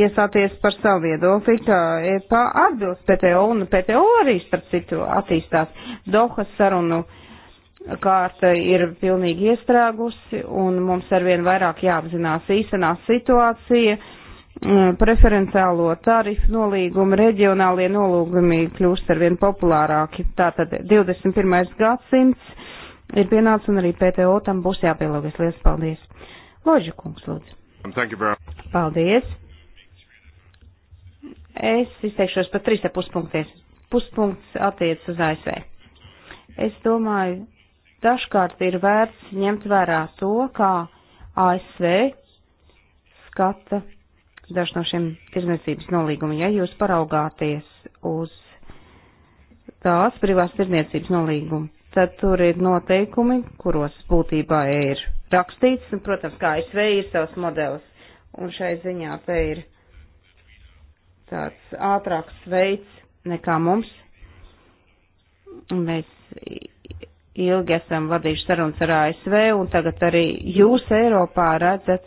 iestāties par savu viedokli, ka e EPA atbilst PTO un PTO arī starp citu attīstās Dohas sarunu kārta ir pilnīgi iestrēgusi un mums arvien vairāk jāapzinās īstenā situācija. Mm, preferenciālo tarifu nolīgumi, reģionālie nolūgumi kļūst arvien populārāki. Tātad 21. gadsimts ir pienācis un arī PTO tam būs jāpielāgojas. Lielas paldies! Loģi kungs, lūdzu. Paldies! Es izteikšos par 3,5 punktiem. Puspunkts attiec uz ASV. Es domāju, Dažkārt ir vērts ņemt vērā to, kā ASV skata daži no šiem tirzniecības nolīgumiem. Ja jūs paraugāties uz tās privās tirzniecības nolīgumu, tad tur ir noteikumi, kuros būtībā ir rakstīts, un, protams, kā ASV ir savs modelis, un šai ziņā te ir tāds ātrāks veids nekā mums. Mēs ilgi esam vadījuši sarunas ar ASV, un tagad arī jūs Eiropā redzat,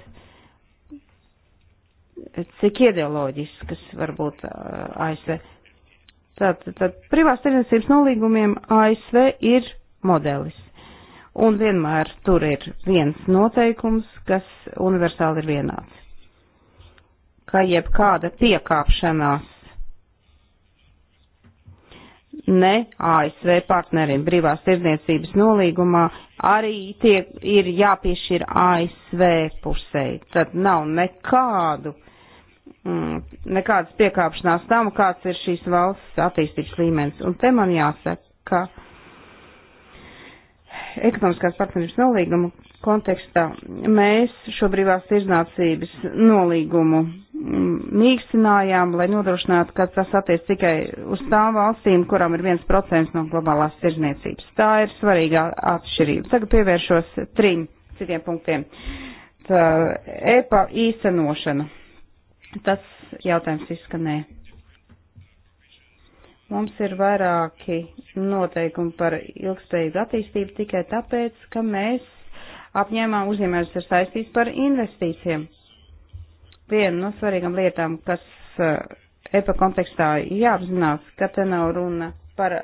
cik ideoloģiskas varbūt uh, ASV. Tātad tā, privās tirdzniecības nolīgumiem ASV ir modelis. Un vienmēr tur ir viens noteikums, kas universāli ir vienāds. Ka jebkāda piekāpšanās ne ASV partneriem. Brīvās tirdzniecības nolīgumā arī tie ir jāpiešķir ASV pusē. Tad nav nekādu, mm, nekādas piekāpšanās tam, kāds ir šīs valsts attīstības līmenis. Un te man jāsaka, ka ekonomiskās partnerības nolīguma kontekstā. Mēs šo brīvās tirzniecības nolīgumu mīkstinājām, lai nodrošinātu, ka tas attiec tikai uz tām valstīm, kurām ir 1% no globālās tirzniecības. Tā ir svarīgā atšķirība. Tagad pievēršos trim citiem punktiem. Tā, EPA īstenošana. Tas jautājums izskanēja. Mums ir vairāki noteikumi par ilgspējīgu attīstību tikai tāpēc, ka mēs apņēmā uzņēmējs ir saistīts par investīcijiem. Viena no svarīgām lietām, kas eh, EPA kontekstā jāapzinās, ka te nav runa par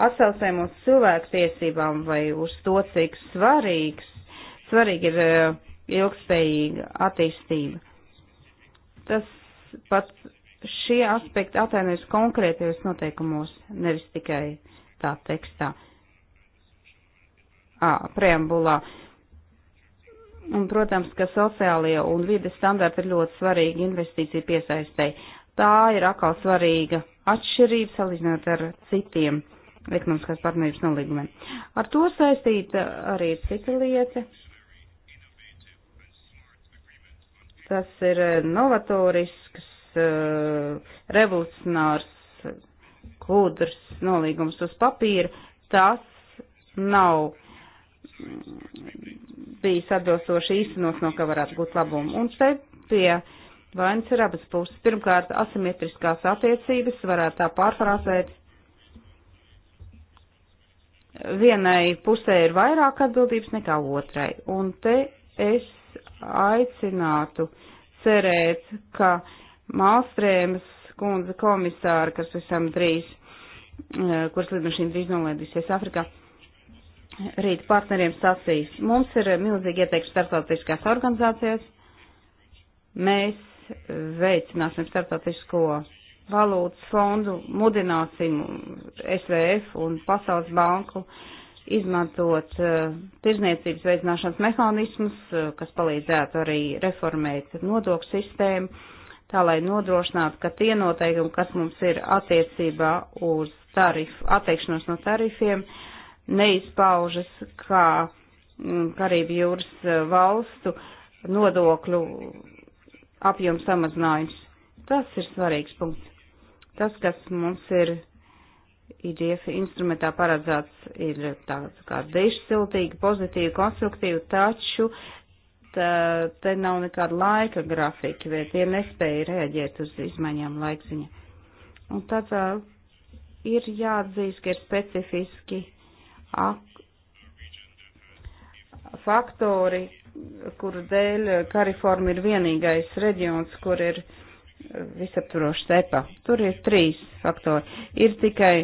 atsaucēm uz cilvēktiesībām vai uz to, cik svarīgs, svarīgi ir eh, ilgspējīga attīstība. Tas pat šie aspekti atainojas konkrētajos noteikumos, nevis tikai tā tekstā. À, preambulā. Un, protams, ka sociālie un vides standarti ir ļoti svarīgi investīciju piesaistei. Tā ir atkal svarīga atšķirība salīdzinot ar citiem ekonomiskās partnerības nolīgumiem. Ar to saistīta arī ir cita lieta. Tas ir eh, novatorisks, eh, revolucionārs, eh, gudrs nolīgums uz papīra. Tas nav bijis atbilstoši īstenos, no kā varētu būt labumu. Un te pie vainas ir abas puses. Pirmkārt, asimetriskās attiecības varētu tā pārfrāzēt. Vienai pusē ir vairāk atbildības nekā otrai. Un te es aicinātu cerēt, ka Malstrēmas kundze komisāra, kas visam drīz, eh, kuras lidmašīna drīz nolēdīsies Afrikā, rīt partneriem sacīs. Mums ir eh, milzīgi ieteikti starptautiskās organizācijas. Mēs eh, veicināsim starptautisko valūtas fondu, mudināsim SVF un Pasaules banku izmantot uh, tirzniecības veicināšanas mehānismus, uh, kas palīdzētu arī reformēt nodokļu sistēmu, tā lai nodrošinātu, ka tie noteikumi, kas mums ir attiecībā uz tarifu, atteikšanos no tarifiem, uh, neizpaužas kā mm, Karību jūras eh, valstu nodokļu apjoms samazinājums. Tas ir svarīgs punkts. Tas, kas mums ir IDF instrumentā paredzēts, ir tāds kā dešsiltīgi, pozitīvi, konstruktīvi, taču tā, te nav nekāda laika grafika, vai tie nespēja reaģēt uz izmaiņām laikziņa. Un tad ir jāatzīst, ka ir specifiski faktori, kuru dēļ Kariforma ir vienīgais reģions, kur ir visaptvaroša stepa. Tur ir trīs faktori. Ir tikai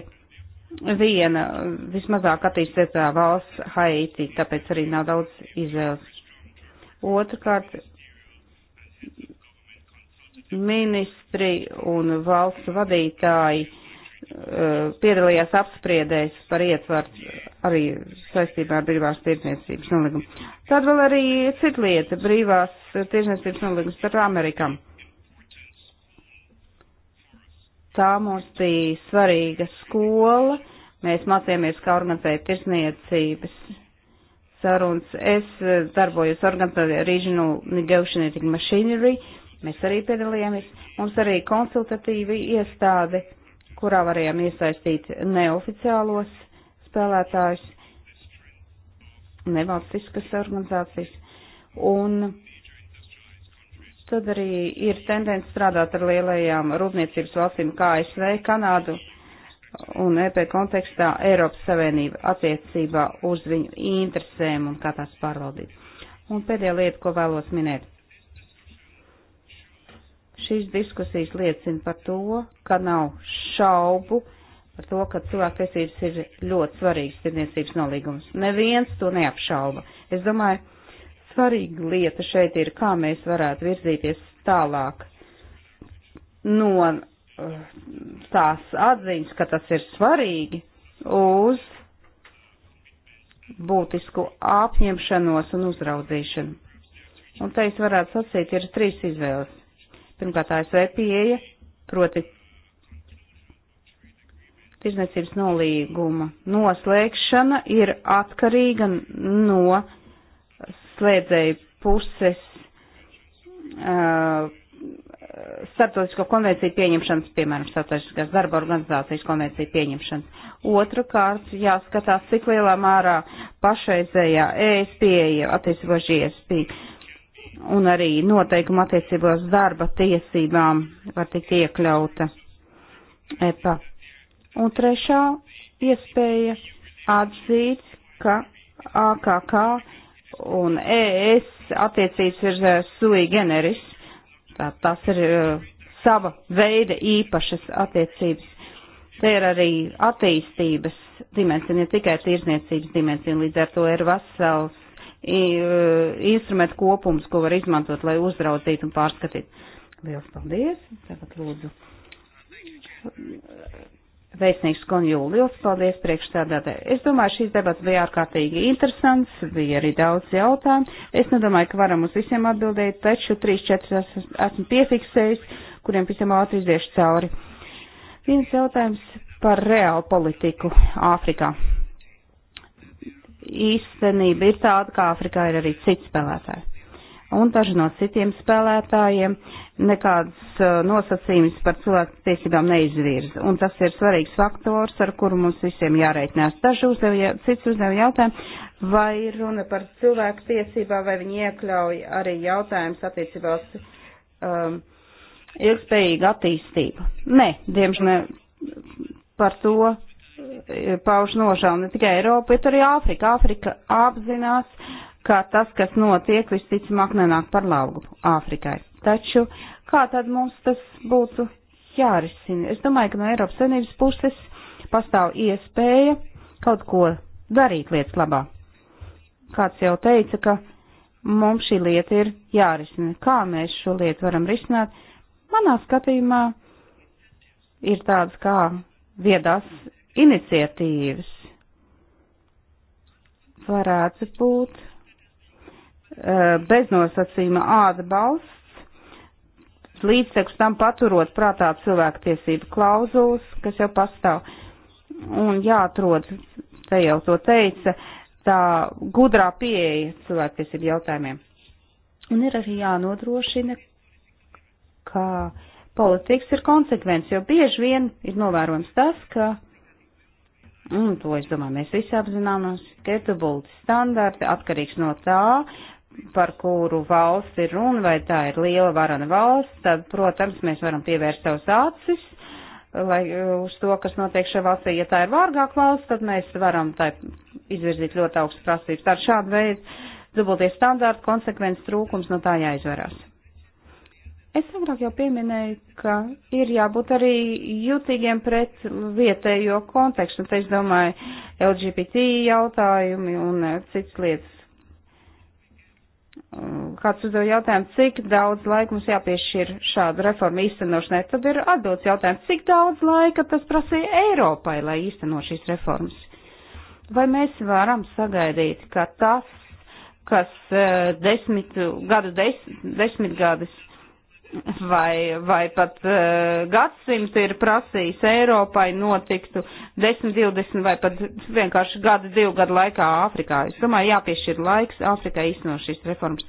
viena vismazāk attīstītā valsts Haiti, tāpēc arī nav daudz izvēles. Otrakārt, ministri un valsts vadītāji Uh, piedalījās apspriedēs par ietvaru arī saistībā ar brīvās tirdzniecības nolīgumu. Tad vēl arī cita lieta - brīvās tirdzniecības nolīgums ar Amerikam. Tā mums bija svarīga skola. Mēs mācījāmies, kā organizēt tirdzniecības sarunas. Es eh, darbojos organizācijā Regional Negotiating Machinery. Mēs arī piedalījāmies. Mums arī konsultatīvi iestādi kurā varējām iesaistīt neoficiālos spēlētājus, nevalstiskas organizācijas. Un tad arī ir tendence strādāt ar lielajām rūpniecības valstīm kā ASV, Kanādu un EP kontekstā Eiropas Savienība attiecībā uz viņu interesēm un kā tās pārvaldīt. Un pēdējā lieta, ko vēlos minēt. Šīs diskusijas liecina par to, ka nav šaubu par to, ka cilvēktiesības ir ļoti svarīgs tirdzniecības nolīgums. Neviens to neapšauba. Es domāju, svarīga lieta šeit ir, kā mēs varētu virzīties tālāk no eh, tās atziņas, ka tas ir svarīgi, uz būtisku apņemšanos un uzraudzīšanu. Un te es varētu sacīt, ir trīs izvēles. Pirmkārt, ASV pieeja, proti tirzniecības nolīguma noslēgšana ir atkarīga no slēdzēju puses uh, starptautisko konvenciju pieņemšanas, piemēram, starptautiskās darba organizācijas konvenciju pieņemšanas. Otrakārt, jāskatās, cik lielā mērā pašreizējā ES pieeja attiecībos GSP un arī noteikuma attiecībos darba tiesībām var tikt iekļauta EPA Un trešā iespēja atzīt, ka AKK un ES attiecības ir eh, sui generis. Tā, tas ir uh, sava veida īpašas attiecības. Te ir arī attīstības dimensija, ne tikai tirzniecības dimensija, līdz ar to ir vesels eh, instrumentu kopums, ko var izmantot, lai uzraudzītu un pārskatītu. Liels paldies! Tagad lūdzu Vēstnieks Konjūlu, liels paldies priekšstādātāji. Es domāju, šīs debats bija ārkārtīgi interesants, bija arī daudz jautājumu. Es nedomāju, ka varam uz visiem atbildēt, taču 3-4 esmu piefiksējis, kuriem visiem ātri iziešu cauri. Viens jautājums par reālu politiku Āfrikā. Īstenība ir tāda, ka Āfrikā ir arī cits spēlētāji un daži no citiem spēlētājiem nekādas uh, nosacījumus par cilvēku tiesībām neizvirza. Un tas ir svarīgs faktors, ar kuru mums visiem jāreitinās. Daži uzdevja, cits uzdeva jautājumu, vai runa par cilvēku tiesībām, vai viņi iekļauj arī jautājums attiecībā uz um, ilgspējīgu attīstību. Nē, diemžēl par to uh, pauž nožēlu ne tikai Eiropa, bet arī Āfrika. Āfrika apzinās, uh, ka tas, kas notiek, visticamāk nenāk par laugu Āfrikai. Taču kā tad mums tas būtu jārisina? Es domāju, ka no Eiropas Savienības puses pastāv iespēja kaut ko darīt lietas labā. Kāds jau teica, ka mums šī lieta ir jārisina. Kā mēs šo lietu varam risināt? Manā skatījumā ir tāds kā viedās iniciatīvas. Varētu būt Eh, beznosacījuma atbalsts, līdztekus tam paturot prātā cilvēktiesību klauzulas, kas jau pastāv. Un jāatrod, te jau to teica, tā gudrā pieeja cilvēktiesību jautājumiem. Un ir arī jānodrošina, ka politikas ir konsekvents, jo bieži vien ir novērojams tas, ka Un to, es domāju, mēs visi apzināmies, ka ir dubulti standarti atkarīgs no tā, par kuru valsts ir runa, vai tā ir liela varana valsts, tad, protams, mēs varam pievērst savus acis lai, uh, uz to, kas notiek šajā valstī. Ja tā ir vārgāka valsts, tad mēs varam tā izvirzīt ļoti augstas prasības. Tā ir šāda veida dubultie standārti, konsekvences trūkums, no tā jāizvarās. Es agrāk jau pieminēju, ka ir jābūt arī jūtīgiem pret vietējo kontekstu. Te es domāju, LGBT jautājumi un uh, citas lietas kāds uzdeva jautājumu, cik daudz laika mums jāpiešķir šādu reformu īstenošanai, tad ir atbildes jautājums, cik daudz laika tas prasīja Eiropai, lai īsteno šīs reformas. Vai mēs varam sagaidīt, ka tas, kas eh, desmit, gadu des, desmitgadis vai, vai pat uh, gadsimti ir prasījis Eiropai notiktu 10, 20 vai pat vienkārši gada, divu gadu laikā Āfrikā. Es domāju, jāpiešķir laiks Āfrikai īstenot šīs reformas.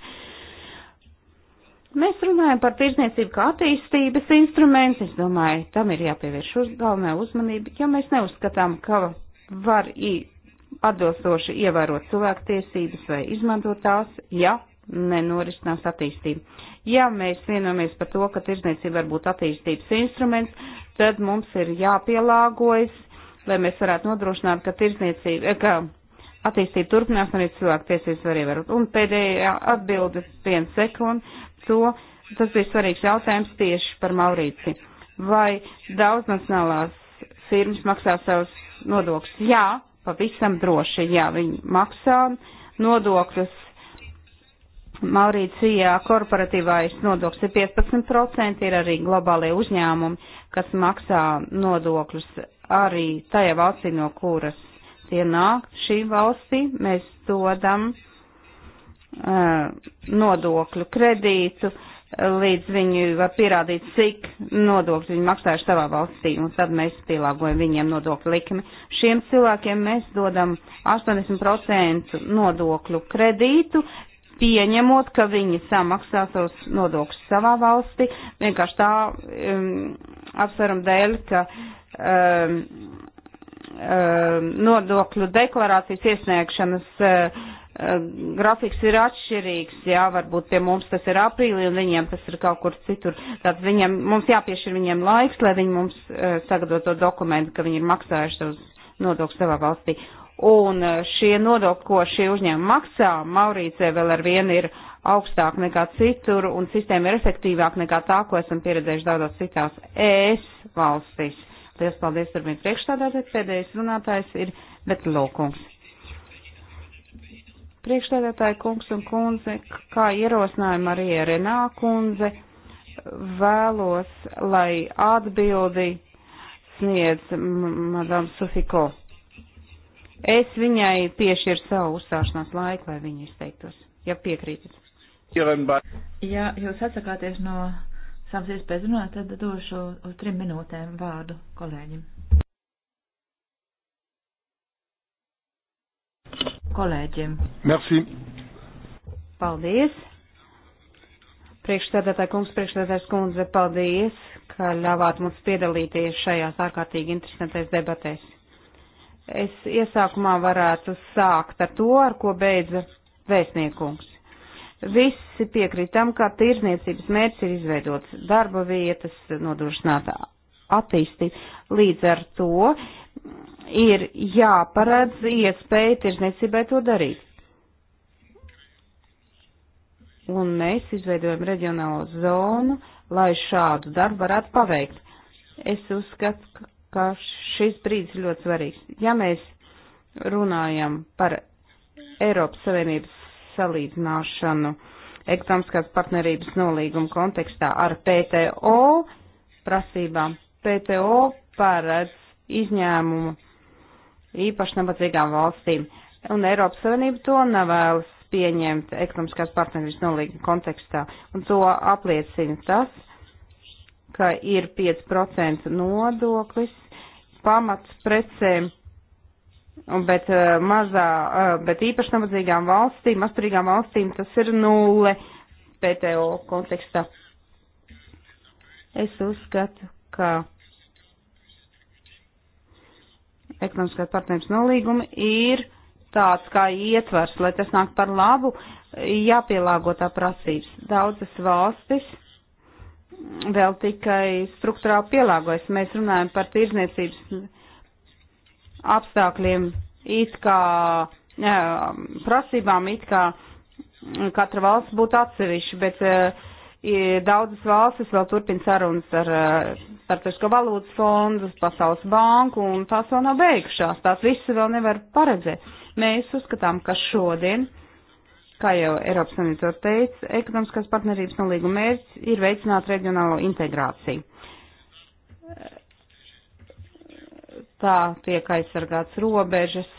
Mēs runājam par tirzniecību kā attīstības instrumentu. Es domāju, tam ir jāpievērš uz galvenā uzmanība, ja mēs neuzskatām, ka var atbilstoši ievērot cilvēku tiesības vai izmantot tās, ja nenorisinās attīstību. Ja mēs vienojamies par to, ka tirzniecība var būt attīstības instruments, tad mums ir jāpielāgojas, lai mēs varētu nodrošināt, ka tirzniecība, eh, ka attīstība turpinās un arī cilvēktiesības var ievērot. Un pēdējā atbilde viens sekund, to, tas bija svarīgs jautājums tieši par Maurīci. Vai daudznacionālās firmas maksā savus nodokļus? Jā, pavisam droši, jā, viņi maksā nodokļus Maurīcijā korporatīvais nodoklis ir 15%, ir arī globālie uzņēmumi, kas maksā nodokļus arī tajā valstī, no kuras tie nāk. Šī valstī mēs dodam uh, nodokļu kredītu, līdz viņi var pierādīt, cik nodokļu viņi maksājuši savā valstī, un tad mēs pielāgojam viņiem nodokļu likmi. Šiem cilvēkiem mēs dodam 80% nodokļu kredītu, pieņemot, ka viņi samaksā savus nodokļus savā valstī, vienkārši tā um, apsveram dēļ, ka um, um, nodokļu deklarācijas iesniegšanas uh, uh, grafiks ir atšķirīgs, jā, varbūt pie mums tas ir aprīlī un viņiem tas ir kaut kur citur. Tātad viņiem, mums jāpiešķir viņiem laiks, lai viņi mums uh, sagatavo to dokumentu, ka viņi ir maksājuši savus nodokļus savā valstī. Un eh, šie nodokļi, ko šie uzņēmumi maksā, Maurīcē vēl ar vienu ir augstāk nekā citur, un sistēma ir efektīvāk nekā tā, ko esam pieredzējuši daudzās citās ES valstīs. Lielas paldies, turpiniet priekšstādātājs, pēdējais runātājs ir Betlūkungs. Priekšstādātāja kungs un kundze, kā ierosinājuma arī Renā kundze, vēlos, lai atbildi sniedz Madame Sufiko. Es viņai piešķiru savu uzstāšanās laiku, lai viņa izteiktos, ja piekrītat. Ja jūs atsakāties no savas iespējas runāt, tad došu uz trim minūtēm vārdu kolēģim. Kolēģiem. Merci. Paldies. Priekšstādātāja kungs, priekšstādātājs kundze, paldies, ka ļāvāt mums piedalīties šajās ārkārtīgi interesantais debatēs. Es iesākumā varētu sākt ar to, ar ko beidza vēstniekums. Visi piekrītam, ka tirzniecības mērķis ir izveidot darba vietas, nodrošināt attīstību. Līdz ar to ir jāparedz iespēja tirzniecībai to darīt. Un mēs izveidojam reģionālo zonu, lai šādu darbu varētu paveikt. Es uzskatu, ka šis brīdis ir ļoti svarīgs. Ja mēs runājam par Eiropas Savienības salīdzināšanu ekonomiskās partnerības nolīguma kontekstā ar PTO prasībām, PTO paredz izņēmumu īpaši nabadzīgām valstīm, un Eiropas Savienība to nevēlas pieņemt ekonomiskās partnerības nolīguma kontekstā, un to apliecina tas, ka ir 5% nodoklis pamats precēm, bet, eh, mazā, eh, bet īpaši nabadzīgām valstīm, mazturīgām valstīm tas ir nulle PTO kontekstā. Es uzskatu, ka ekonomiskās partnerības nolīgumi ir tāds kā ietvars, lai tas nāk par labu, jāpielāgo tā prasības. Daudzas valstis vēl tikai struktūrāli pielāgojas. Mēs runājam par tirzniecības apstākļiem, it kā jā, prasībām, it kā katra valsts būtu atsevišķa, bet jā, e, daudzas valstis vēl turpina sarunas ar e, Startautisko valūtas fondu, Pasaules banku, un tās vēl nav beigušās. Tās visas vēl nevar paredzēt. Mēs uzskatām, ka šodien Kā jau Eiropas Savienība to teica, ekonomiskās partnerības nolīguma mērķis ir veicināt reģionālo integrāciju. Tā tiek aizsargāts robežas,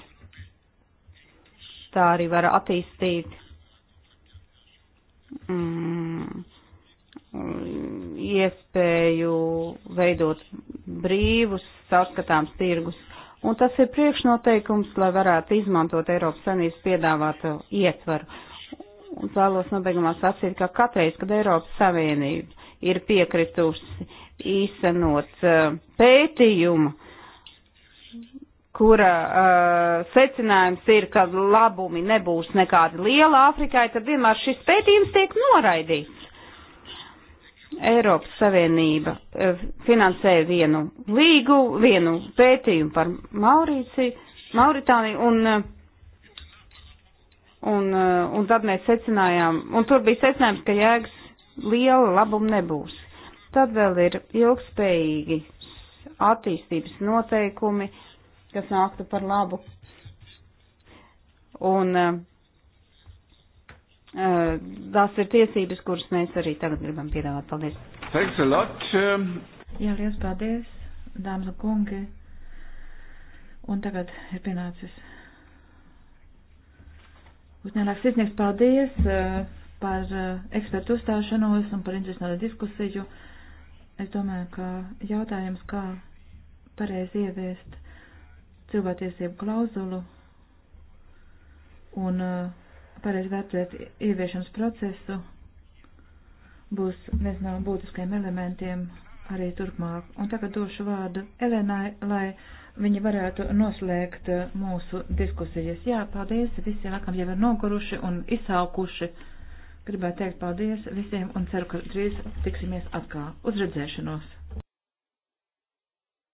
tā arī var attīstīt mm, iespēju veidot brīvus, caurskatāms tirgus. Un tas ir priekšnoteikums, lai varētu izmantot Eiropas Savienības piedāvāto ietvaru. Un vēlos nobeigumā sacīt, ka katreiz, kad Eiropas Savienība ir piekritusi īstenot uh, pētījumu, kura uh, secinājums ir, ka labumi nebūs nekādi liela Āfrikai, tad vienmēr šis pētījums tiek noraidīts. Eiropas Savienība uh, eh, finansēja vienu līgu, vienu pētījumu par Maurīciju, Mauritāniju un uh, Un, eh, un tad mēs secinājām, un tur bija secinājums, ka jēgas liela labuma nebūs. Tad vēl ir ilgspējīgi attīstības noteikumi, kas nāktu par labu. Un uh, tās ir tiesības, kuras mēs arī tagad gribam piedāvāt. Paldies! Thanks a lot! Um... Jā, liels paldies, dāmas un kungi! Un tagad ir pienācis Uznēlāk sirsnieks paldies eh, par eh, ekspertu uzstāšanos un par interesantu diskusiju. Es domāju, ka jautājums, kā pareizi ieviest cilvēktiesību klauzulu un eh, pareizi vērtēt ieviešanas procesu, būs viens no būtiskajiem elementiem arī turpmāk. Un tagad došu vārdu Elenai, lai viņi varētu noslēgt uh, mūsu diskusijas. Jā, paldies visiem, laikam jau ir noguruši un izsaukuši. Gribētu teikt paldies visiem un ceru, ka drīz tiksimies atkal. Uz redzēšanos!